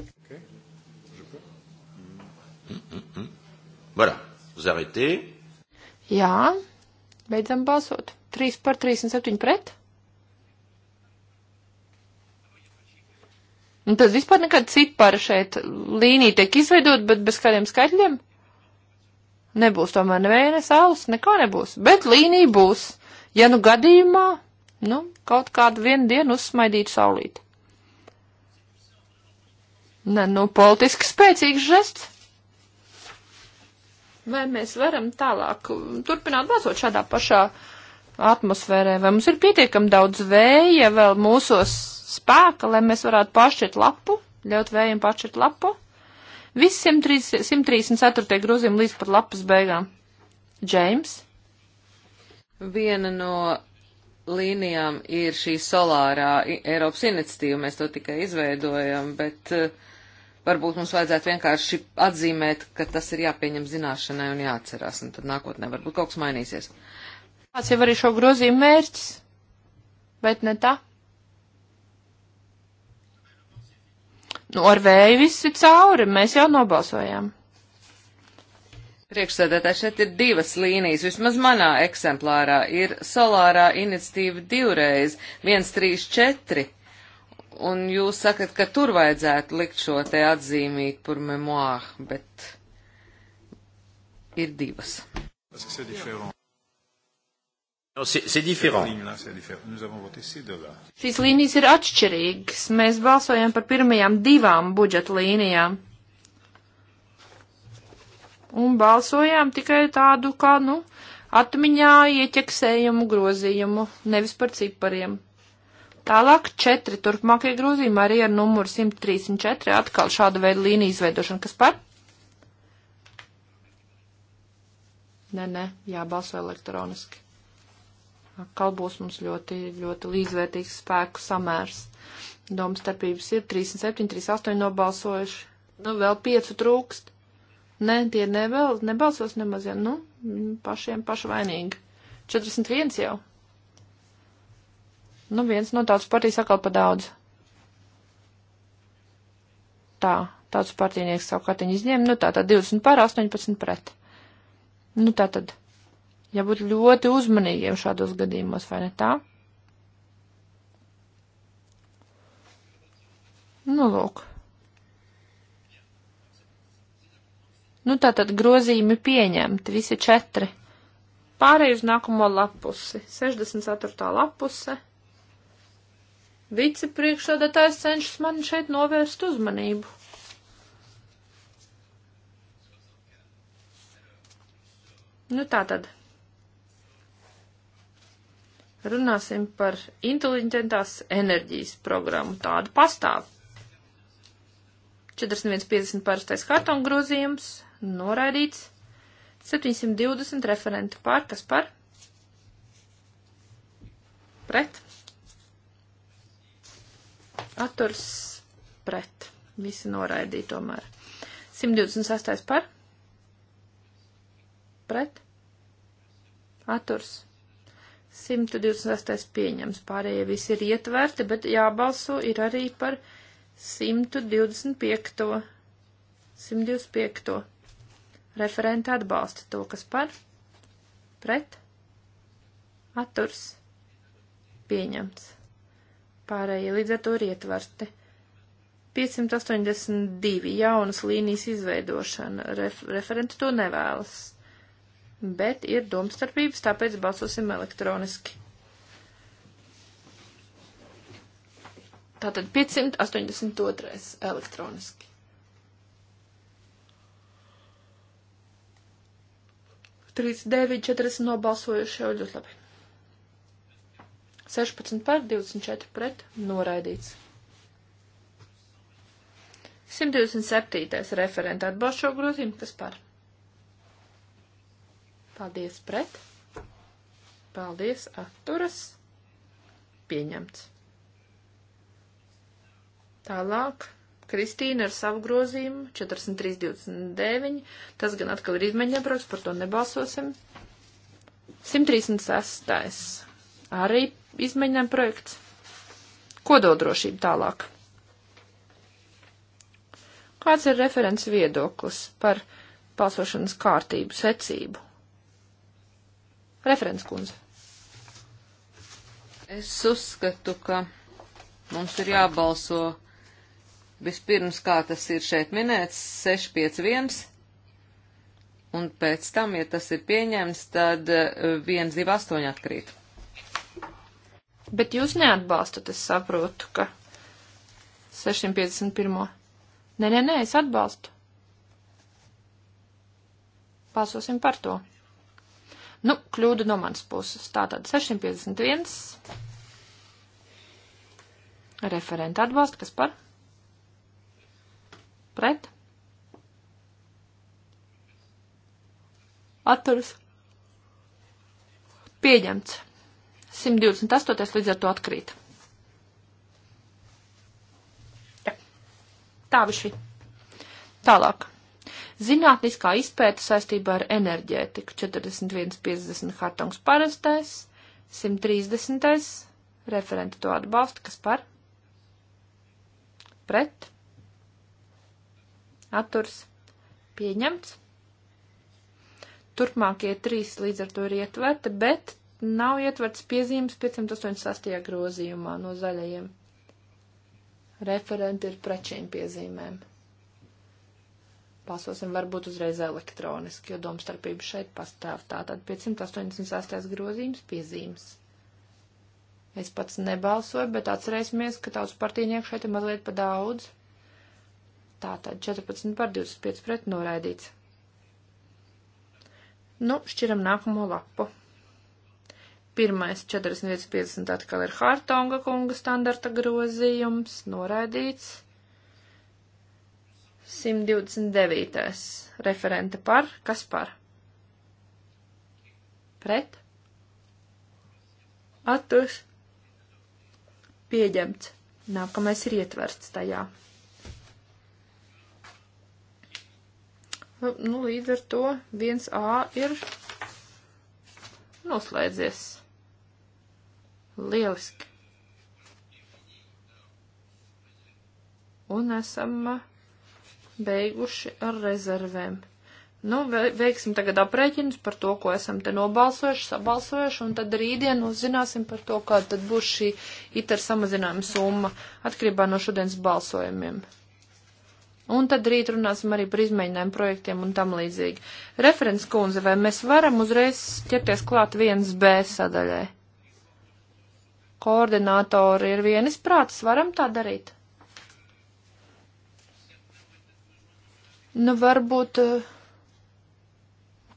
Okay. Mm, mm, mm. Voilà, vous arrêtez. Jā, beidzam balsot. 3 par 37 pret. Un nu, tad vispār nekāda cipara šeit līnija tiek izveidot, bet bez kādiem skaitļiem nebūs tomēr neviena saules, nekā nebūs. Bet līnija būs, ja nu gadījumā, nu, kaut kādu vienu dienu uzsmaidīt saulīt. Nē, nu, politiski spēcīgs žests. Vai mēs varam tālāk turpināt balsot šādā pašā atmosfērē? Vai mums ir pietiekam daudz vēja vēl mūsos spēka, lai mēs varētu pašķirt lapu, ļaut vējiem pašķirt lapu. Viss 134. grozījumi līdz pat lapas beigām. Džeims. Viena no līnijām ir šī solārā Eiropas iniciatīva, mēs to tikai izveidojam, bet eh, varbūt mums vajadzētu vienkārši atzīmēt, ka tas ir jāpieņem zināšanai un jāatcerās, un tad nākotnē varbūt kaut kas mainīsies. Kāds jau arī šo grozījumu mērķis, bet ne tā? Nu, ar vēju viss ir cauri, mēs jau nobalsojām. Priekšsēdētāji, šeit ir divas līnijas. Vismaz manā eksemplārā ir solārā iniciatīva divreiz, 134. Un jūs sakat, ka tur vajadzētu likt šo te atzīmīt par memoāru, bet ir divas. No, c'est différent. Šīs līnijas ir atšķirīgas. Mēs balsojam par pirmajām divām budžeta līnijām. Un balsojām tikai tādu, kā, nu, atmiņā ieķeksējumu grozījumu, nevis par cipariem. Tālāk četri turpmākie grozījumi arī ar numuru 134 atkal šāda veida līnija izveidošana. Kas par? Nē, nē, jābalso elektroniski atkal būs mums ļoti, ļoti līdzvērtīgs spēku samērs. Domstarpības ir 37, 38 nobalsojuši, nu vēl 5 trūkst. Nē, tie nevēl, nebalsos nemaz, ja, nu, pašiem pašvainīgi. 41 jau. Nu, viens no tautas partijas atkal pa daudz. Tā, tautas partijnieks savu kartiņu izņēma, nu tā tad 20 pār 18 pret. Nu tā tad jābūt ja ļoti uzmanīgiem šādos gadījumos, vai ne tā? Nu, lūk. Nu, tātad grozījumi pieņemti, visi četri. Pārēj uz nākamo lapusi, 64. lapuse. Vicepriekšsādātājs cenšas man šeit novērst uzmanību. Nu, tā tad. Runāsim par inteliģentās enerģijas programmu. Tādu pastāv. 41.50 parastais kartona grozījums, noraidīts. 720 referenti pār, kas par? Pret. Atturs pret. Visi noraidīja tomēr. 128 par? Pret. Atturs 128. pieņems. Pārējie visi ir ietverti, bet jābalso ir arī par 125. 125. Referenti atbalsta to, kas par, pret, atturs, pieņemts. Pārējie līdz ar to ir ietverti. 582 jaunas līnijas izveidošana. Ref, referenti to nevēlas bet ir domstarpības, tāpēc balsosim elektroniski. Tātad 582. elektroniski. Trīs, deviņi, četrdesmit nobalsojuši jau ļoti labi. 16 par 24 pret noraidīts. 127. referenta atbalsts šo grozījumu, kas par? Paldies pret. Paldies atturas. Pieņemts. Tālāk. Kristīna ar savu grozījumu 43.29. Tas gan atkal ir izmaiņaproks, par to nebalsosim. 136. Arī izmaiņām projekts. Kododrošība tālāk. Kāds ir referents viedoklis par balsošanas kārtību secību? Referents kundze. Es uzskatu, ka mums ir jābalso vispirms, kā tas ir šeit minēts, 651, un pēc tam, ja tas ir pieņemts, tad 128 eh, atkrīt. Bet jūs neatbalstat, es saprotu, ka 651. Nē, nē, nē, es atbalstu. Balsosim par to. Nu, kļūda no manas puses. Tātad 651. Referenta atbalsta, kas par? Pret? Atturas? Pieņemts. 128. līdz ar to atkrīt. Ja. Tā viši. Tālāk. Zinātniskā izpēta saistībā ar enerģētiku 41.50 hartungs parastais, 130. referenta to atbalsta, kas par? Pret? Atturs? Pieņemts? Turpmākie trīs līdz ar to ir ietverti, bet nav ietverts piezīmes 586. grozījumā no zaļajiem. Referenti ir prečiem piezīmēm. Balsosim varbūt uzreiz elektroniski, jo domstarpība šeit pastāv. Tātad 588. grozījums piezīmes. Es pats nebalsoju, bet atcerēsimies, ka tautas partīnieku šeit ir mazliet pa daudz. Tātad 14 par 25 pret noraidīts. Nu, šķiram nākamo lapu. Pirmais 41.50 atkal ir Hartonga kunga standarta grozījums, noraidīts. 129. referente par, kas par? Pret? Atturs? Pieņemts. Nākamais ir ietverts tajā. Nu, nu līdz ar to 1A ir noslēdzies. Lieliski. Un esam. Uh, beiguši ar rezervēm. Nu, veiksim tagad aprēķinus par to, ko esam te nobalsojuši, sabalsojuši, un tad rītdien uzzināsim par to, kāda tad būs šī iter samazinājuma summa atkarībā no šodienas balsojumiem. Un tad rīt runāsim arī par izmēģinājumu projektiem un tam līdzīgi. Referents kundze, vai mēs varam uzreiz ķerties klāt viens B sadaļai? Koordinātori ir vienisprātis, varam tā darīt? Nu, varbūt eh,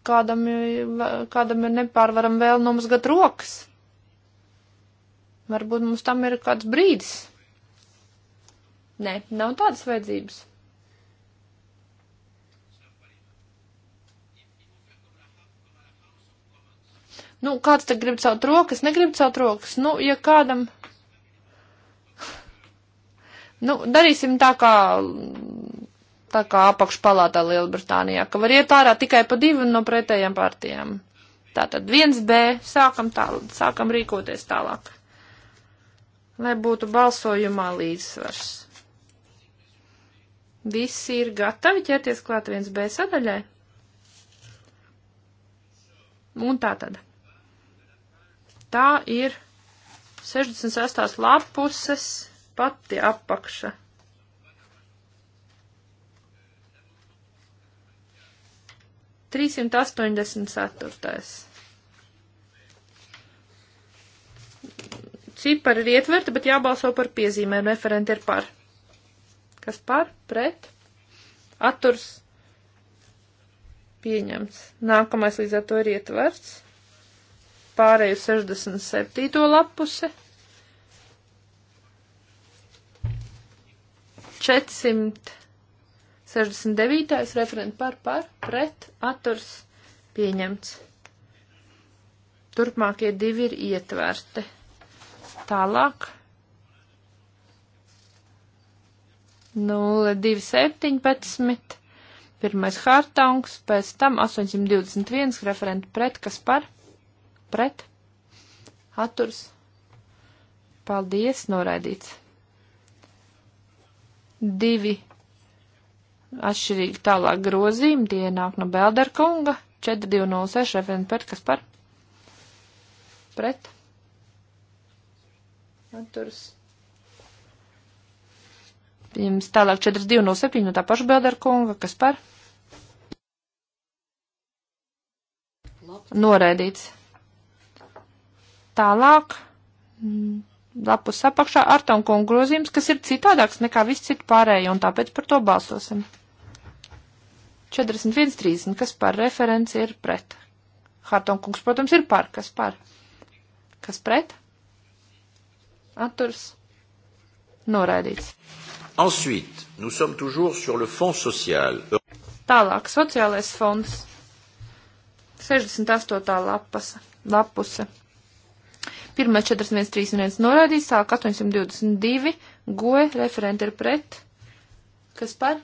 kādam, kādam ir nepārvaram vēl nomazgat rokas. Varbūt mums tam ir kāds brīdis. Nē, nav tādas vajadzības. Nu, kāds te grib celt rokas, negrib celt rokas. Nu, ja kādam. Nu, darīsim tā, kā tā kā apakšpalātā Lielbritānijā, ka var iet ārā tikai pa divu no pretējām partijām. Tātad 1B, sākam, tā, sākam rīkoties tālāk, lai būtu balsojumā līdzsvars. Visi ir gatavi ķerties klāt 1B sadaļai. Un tā tad. Tā ir 68. lapuses pati apakša. 384. Cipari ir ietverti, bet jābalso par piezīmēm. Referenti ir par. Kas par? Pret? Atturs? Pieņemts. Nākamais līdz ar to ir ietverts. Pārēju 67. lapuse. 400. 69. referent par par pret atturs pieņemts. Turpmākie divi ir ietvērti. Tālāk. 0217. Pirmais Hārtaungs, pēc tam 821 referenti pret, kas par? Pret? Atturs? Paldies, noraidīts. 2, Atšķirīgi tālāk grozījumi, tie nāk no Belderkunga, 4206 referenta pret, kas par? Pret. Atturs. Pieņems tālāk 4207 no tā paša Belderkunga, kas par? Noraidīts. Tālāk. Mm lapus apakšā ar tom kungu grozījums, kas ir citādāks nekā viss citi pārējie, un tāpēc par to balsosim. 41.30, kas par referents ir pret. Hartonkungs, protams, ir par, kas par. Kas pret? Atturs. Noraidīts. Ensuite, nous sommes toujours sur le fonds social. Tālāk, sociālais fonds. 68. lapas, lapuse. 1. 41, 31 noraidīts, sāk 822, goja, referenti ir pret. Kas par?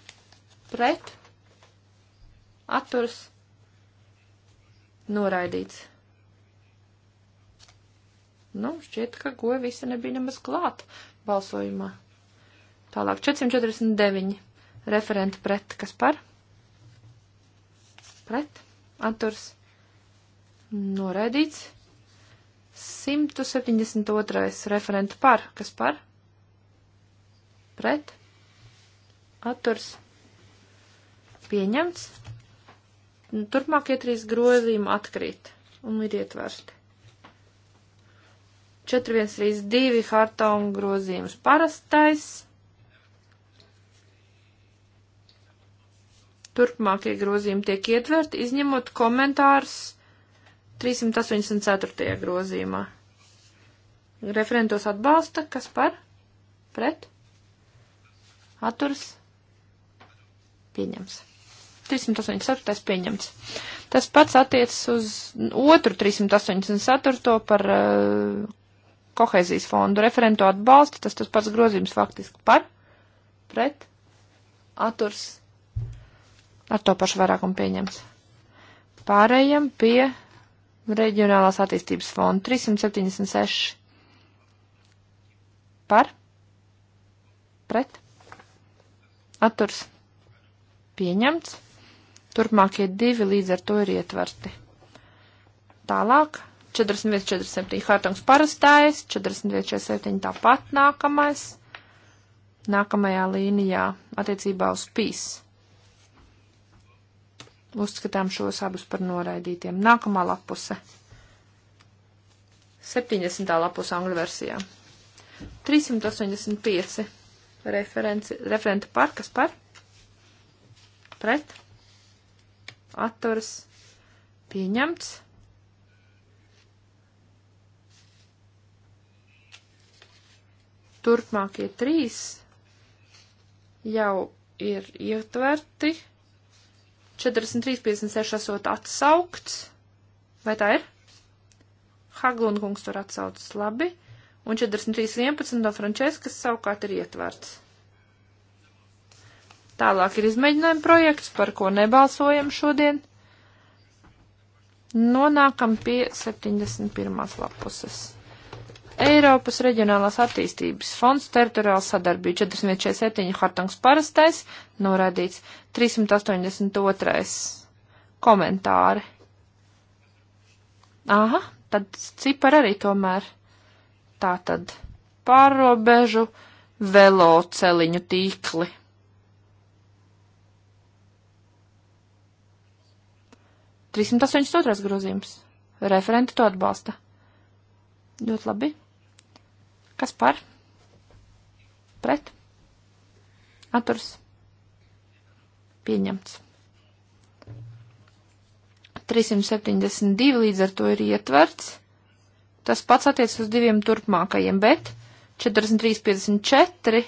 Pret? atturas noraidīts. Nu, šķiet, ka goja visi nebija nemaz klāt balsojumā. Tālāk 449 referenti pret, kas par? Pret, atturs, noraidīts. 172 referenti par, kas par? Pret, atturs, pieņemts. Turpmākie trīs grozījumi atkrīt un ir ietverti. 4132 hartonu grozījums parastais. Turpmākie grozījumi tiek ietverti, izņemot komentārus 384. grozījumā. Referentos atbalsta, kas par? Pret? Aturs? Pieņems. 384. pieņemts. Tas pats attiecas uz otru 384. par uh, kohēzijas fondu referentu atbalstu. Tas tas pats grozījums faktiski par, pret, aturs, ar to pašu vairākumu pieņemts. Pārējiem pie reģionālās attīstības fonda 376 par, pret, aturs, pieņemts. Turpmākie divi līdz ar to ir ietverti. Tālāk 41.47. Hartungs parastais, 41.47. tāpat nākamais, nākamajā līnijā attiecībā uz pīs. Uzskatām šos abus par noraidītiem. Nākamā lapuse. 70. lapus angļu versijā. 385 referenci, referenta par, kas par? Pret? atturas pieņemts. Turpmākie trīs jau ir ietverti. 43.56 esot atsaukts. Vai tā ir? Haglund kungs tur atsaucas labi. Un 43.11 no Frančeskas savukārt ir ietverts. Tālāk ir izmēģinājuma projekts, par ko nebalsojam šodien. Nonākam pie 71. lapuses. Eiropas reģionālās attīstības fonds teritoriāla sadarbība 4147 hartangs parastais, norādīts 382. komentāri. Aha, tad cipar arī tomēr. Tā tad pārrobežu veloceliņu tīkli. 382. grozījums. Referenti to atbalsta. Ļoti labi. Kas par? Pret? Atturs? Pieņemts. 372 līdz ar to ir ietverts. Tas pats attiec uz diviem turpmākajiem, bet 4354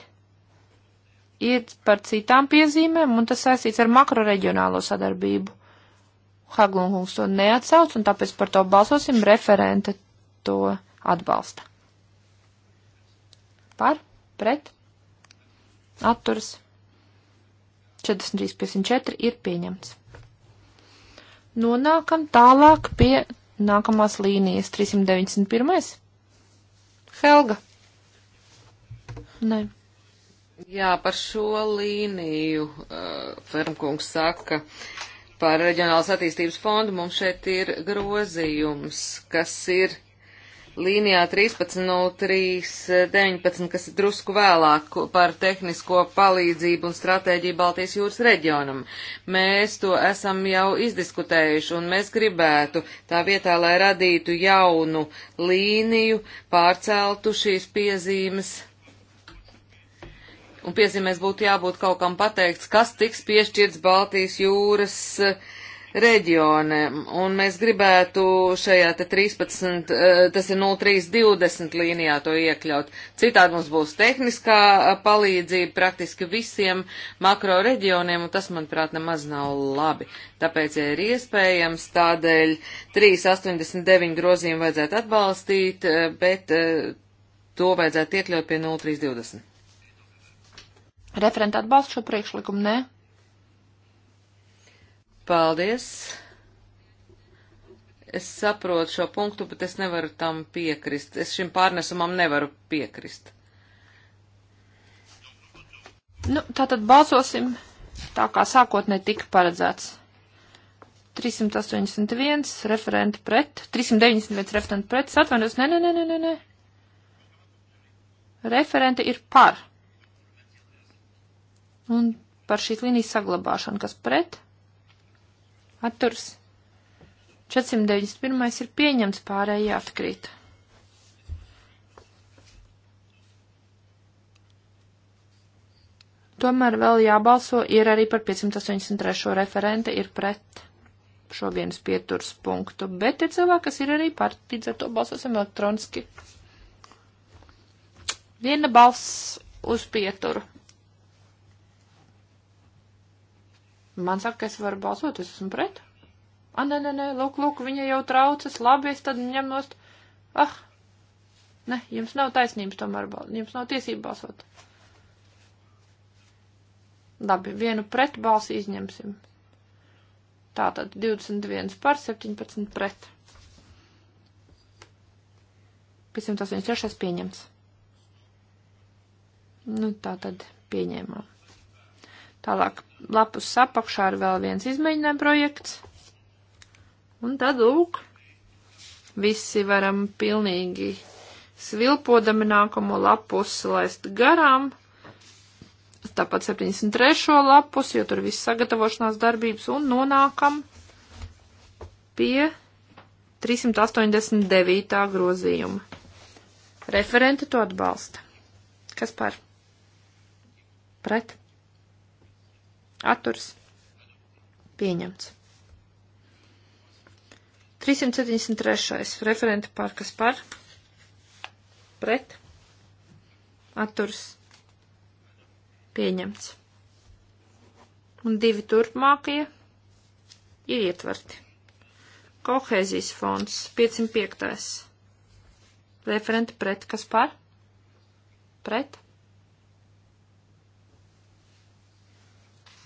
ir par citām piezīmēm, un tas saistīts ar makroreģionālo sadarbību. Haglungs to neatsauc, un tāpēc par to balsosim. Referente to atbalsta. Par, pret, atturas. 43.54 ir pieņemts. Nonākam tālāk pie nākamās līnijas 391. Helga. Nē. Jā, par šo līniju uh, Fermkungs saka, ka par reģionālas attīstības fondu mums šeit ir grozījums, kas ir līnijā 13.03.19, kas ir drusku vēlāk par tehnisko palīdzību un stratēģiju Baltijas jūras reģionam. Mēs to esam jau izdiskutējuši un mēs gribētu tā vietā, lai radītu jaunu līniju, pārceltu šīs piezīmes un piezīmēs būtu jābūt kaut kam pateikts, kas tiks piešķirts Baltijas jūras eh, reģione, un mēs gribētu šajā te 13, eh, tas ir 0320 līnijā to iekļaut. Citādi mums būs tehniskā eh, palīdzība praktiski visiem makro reģioniem, un tas, manuprāt, nemaz nav labi. Tāpēc, ja ir iespējams, tādēļ 389 grozījumu vajadzētu atbalstīt, bet to vajadzētu iekļaut pie 0320. Referenta atbalsta šo priekšlikumu? Nē. Paldies. Es saprotu šo punktu, bet es nevaru tam piekrist. Es šim pārnesumam nevaru piekrist. Nu, tātad balsosim tā, kā sākotnē tika paredzēts. 381 referenti pret, 391 referenti pret, atvainojos, nē, nē, nē, nē, nē. Referenti ir par. Un par šīs līnijas saglabāšanu, kas pret atturs 491 ir pieņemts, pārējie atkrīt. Tomēr vēl jābalso ir arī par 583. referente ir pret šo vienas pieturs punktu, bet ir cilvēki, kas ir arī par, līdz ar to balsosim elektroniski. Viena balss uz pieturu. Man saka, ka es varu balsot, es esmu pret. A, ah, nē, nē, nē, lūk, lūk, viņa jau traucas, labi, es tad ņem nost. Ah, nē, jums nav taisnības tomēr, jums nav tiesība balsot. Labi, vienu pretbalsi izņemsim. Tātad 21 par 17 pret. 586 pieņemts. Nu, tā tad pieņēmām. Tālāk lapus apakšā ir vēl viens izmēģinājuma projekts. Un tad, lūk, visi varam pilnīgi svilpodami nākamo lapusi laist garām. Tāpat 73. lapus, jo tur viss sagatavošanās darbības un nonākam pie 389. grozījuma. Referenti to atbalsta. Kas par? Pret? Atturs. Pieņemts. 373. Referenta par kas par? Pret. Atturs. Pieņemts. Un divi turpmākie ir ietverti. Kohēzijas fonds 505. Referenta pret kas par? Pret.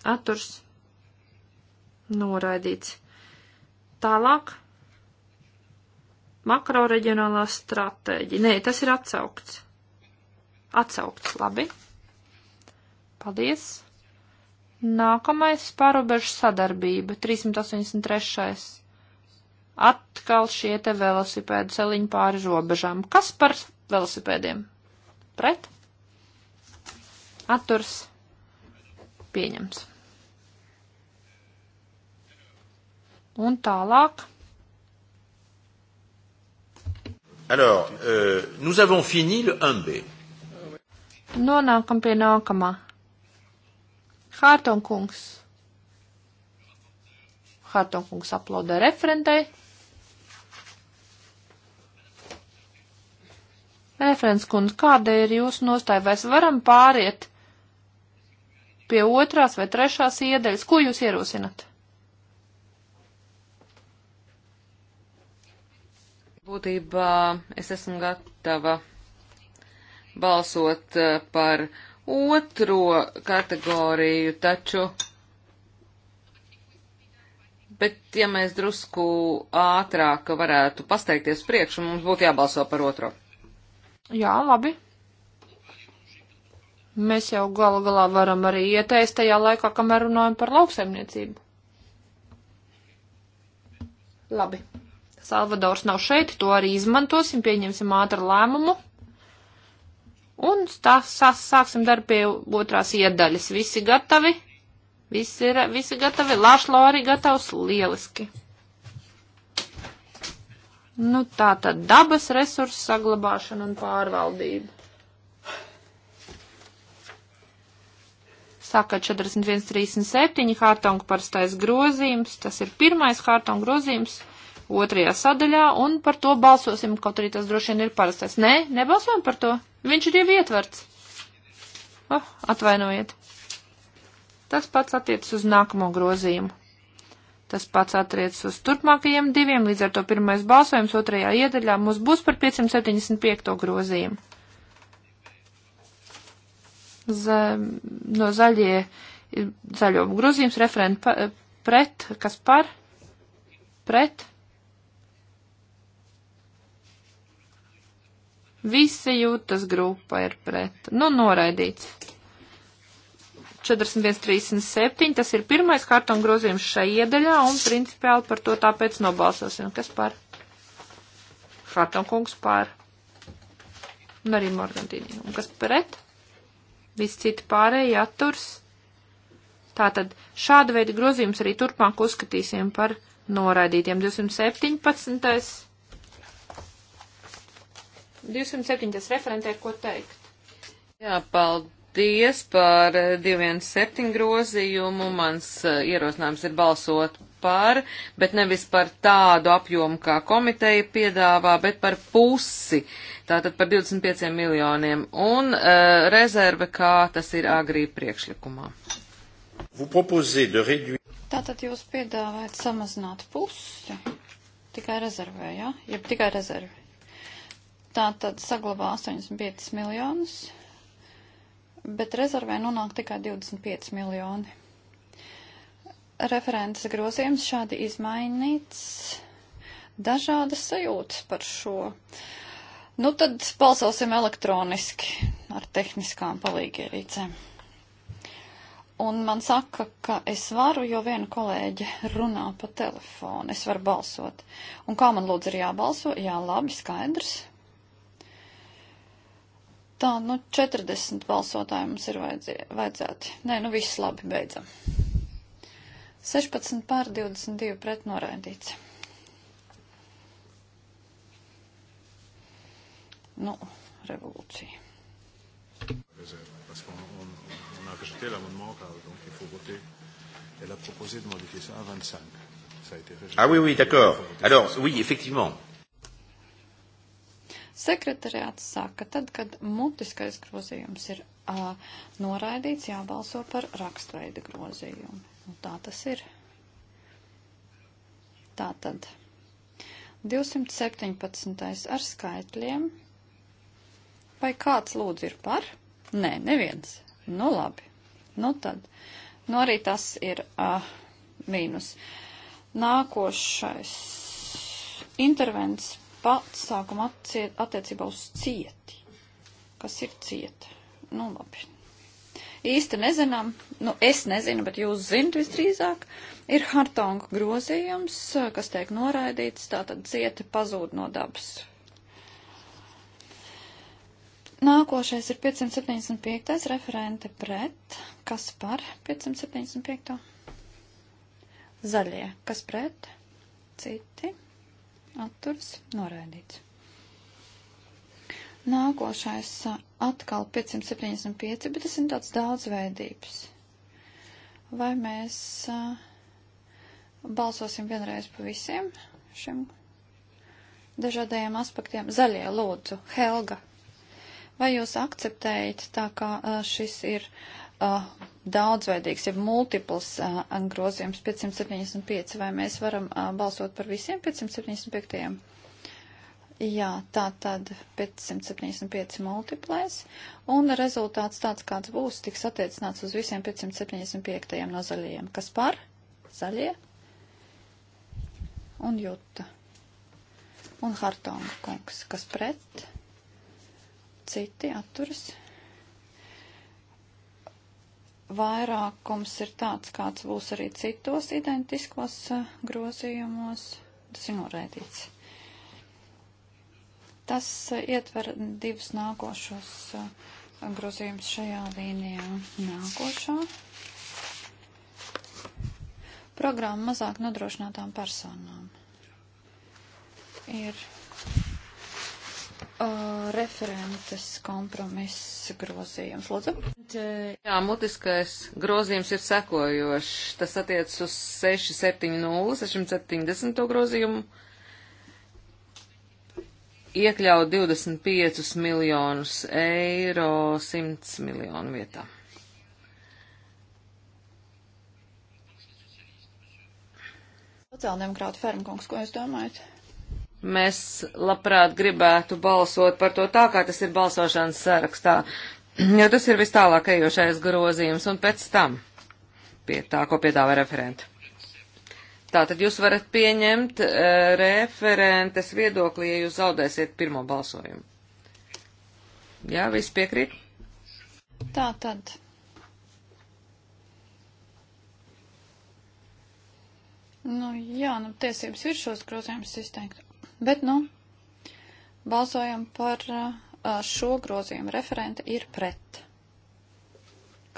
atturs noraidīts. Tālāk makroreģionālā stratēģija. Nē, tas ir atsaukts. Atsaukts, labi. Paldies. Nākamais pārobežu sadarbība, 383. Atkal šie te velosipēdu celiņi pāri robežām. Kas par velosipēdiem? Pret? Atturs. Pieņems. Un tālāk. Alors, euh, nous avons fini le 1B. Nonākam pie nākamā. Hārtonkungs. Hārtonkungs aplaudē referentei. Referents kundze, kāda ir jūsu nostāja? Vai varam pāriet pie otrās vai trešās iedeļas? Ko jūs ierosinat? Būtībā es esmu gatava balsot eh, par otro kategoriju, taču, bet ja mēs drusku ātrāk varētu pasteikties priekšu, mums būtu jābalso par otro. Jā, labi. Mēs jau galu galā varam arī ieteist tajā laikā, kamēr runājam par lauksaimniecību. Labi. Salvadors nav šeit, to arī izmantosim, pieņemsim ātru lēmumu. Un tas sāksim darbu pie otrās iedaļas. Visi gatavi? Visi ir, visi gatavi? Lāšlo arī gatavs? Lieliski. Nu, tā tad dabas resursu saglabāšana un pārvaldība. Sākot 41.37. Hārtonga parastais grozījums, tas ir pirmais Hārtonga grozījums otrajā sadaļā un par to balsosim, kaut arī tas droši vien ir parastais. Nē, nebalsojam par to. Viņš ir jau ietverts. Oh, atvainojiet. Tas pats attiecas uz nākamo grozījumu. Tas pats attiecas uz turpmākajiem diviem, līdz ar to pirmais balsojums otrajā iedaļā mums būs par 575. grozījumu. Z, no zaļie, zaļo grozījums referenta pret, kas par? Pret? Visa jūtas grupa ir pret. Nu, noraidīts. 45.37, tas ir pirmais kartona grozījums šai iedaļā, un principiāli par to tāpēc nobalsosim. Kas par? Harton kungs par. Un arī Morgantīni. Un kas pret? Viss citi pārējie atturs. Tātad šāda veida grozījums arī turpmāk uzskatīsim par noraidītiem. 217. 207. referentē, ko teikt? Jā, paldies par 217 grozījumu. Mans eh, ierosinājums ir balsot par, bet nevis par tādu apjomu, kā komiteja piedāvā, bet par pusi, tātad par 25 miljoniem, un uh, rezerve, kā tas ir agrī priekšlikumā. Tātad jūs piedāvājat samazināt pusi tikai rezervē, jā? Ja? Jeb tikai rezervi. Tā tad saglabā 85 miljonus, bet rezervē nonāk tikai 25 miljoni. Referents grozījums šādi izmainīts dažādas sajūtas par šo. Nu tad balsosim elektroniski ar tehniskām palīgierīcēm. Un man saka, ka es varu, jo viena kolēģe runā pa telefonu, es varu balsot. Un kā man lūdzu ir jābalso? Jā, labi, skaidrs. Tā, nu 40 balsotāji mums ir vajadzēti. Nē, nu viss labi, beidzam. 16 pār 22 pret noraidīts. Nu, revolūcija. Ah oui, oui, d'accord. Alors, oui, effectivement. Sekretariāts saka, tad, kad mutiskais grozījums ir a, noraidīts, jābalso par rakstveida grozījumu. Nu, tā tas ir. Tā tad. 217. ar skaitļiem. Vai kāds lūdzu ir par? Nē, neviens. Nu labi. Nu tad. Nu arī tas ir uh, mīnus. Nākošais intervents pasākumu attiecībā uz cieti. Kas ir cieta? Nu, labi. Īsti nezinām, nu es nezinu, bet jūs zinat visdrīzāk, ir Hartonga grozījums, kas tiek noraidīts, tātad cieti pazūd no dabas. Nākošais ir 575. referente pret. Kas par 575? Zaļie. Kas pret? Citi atturs noraidīts. Nākošais atkal 575, bet tas ir tāds daudzveidības. Vai mēs balsosim vienreiz pa visiem šiem dažādajiem aspektiem? Zaļie, lūdzu, Helga. Vai jūs akceptējat tā, kā šis ir uh, daudzveidīgs, ja multiples uh, grozījums 575, vai mēs varam uh, balsot par visiem 575? Jā, tā tad 575 multiplēs, un rezultāts tāds, kāds būs, tiks attiecināts uz visiem 575 no zaļajiem. Kas par? Zaļie un Juta un Hartonga kungs. Kas pret? Citi atturas vairākums ir tāds, kāds būs arī citos identiskos eh, grozījumos. Tas ir norēdīts. Tas eh, ietver divus nākošos eh, grozījumus šajā līnijā. Nākošā programma mazāk nodrošinātām personām ir Uh, referentes kompromiss grozījums. Lūdzu. Jā, mutiskais grozījums ir sekojošs. Tas attiec uz 670, 670 grozījumu. Iekļaut 25 miljonus eiro 100 miljonu vietā. Sociāldemokrāta Fermkungs, ko jūs domājat? Mēs labprāt gribētu balsot par to tā, kā tas ir balsošanas sarakstā, jo tas ir vis tālāk ejošais grozījums un pēc tam pie tā, ko piedāvā referenta. Tātad jūs varat pieņemt uh, referentes viedokli, ja jūs zaudēsiet pirmo balsojumu. Jā, viss piekrīt? Tā tad. Nu, jā, nu, tiesības ir šos grozījumus izteikt. Bet, nu, balsojam par šo grozījumu. Referente ir pret.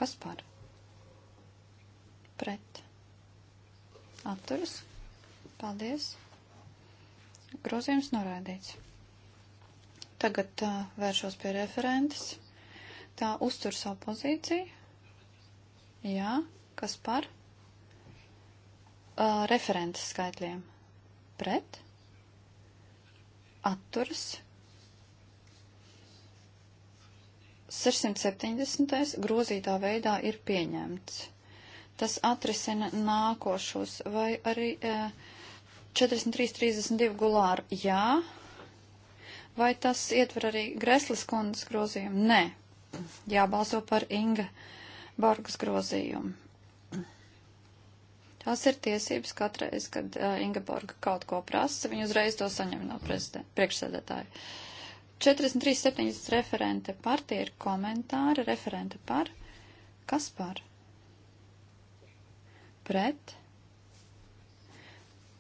Kas par? Pret. Atturas. Paldies. Grozījums norādīts. Tagad uh, vēršos pie referentes. Tā uztur savu pozīciju. Jā, kas par? Uh, referentes skaitļiem. Pret atturas. 670. grozītā veidā ir pieņemts. Tas atrisina nākošos vai arī e, 43.32 gulāru jā. Vai tas ietver arī Greslis kundas grozījumu? Nē. Jābalso par Inga Borgas grozījumu. Tās ir tiesības katreiz, kad uh, Ingeborga kaut ko prasa, viņa uzreiz to saņem no priekšsēdētāja. 43.7. referente par, tie ir komentāri, referente par, kas par? Pret?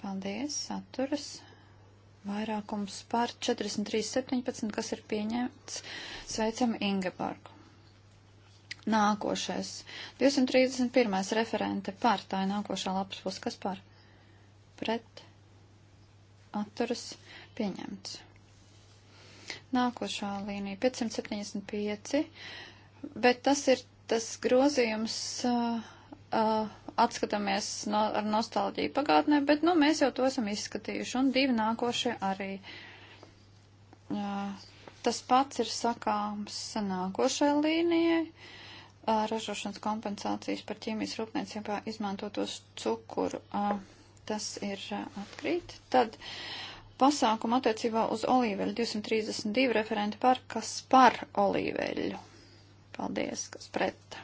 Paldies, atturas. Vairākums par 43.17, kas ir pieņemts. Sveicam Ingeborgu. Nākošais. 231. referente par. Tā ir nākošā lapas puse. Kas par? Pret. Atturas. Pieņemts. Nākošā līnija. 575. Bet tas ir tas grozījums. Uh, uh, atskatāmies no, ar nostalģiju pagātnē, bet, nu, mēs jau to esam izskatījuši, un divi nākošie arī. Jā, tas pats ir sakāms nākošai līnijai ražošanas kompensācijas par ķīmijas rūpniecībā izmantotos cukuru. Tas ir atkrīt. Tad pasākumu attiecībā uz olīveļu 232 referenti par, kas par olīveļu. Paldies, kas pret.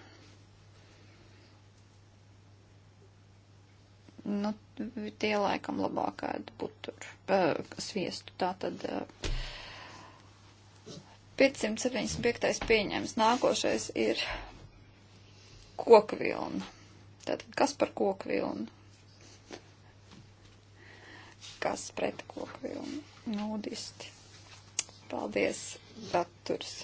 Nu, tie laikam labāk ēd buturu, uh, sviestu, tā tad. Uh, 575. pieņems, nākošais ir koku vilnu. Tātad, kas par koku vilnu? Kas pret koku vilnu? Nudisti. Paldies, daturs.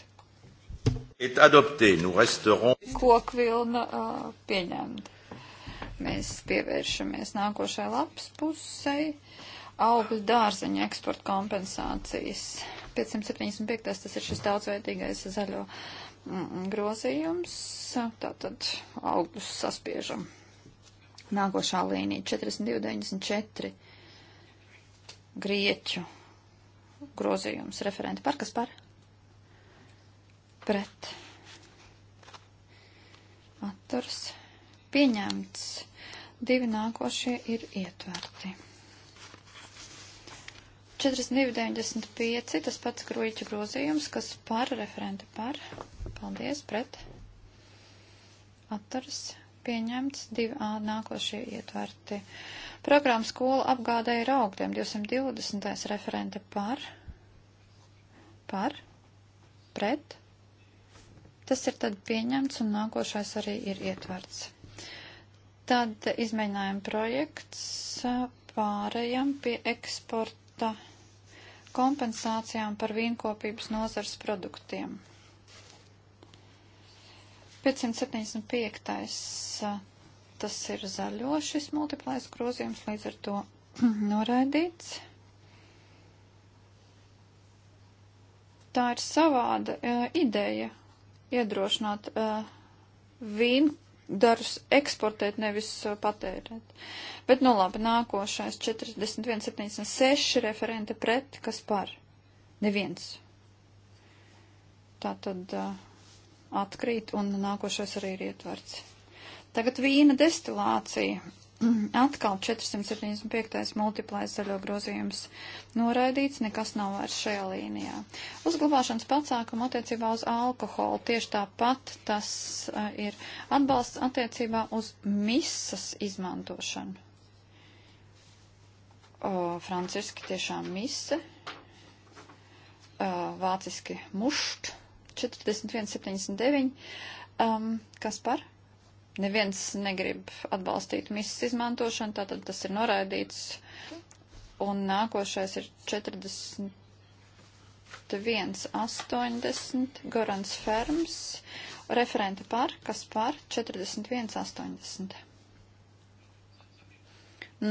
Est adopté, nous resterons. Koku vilna uh, pieņemta. Mēs pievēršamies nākošai lapas pusei. Augļu dārzeņu eksporta kompensācijas. 575. tas ir šis daudzveidīgais zaļo. Uh, Mm, grozījums, tātad augļus saspiežam. Nākošā līnija 4294 grieķu grozījums referenti par kas par? Pret. Atturs pieņemts. Divi nākošie ir ietverti. 42,95, tas pats grūķu grozījums, kas par referenta par. Paldies, pret. Atturs pieņemts, 2A nākošie ietverti. Programma skola apgādēja ar augļiem, 220. referenta par. Par. Pret. Tas ir tad pieņemts un nākošais arī ir ietverts. Tad izmēģinājuma projekts pārējām pie eksporta kompensācijām par vīnkopības nozars produktiem. 575. Tas ir zaļo šis multiplais grozījums, līdz ar to noraidīts. Tā ir savāda uh, ideja iedrošināt uh, vīnu darus eksportēt, nevis uh, patērēt. Bet, nu labi, nākošais 41,76 referente pret, kas par? Neviens. Tā tad uh, atkrīt un nākošais arī ir ietverts. Tagad vīna destilācija Atkal 475. multiplais zaļo grozījums noraidīts, nekas nav vairs šajā līnijā. Uzglabāšanas pasākuma attiecībā uz alkoholu tieši tāpat tas uh, ir atbalsts attiecībā uz misas izmantošanu. O, franciski tiešām mise, uh, vāciski mušt, 4179, um, kas par? Neviens negrib atbalstīt misas izmantošanu, tātad tas ir noraidīts. Un nākošais ir 41.80. Gorans Ferms, referenta par, kas par 41.80.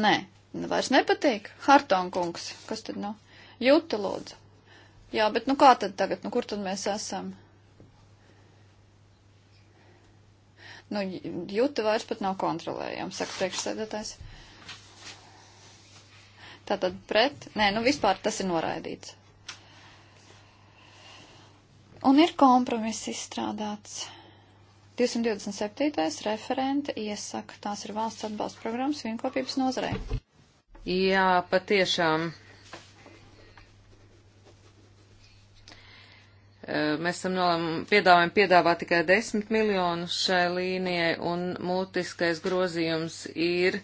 Nē, nu vairs nepatīk. Hartonkungs, kas tad nu? Jūta lūdzu. Jā, bet nu kā tad tagad, nu kur tad mēs esam? Nu, jūta vairs pat nav kontrolējama, saka priekšsēdētājs. Tātad pret, nē, nu vispār tas ir noraidīts. Un ir kompromiss izstrādāts. 227. referente iesaka, tās ir valsts atbalsta programmas vienkopības nozarei. Jā, patiešām Eh, mēs esam piedāvājumi piedāvāt tikai 10 miljonus šai līnijai, un mutiskais grozījums ir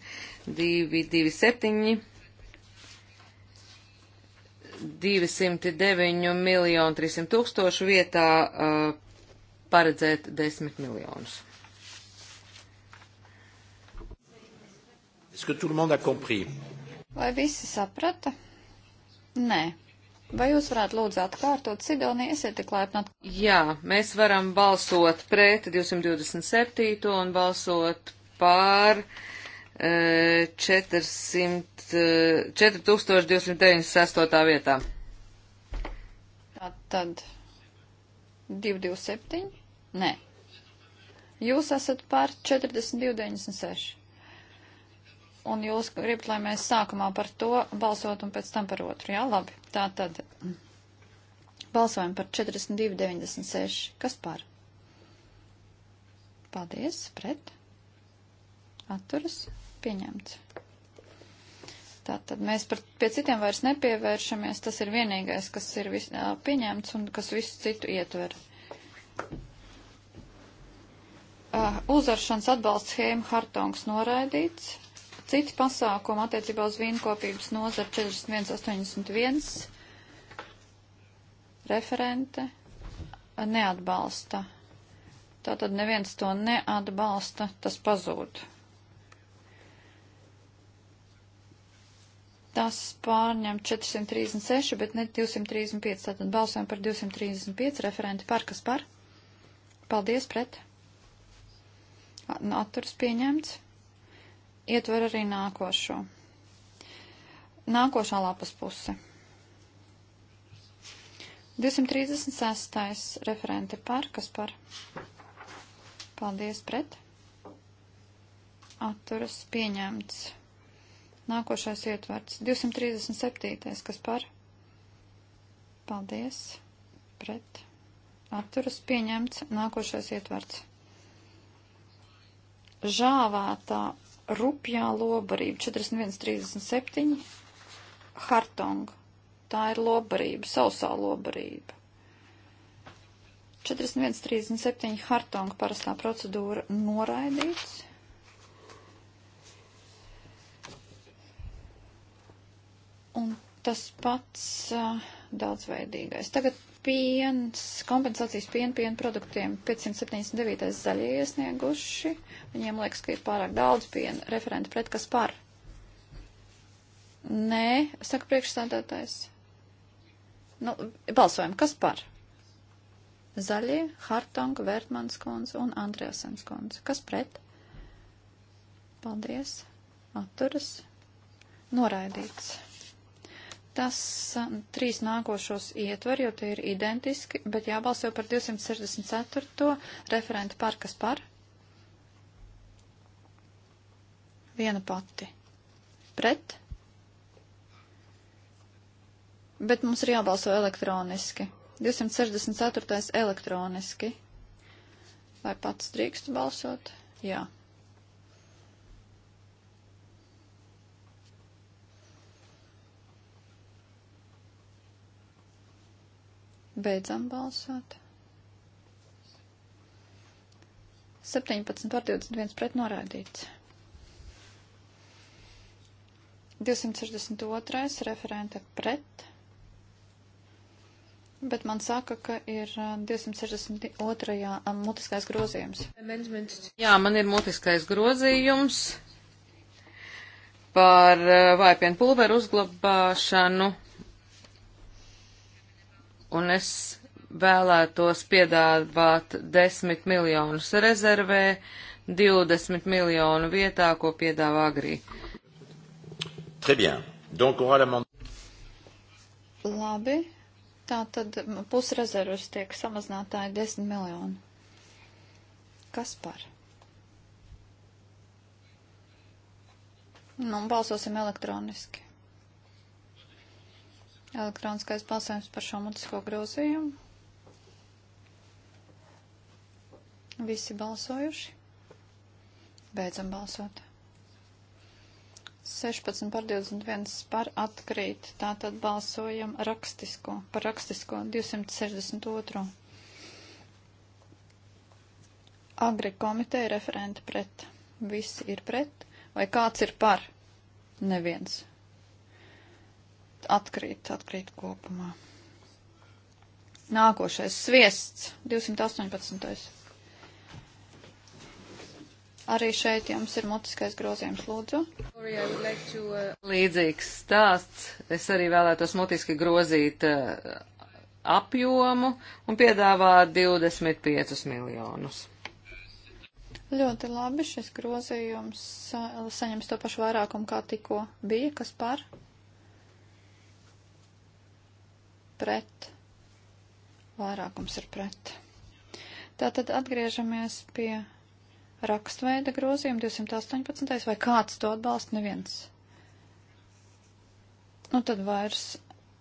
227, 209 miljonu 300 tūkstošu vietā uh, paredzēt 10 miljonus. Vai visi saprata? Nē, Vai jūs varētu lūdzu atkārtot Sidoniju, esiet tik laipni? Jā, mēs varam balsot pret 227 un balsot pār e, 400, 4298 e, vietā. Tad 227? Nē. Jūs esat pār 4296 un jūs gribat, lai mēs sākumā par to balsot un pēc tam par otru. Jā, labi. Tā tad balsojam par 42,96. Kas par? Paldies. Pret. Atturas. Pieņemts. Tātad mēs par, pie citiem vairs nepievēršamies. Tas ir vienīgais, kas ir vis, pieņemts un kas visu citu ietver. Uh, uzaršanas atbalsts schēma Hartongs noraidīts. Citi pasākumi attiecībā uz vīnkopības nozaru 4181 referente neatbalsta. Tātad neviens to neatbalsta, tas pazūd. Tas pārņem 436, bet ne 235. Tātad balsojam par 235 referenti par, kas par. Paldies pret. Atturs pieņemts ietver arī nākošo. Nākošā lapas puse. 236. referente par, kas par? Paldies pret. Atturas pieņemts. Nākošais ietverts. 237. kas par? Paldies pret. Atturas pieņemts. Nākošais ietverts. Žāvētā rupjā lobarība 4137 Hartong. Tā ir lobarība, sausā lobarība. 4137 Hartong parastā procedūra noraidīts. Un tas pats uh, daudzveidīgais. Tagad piens, kompensācijas piena, piena produktiem 579. zaļie iesnieguši. Viņiem liekas, ka ir pārāk daudz piena. Referenti pret kas par? Nē, saka priekšstādātājs. Nu, balsojam, kas par? Zaļie, Hartonga, Vērtmans kundze un Andrēsens kundze. Kas pret? Paldies. Atturas. Noraidīts. Tas um, trīs nākošos ietver, jo tie ir identiski, bet jābalso par 264. referentu par, kas par? Viena pati. Pret? Bet mums ir jābalso elektroniski. 264. elektroniski. Vai pats drīkst balsot? Jā. Beidzam balsot. 17 par 21 pret noraidīts. 262. referente pret. Bet man saka, ka ir 262. Uh, um, mutiskais grozījums. Jā, man ir mutiskais grozījums par uh, vaipienu pulveru uzglabāšanu un es vēlētos piedāvāt 10 miljonus rezervē, 20 miljonu vietā, ko piedāvā agrī. Très bien. Donc, on aura Labi, tā tad pusrezervas tiek samazinātāji 10 miljonu. Kas par? Nu, balsosim elektroniski. Elektroniskais balsojums par šo mutisko grozījumu. Visi balsojuši. Beidzam balsot. 16 par 21 par atkrīt. Tātad balsojam rakstisko, par rakstisko 262. Agri komiteja referenti pret. Visi ir pret. Vai kāds ir par? Neviens atkrīt, atkrīt kopumā. Nākošais sviests, 218. Arī šeit jums ir mutiskais grozījums, lūdzu. Līdzīgs stāsts. Es arī vēlētos mutiski grozīt uh, apjomu un piedāvāt 25 miljonus. Ļoti labi, šis grozījums uh, saņems to pašu vairākumu, kā tikko bija, kas par pret, vairākums ir pret. Tātad atgriežamies pie rakstveida grozījuma 218. vai kāds to atbalsta? Neviens. Nu tad vairs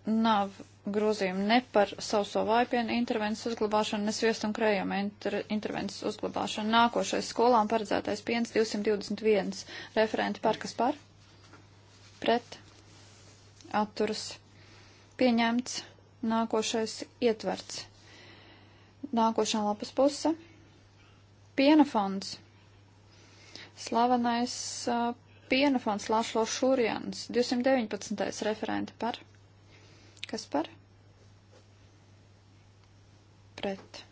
nav grozījumu ne par sauso vaipienu intervences uzglabāšanu, ne sviestu un krējumu inter, intervences uzglabāšanu. Nākošais skolām paredzētais piens 221 referenti par kas par? Pret. Atturas. Pieņemts. Nākošais ietverts. Nākošā lapas puse. Piena fonds. Slavenais uh, piena fonds Lašlo Šurjans. 219. referenti par. Kas par? Pret.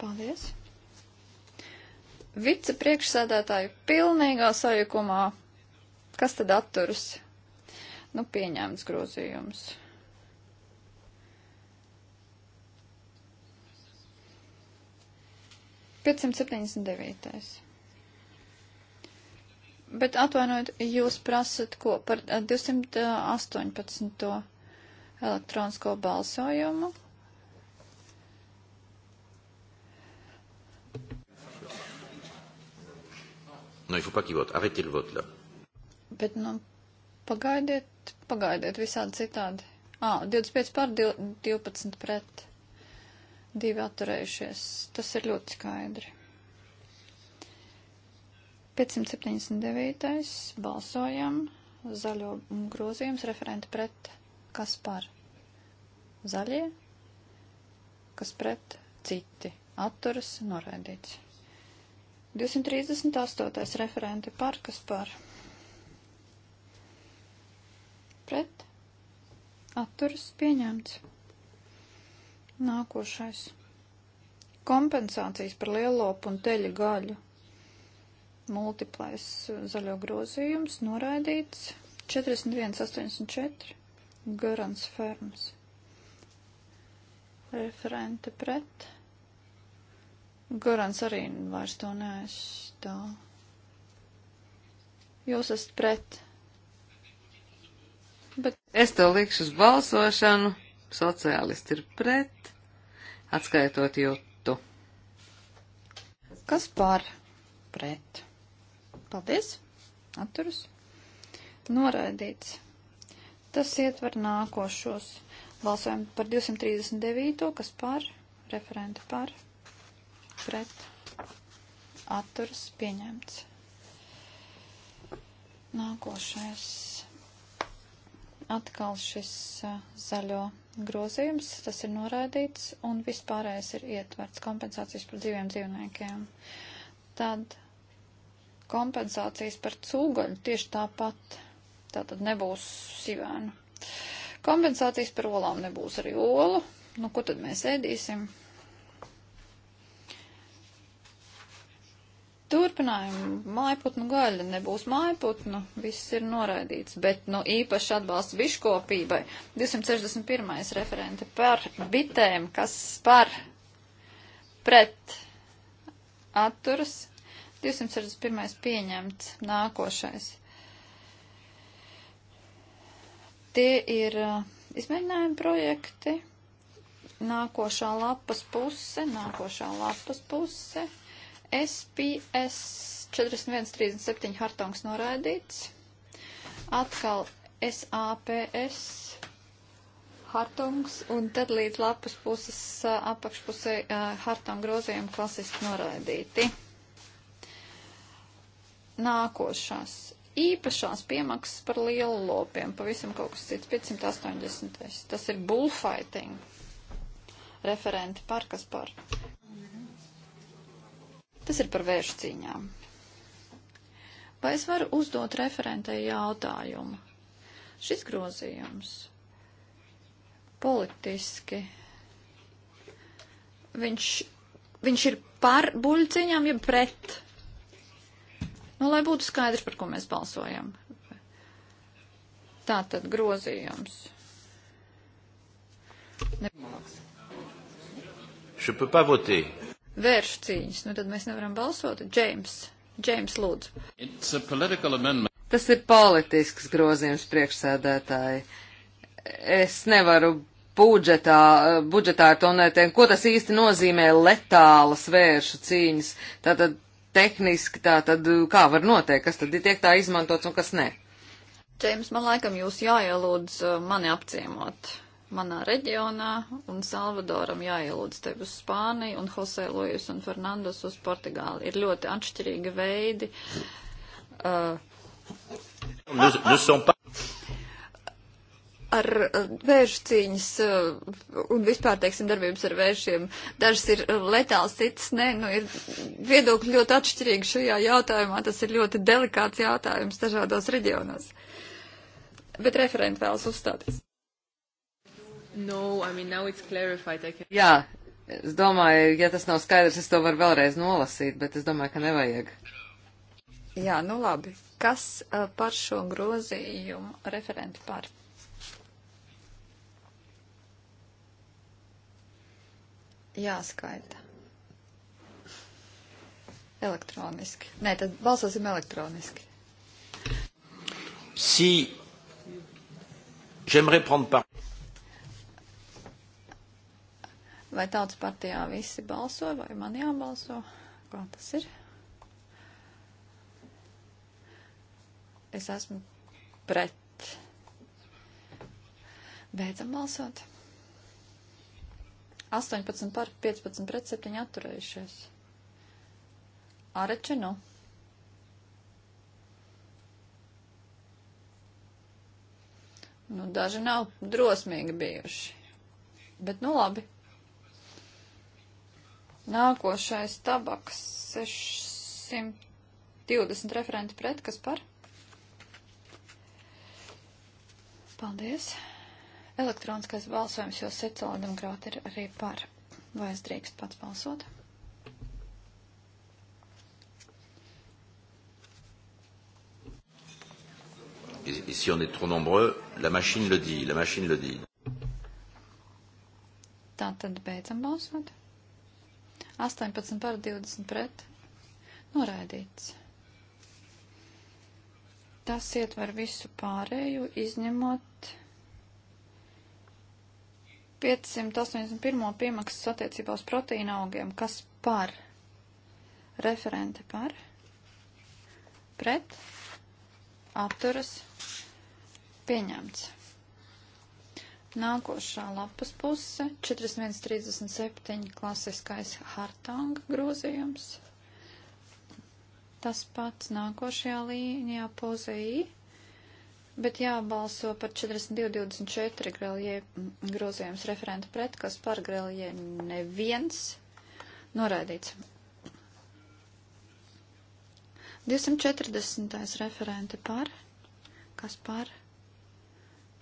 Paldies. Vice priekšsēdētāju pilnīgā sajukumā. Kas tad atturas? Nu, pieņemts grozījums. Piecsimt septiņdesmit devītais. Bet atvainojiet, jūs prasat ko par 218. Eh, elektronisko balsojumu? Non, il faut pas qu'il vote. Arrêtez le vote là. Bet, nu, pagaidiet, pret, pagaidiet, visādi citādi. Ā, 25 pār 12 pret, divi atturējušies. Tas ir ļoti skaidri. 579. balsojam, zaļo grozījums, referenti pret, kas par? Zaļie, kas pret, citi, atturas, noraidīts. 238. referenti par, kas par? pret atturas pieņemts. Nākošais. Kompensācijas par lielopu un teļu gaļu. Multiplais eh, zaļo grozījums noraidīts 41.84. Garants fermas. Referente pret. Garants arī vairs to neaizstāv. Jūs esat pret bet es to likšu uz balsošanu, sociālisti ir pret, atskaitot jūtu. Kas par pret? Paldies, atturus. Noraidīts. Tas ietver nākošos. Balsojam par 239, kas par, referenta par, pret, atturas pieņemts. Nākošais atkal šis uh, zaļo grozījums, tas ir noraidīts, un vispārējais ir ietverts kompensācijas par dzīviem dzīvniekiem. Tad kompensācijas par cūgaļu tieši tāpat, tātad nebūs sivēnu. Kompensācijas par olām nebūs arī olu, nu ko tad mēs ēdīsim? Turpinājumu mājputnu gaļa nebūs mājputnu, viss ir noraidīts, bet nu īpaši atbalsts viškopībai. 261. referente par bitēm, kas par pret atturas. 261. pieņemts nākošais. Tie ir uh, izmēģinājumi projekti. Nākošā lapas puse, nākošā lapas puse. SPS 4137 Hartongs noraidīts. Atkal SAPS Hartongs un tad līdz lapas puses apakšpusē Hartonga grozījumi klasiski noraidīti. Nākošās īpašās piemaksas par lielu lopiem, pavisam kaut kas cits, 580. Tas ir bullfighting. Referenti par kas par? Tas ir par vēršu cīņām. Vai es varu uzdot referentei jautājumu? Šis grozījums politiski, viņš, viņš ir par buļciņām, ja pret. Nu, lai būtu skaidrs, par ko mēs balsojam. Tā tad grozījums. Ne... Je peux pas voter vēršu cīņas, nu tad mēs nevaram balsot. Džeims, Džeims lūdzu. Tas ir politisks grozījums priekšsēdētāji. Es nevaru budžetā, budžetā ar to neteikt, ko tas īsti nozīmē letālas vēršu cīņas. Tātad tehniski tā tad kā var noteikt, kas tad tiek tā izmantots un kas nē. Džeims, man laikam jūs jāielūdz uh, mani apciemot manā reģionā, un Salvadoram jāielūdz tevi uz Spāniju, un Jose Luis un Fernandos uz Portugāli. Ir ļoti atšķirīgi veidi. Uh, ar uh, vēža cīņas uh, un vispār, teiksim, darbības ar vēžiem. Dažas ir uh, letāls, citas nē. Nu, ir viedokļi ļoti atšķirīgi šajā jautājumā. Tas ir ļoti delikāts jautājums dažādos reģionos. Bet referenti vēlas uzstāties. No, I mean, now it's clarified. I can... Jā, es domāju, ja tas nav skaidrs, es to varu vēlreiz nolasīt, bet es domāju, ka nevajag. Jā, nu labi. Kas uh, par šo grozījumu referentu par? Jāskaita. Elektroniski. Nē, tad balsosim elektroniski. Si j'aimerais prendre part. Vai tautas partijā visi balso, vai man jābalso? Kā tas ir? Es esmu pret. Beidzam balsot. 18 par 15 pret 7 atturējušies. Arečinu. Nu, daži nav drosmīgi bijuši. Bet nu labi. Nākošais tabaks 620 referenti pret, kas par? Paldies. Elektroniskais balsojums, jo sociāldemokrāti ir arī par. Vai es drīkst pats balsot? Et, et si on est trop nombreux, la machine le dit, la machine le dit. Tātad beidzam balsot. 18 par 20 pret. Noraidīts. Tas ietver visu pārējo, izņemot 581. piemaksas attiecībā uz proteīna augiem, kas par referente par pret atturas pieņemts. Nākošā lapas puse - 4137 klasiskais hartanga grozījums. Tas pats nākošajā līnijā pozei, bet jābalso par 4224 grelie grozījums referenta pret, kas par grelie neviens noraidīts. 240. referente par, kas par,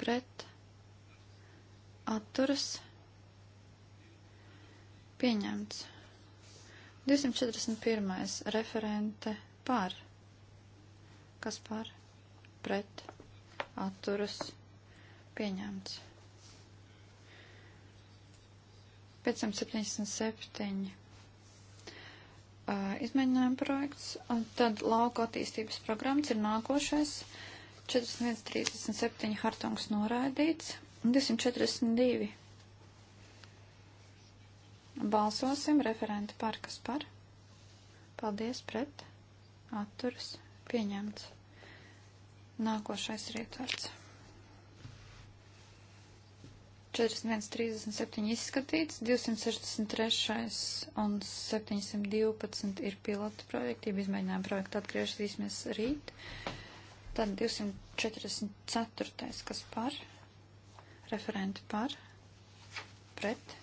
pret, atturas pieņemts. 241. referente par. Kas par? Pret. Atturas pieņemts. 577 izmēģinājuma projekts, un tad lauka attīstības programmas ir nākošais. 4137 Hartungs noraidīts, 242. Balsosim referenti par, kas par. Paldies pret. Atturs pieņemts. Nākošais ir ietverts. 41.37 izskatīts, 263 un 712 ir pilota projekti, izmēģinājuma projekta atgriezīsimies rīt. Tad 244, kas par, Referenti par. Pret.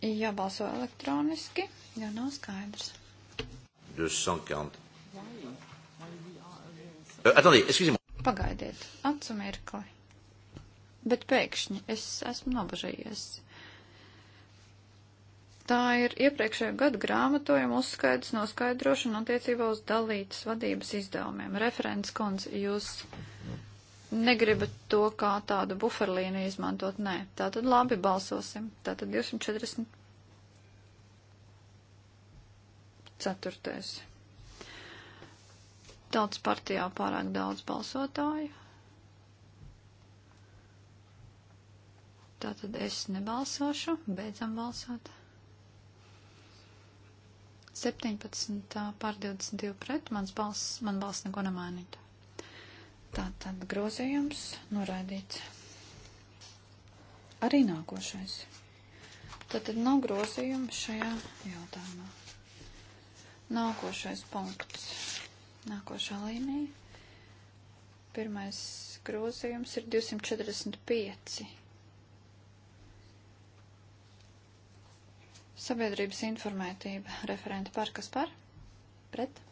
Jābalso elektroniski, jo nav skaidrs. 240. Uh, eh, attendez, excusez-moi. Pagaidiet, atsumirkli. Bet pēkšņi es esmu nobažījies. Tā ir iepriekšējā gada grāmatojuma uzskaidrs noskaidrošana attiecībā uz dalītas vadības izdevumiem. Referents kundze, jūs negribat to kā tādu buferlīnu izmantot. Nē, tā tad labi balsosim. Tā tad 244. Tautas partijā pārāk daudz balsotāju. Tātad es nebalsošu, beidzam balsot. 17 pār 22 pret, mans balss, man balss neko nemainītu. Tātad grozījums noraidīts. Arī nākošais. Tātad nav grozījuma šajā jautājumā. Nākošais punkts. Nākošā līnija. Pirmais grozījums ir 245. Sabiedrības informētība referenta par kas par? Pret?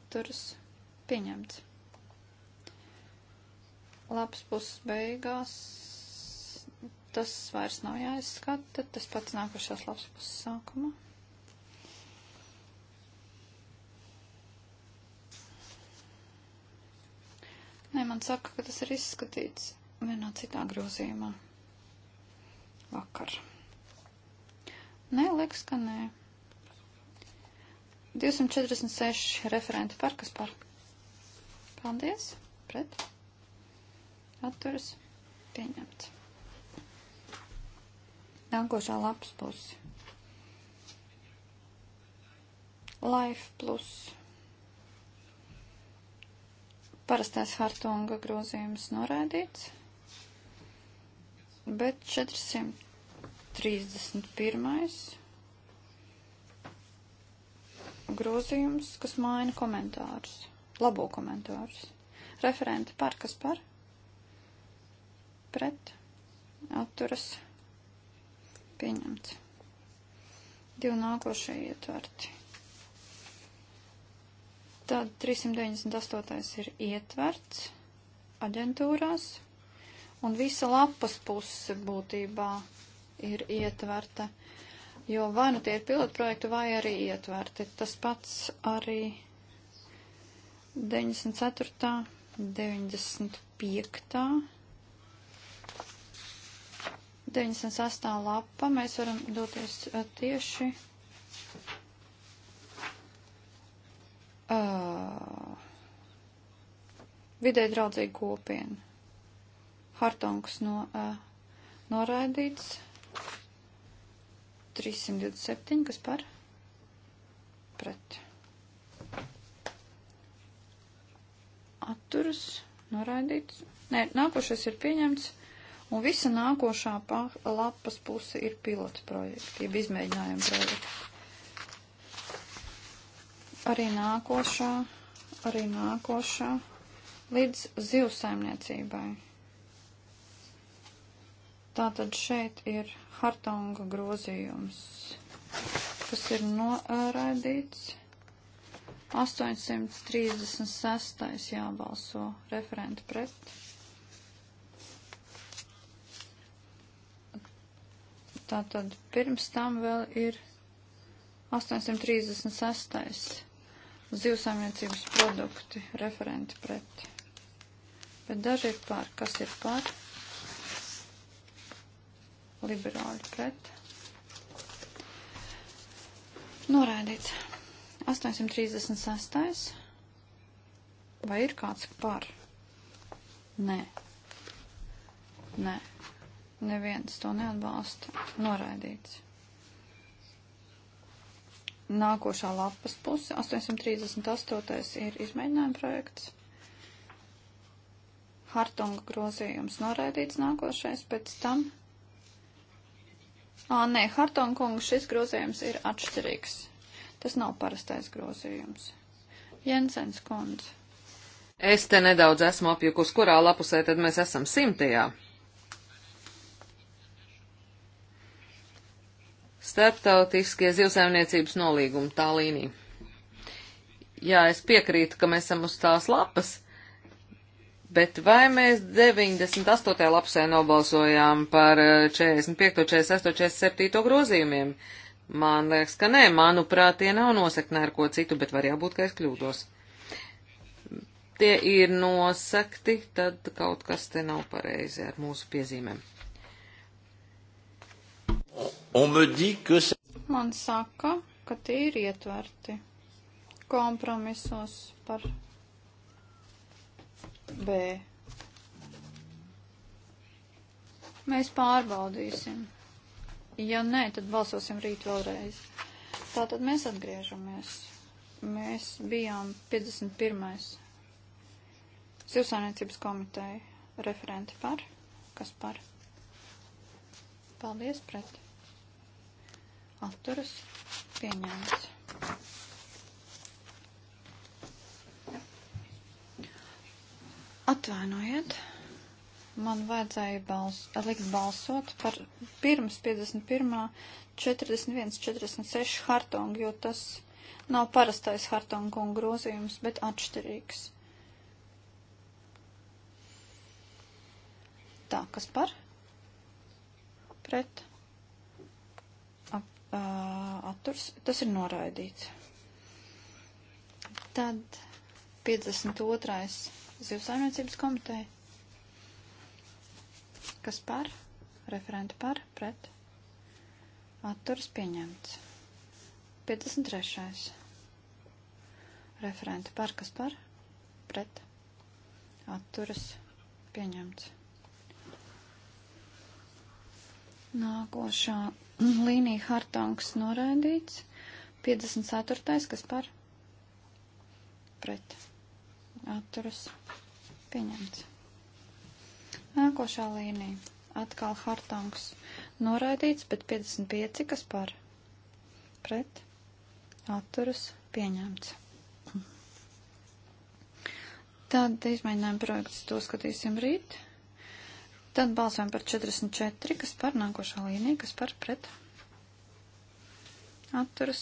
Atturas pieņemts labs puses beigās tas vairs nav jāizskata, tas pats nākošās labs puses sākuma. Nē, man saka, ka tas ir izskatīts vienā citā grozījumā vakar. Nē, liekas, ka nē. 246 referenti par, kas par. Paldies, pret atturas pieņemts. Nākošā lapas puse. Life plus. Parastais Hartunga grozījums noraidīts, bet 431. grozījums, kas maina komentārus, labo komentārus. Referenti par, kas par? pret atturas pieņemts. Divi nākošie ietverti. Tad 398. ir ietverts aģentūrās, un visa lapas puse būtībā ir ietverta, jo vai nu tie ir pilotprojekti, vai arī ietverti. Tas pats arī 94., 95., 98. lapa mēs varam doties tieši uh, vidē draudzīgu kopienu. Hartongs no, uh, noraidīts 327, kas par pret. Atturas, noraidīts. Nē, nākošais ir pieņemts Un visa nākošā lapas puse ir pilots projekti, jeb izmēģinājuma projekti. Arī nākošā, arī nākošā, līdz zivsaimniecībai. Tātad šeit ir Hartonga grozījums, kas ir noraidīts. 836. jābalso referenti pret. Tātad pirms tam vēl ir 836. zivsaimniecības produkti referenti pret. Bet daži ir pār. Kas ir pār? Liberāļi pret. Noraidīts. 836. Vai ir kāds par? Nē. Nē. Neviens to neatbalsta. Noraidīts. Nākošā lapas puse, 838. ir izmēģinājuma projekts. Hartunga grozījums noraidīts nākošais, pēc tam. Ā, nē, Hartunga kunga šis grozījums ir atšķirīgs. Tas nav parastais grozījums. Jensens kundze. Es te nedaudz esmu apjukus, kurā lapusē tad mēs esam simtajā. Starptautiskie zivsaimniecības nolīgumi tā līnija. Jā, es piekrītu, ka mēs esam uz tās lapas, bet vai mēs 98. lapsē nobalsojām par 45., 46., 47. grozījumiem? Man liekas, ka nē, manuprāt, tie nav nosakni ar ko citu, bet var jābūt, ka es kļūdos. Tie ir nosakti, tad kaut kas te nav pareizi ar mūsu piezīmēm. Man saka, ka tie ir ietverti kompromisos par B. Mēs pārbaudīsim. Ja nē, tad balsosim rīt vēlreiz. Tātad mēs atgriežamies. Mēs bijām 51. Sivsainiecības komiteja referenti par. Kas par? Paldies pret atturas pieņemts. Atvainojiet, man vajadzēja bals, likt balsot par pirms 51. 41, 46 hartongu, jo tas nav parastais hartongu un grozījums, bet atšķirīgs. Tā, kas par? Pret atturs, tas ir noraidīts. Tad 52. zivsaimniecības komiteja. Kas par? Referenti par, pret. Atturs pieņemts. 53. Referenti par, kas par, pret. Atturs pieņemts. Nākošā Līnija Hartangs noraidīts. 54. kas par pret atturas pieņemts. Nākošā līnija. Atkal Hartangs noraidīts, bet 55. kas par pret atturas pieņemts. Tad izmēģinājumu projektu to skatīsim rīt. Tad balsojam par 44, kas par nākošā līnija, kas par pret atturas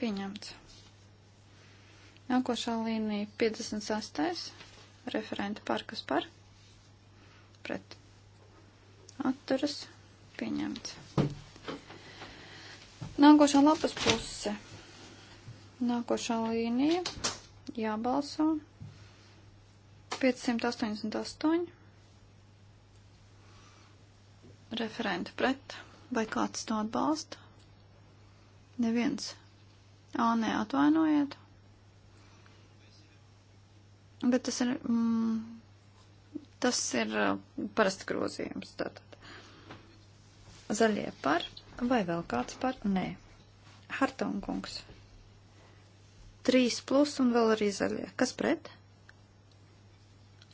pieņemts. Nākošā līnija 56. referenta par kas par pret atturas pieņemts. Nākošā lapas puse. Nākošā līnija jābalso 588 Referenti pret. Vai kāds to atbalsta? Neviens. Ā, nē, atvainojiet. Bet tas ir, mm, tas ir parasti grozījums. Tātad. Zaļie par, vai vēl kāds par? Nē. Hartungungs. Trīs plus un vēl arī zaļie. Kas pret?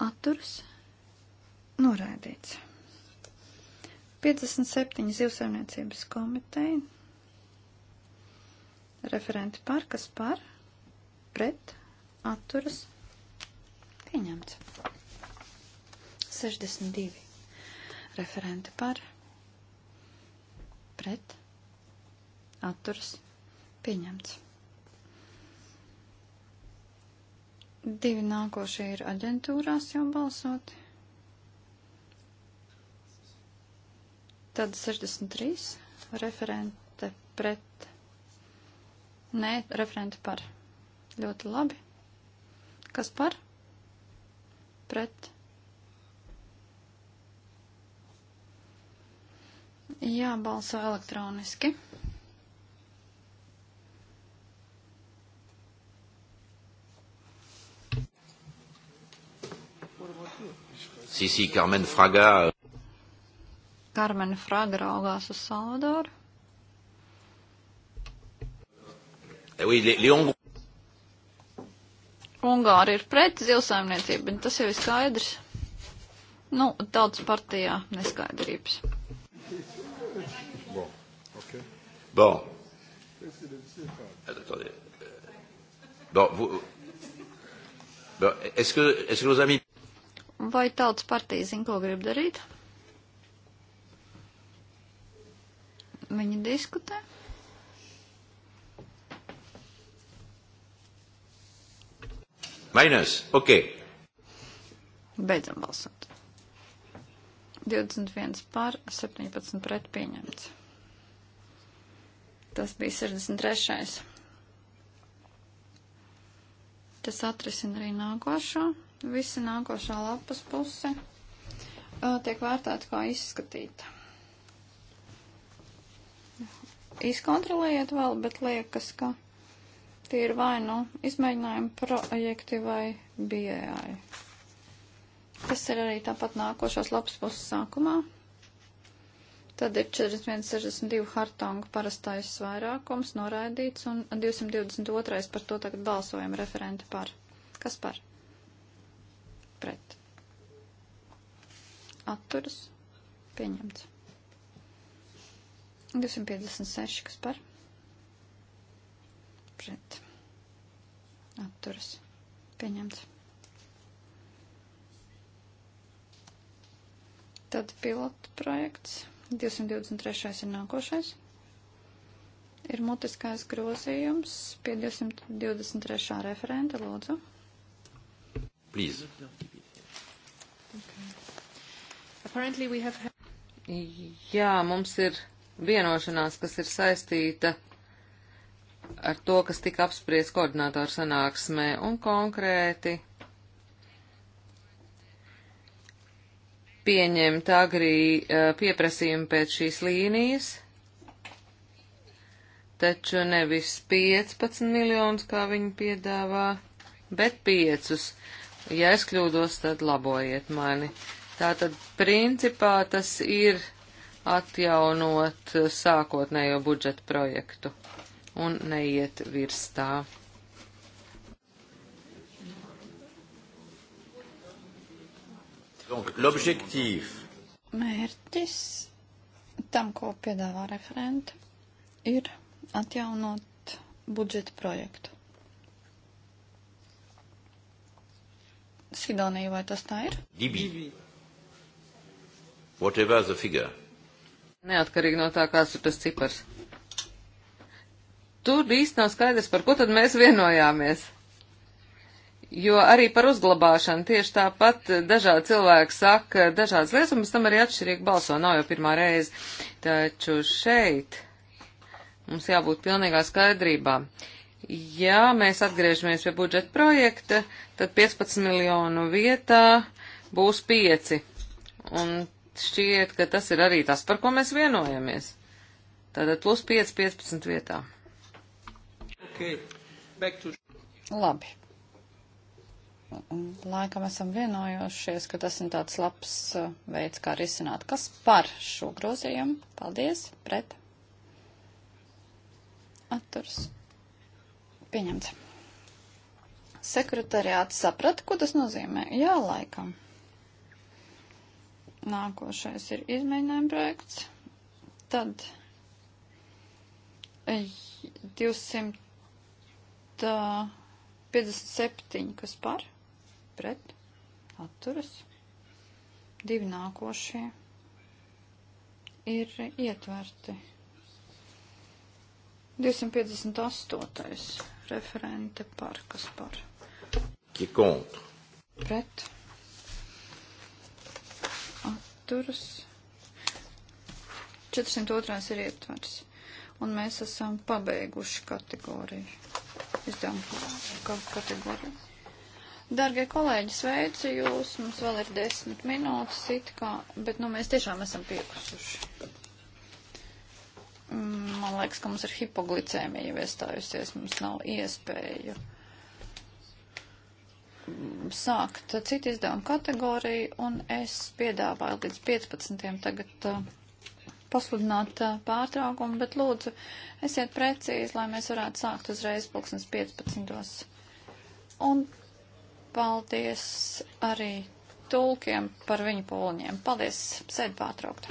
Atturs. Noraidīts. 57 zivsaimniecības komiteja. Referenti par, kas par, pret, atturas, pieņemts. 62. Referenti par, pret, atturas, pieņemts. Divi nākošie ir aģentūrās jau balsoti. Tad 63 referente pret. Nē, referente par. Ļoti labi. Kas par? Pret. Jābalso elektroniski. Si, si, Carmen Fraga. Karmen Fraga raugās uz Salvadoru. Eh oui, les, les Hong... Ungāri ir pret zilsaimniecību, bet tas jau ir skaidrs. Nu, tautas partijā neskaidrības. Bon. Okay. Bon. Attendez. Bon, vous... Bon, est-ce que, est-ce que nos amis... Vai tautas partija zina, ko grib darīt? Viņi diskutē. Mainās, ok. Beidzam balsot. 21 pār, 17 pret pieņemts. Tas bija 63. Tas atrisina arī nākošo. Visi nākošā lapas puse uh, tiek vērtēta kā izskatīta izkontrolējiet vēl, bet liekas, ka tie ir vai nu izmēģinājumi projekti vai BAI. Tas ir arī tāpat nākošās lapas puses sākumā. Tad ir 4162 hartongu parastais vairākums noraidīts un 222 par to tagad balsojam referenti par. Kas par? Pret. Atturas. Pieņemts. 256, kas par? Pret. Atturas. Pieņemts. Tad pilotu projekts. 223. ir nākošais. Ir mutiskais grozījums pie 223. referenta, lūdzu. Please. Okay. Apparently we have... Jā, mums ir vienošanās, kas ir saistīta ar to, kas tika apspriests koordinātoru sanāksmē un konkrēti pieņemt agrī eh, pieprasījumu pēc šīs līnijas, taču nevis 15 miljonus, kā viņi piedāvā, bet 5. Ja es kļūdos, tad labojiet mani. Tātad, principā, tas ir atjaunot sākotnējo budžeta projektu un neiet virs tā. L'objectif. Mērķis tam, ko piedāvā referenta, ir atjaunot budžeta projektu. Sidonija, vai tas tā ir? Divi. Whatever the figure. Neatkarīgi no tā, kāds ir tas cipars. Tur īsti nav skaidrs, par ko tad mēs vienojāmies. Jo arī par uzglabāšanu tieši tāpat dažādi cilvēki saka dažādas lietas, un pēc tam arī atšķirīgi balso. Nav jau pirmā reize. Taču šeit mums jābūt pilnīgā skaidrībā. Ja mēs atgriežamies pie budžeta projekta, tad 15 miljonu vietā būs 5. Un šķiet, ka tas ir arī tas, par ko mēs vienojamies. Tātad plus 5, 15 vietā. Okay. To... Labi. Laikam esam vienojušies, ka tas ir tāds labs uh, veids, kā risināt. Kas par šo grozījumu? Paldies. Pret. Atturs. Pieņemts. Sekretariāts saprata, ko tas nozīmē? Jā, laikam. Nākošais ir izmēģinājuma projekts. Tad 257, e, e, kas par, pret, atturas. Divi nākošie ir ietverti. 258. referente par, kas par. Qui contre? Pret atturas. 402. ir ietvars. Un mēs esam pabeiguši kategoriju. Izdevumu kategoriju. Dargie kolēģi, sveicu jūs. Mums vēl ir desmit minūtes it kā, bet nu mēs tiešām esam piekusuši. Mm, man liekas, ka mums ir hipoglicēmija iestājusies, mums nav iespēju sākt citu izdevumu kategoriju, un es piedāvāju līdz 15. tagad uh, pasludināt uh, pārtraukumu, bet lūdzu, esiet precīzi, lai mēs varētu sākt uzreiz pulksnes 15. Un paldies arī tulkiem par viņu pūliņiem. Paldies, sēdi pārtraukta.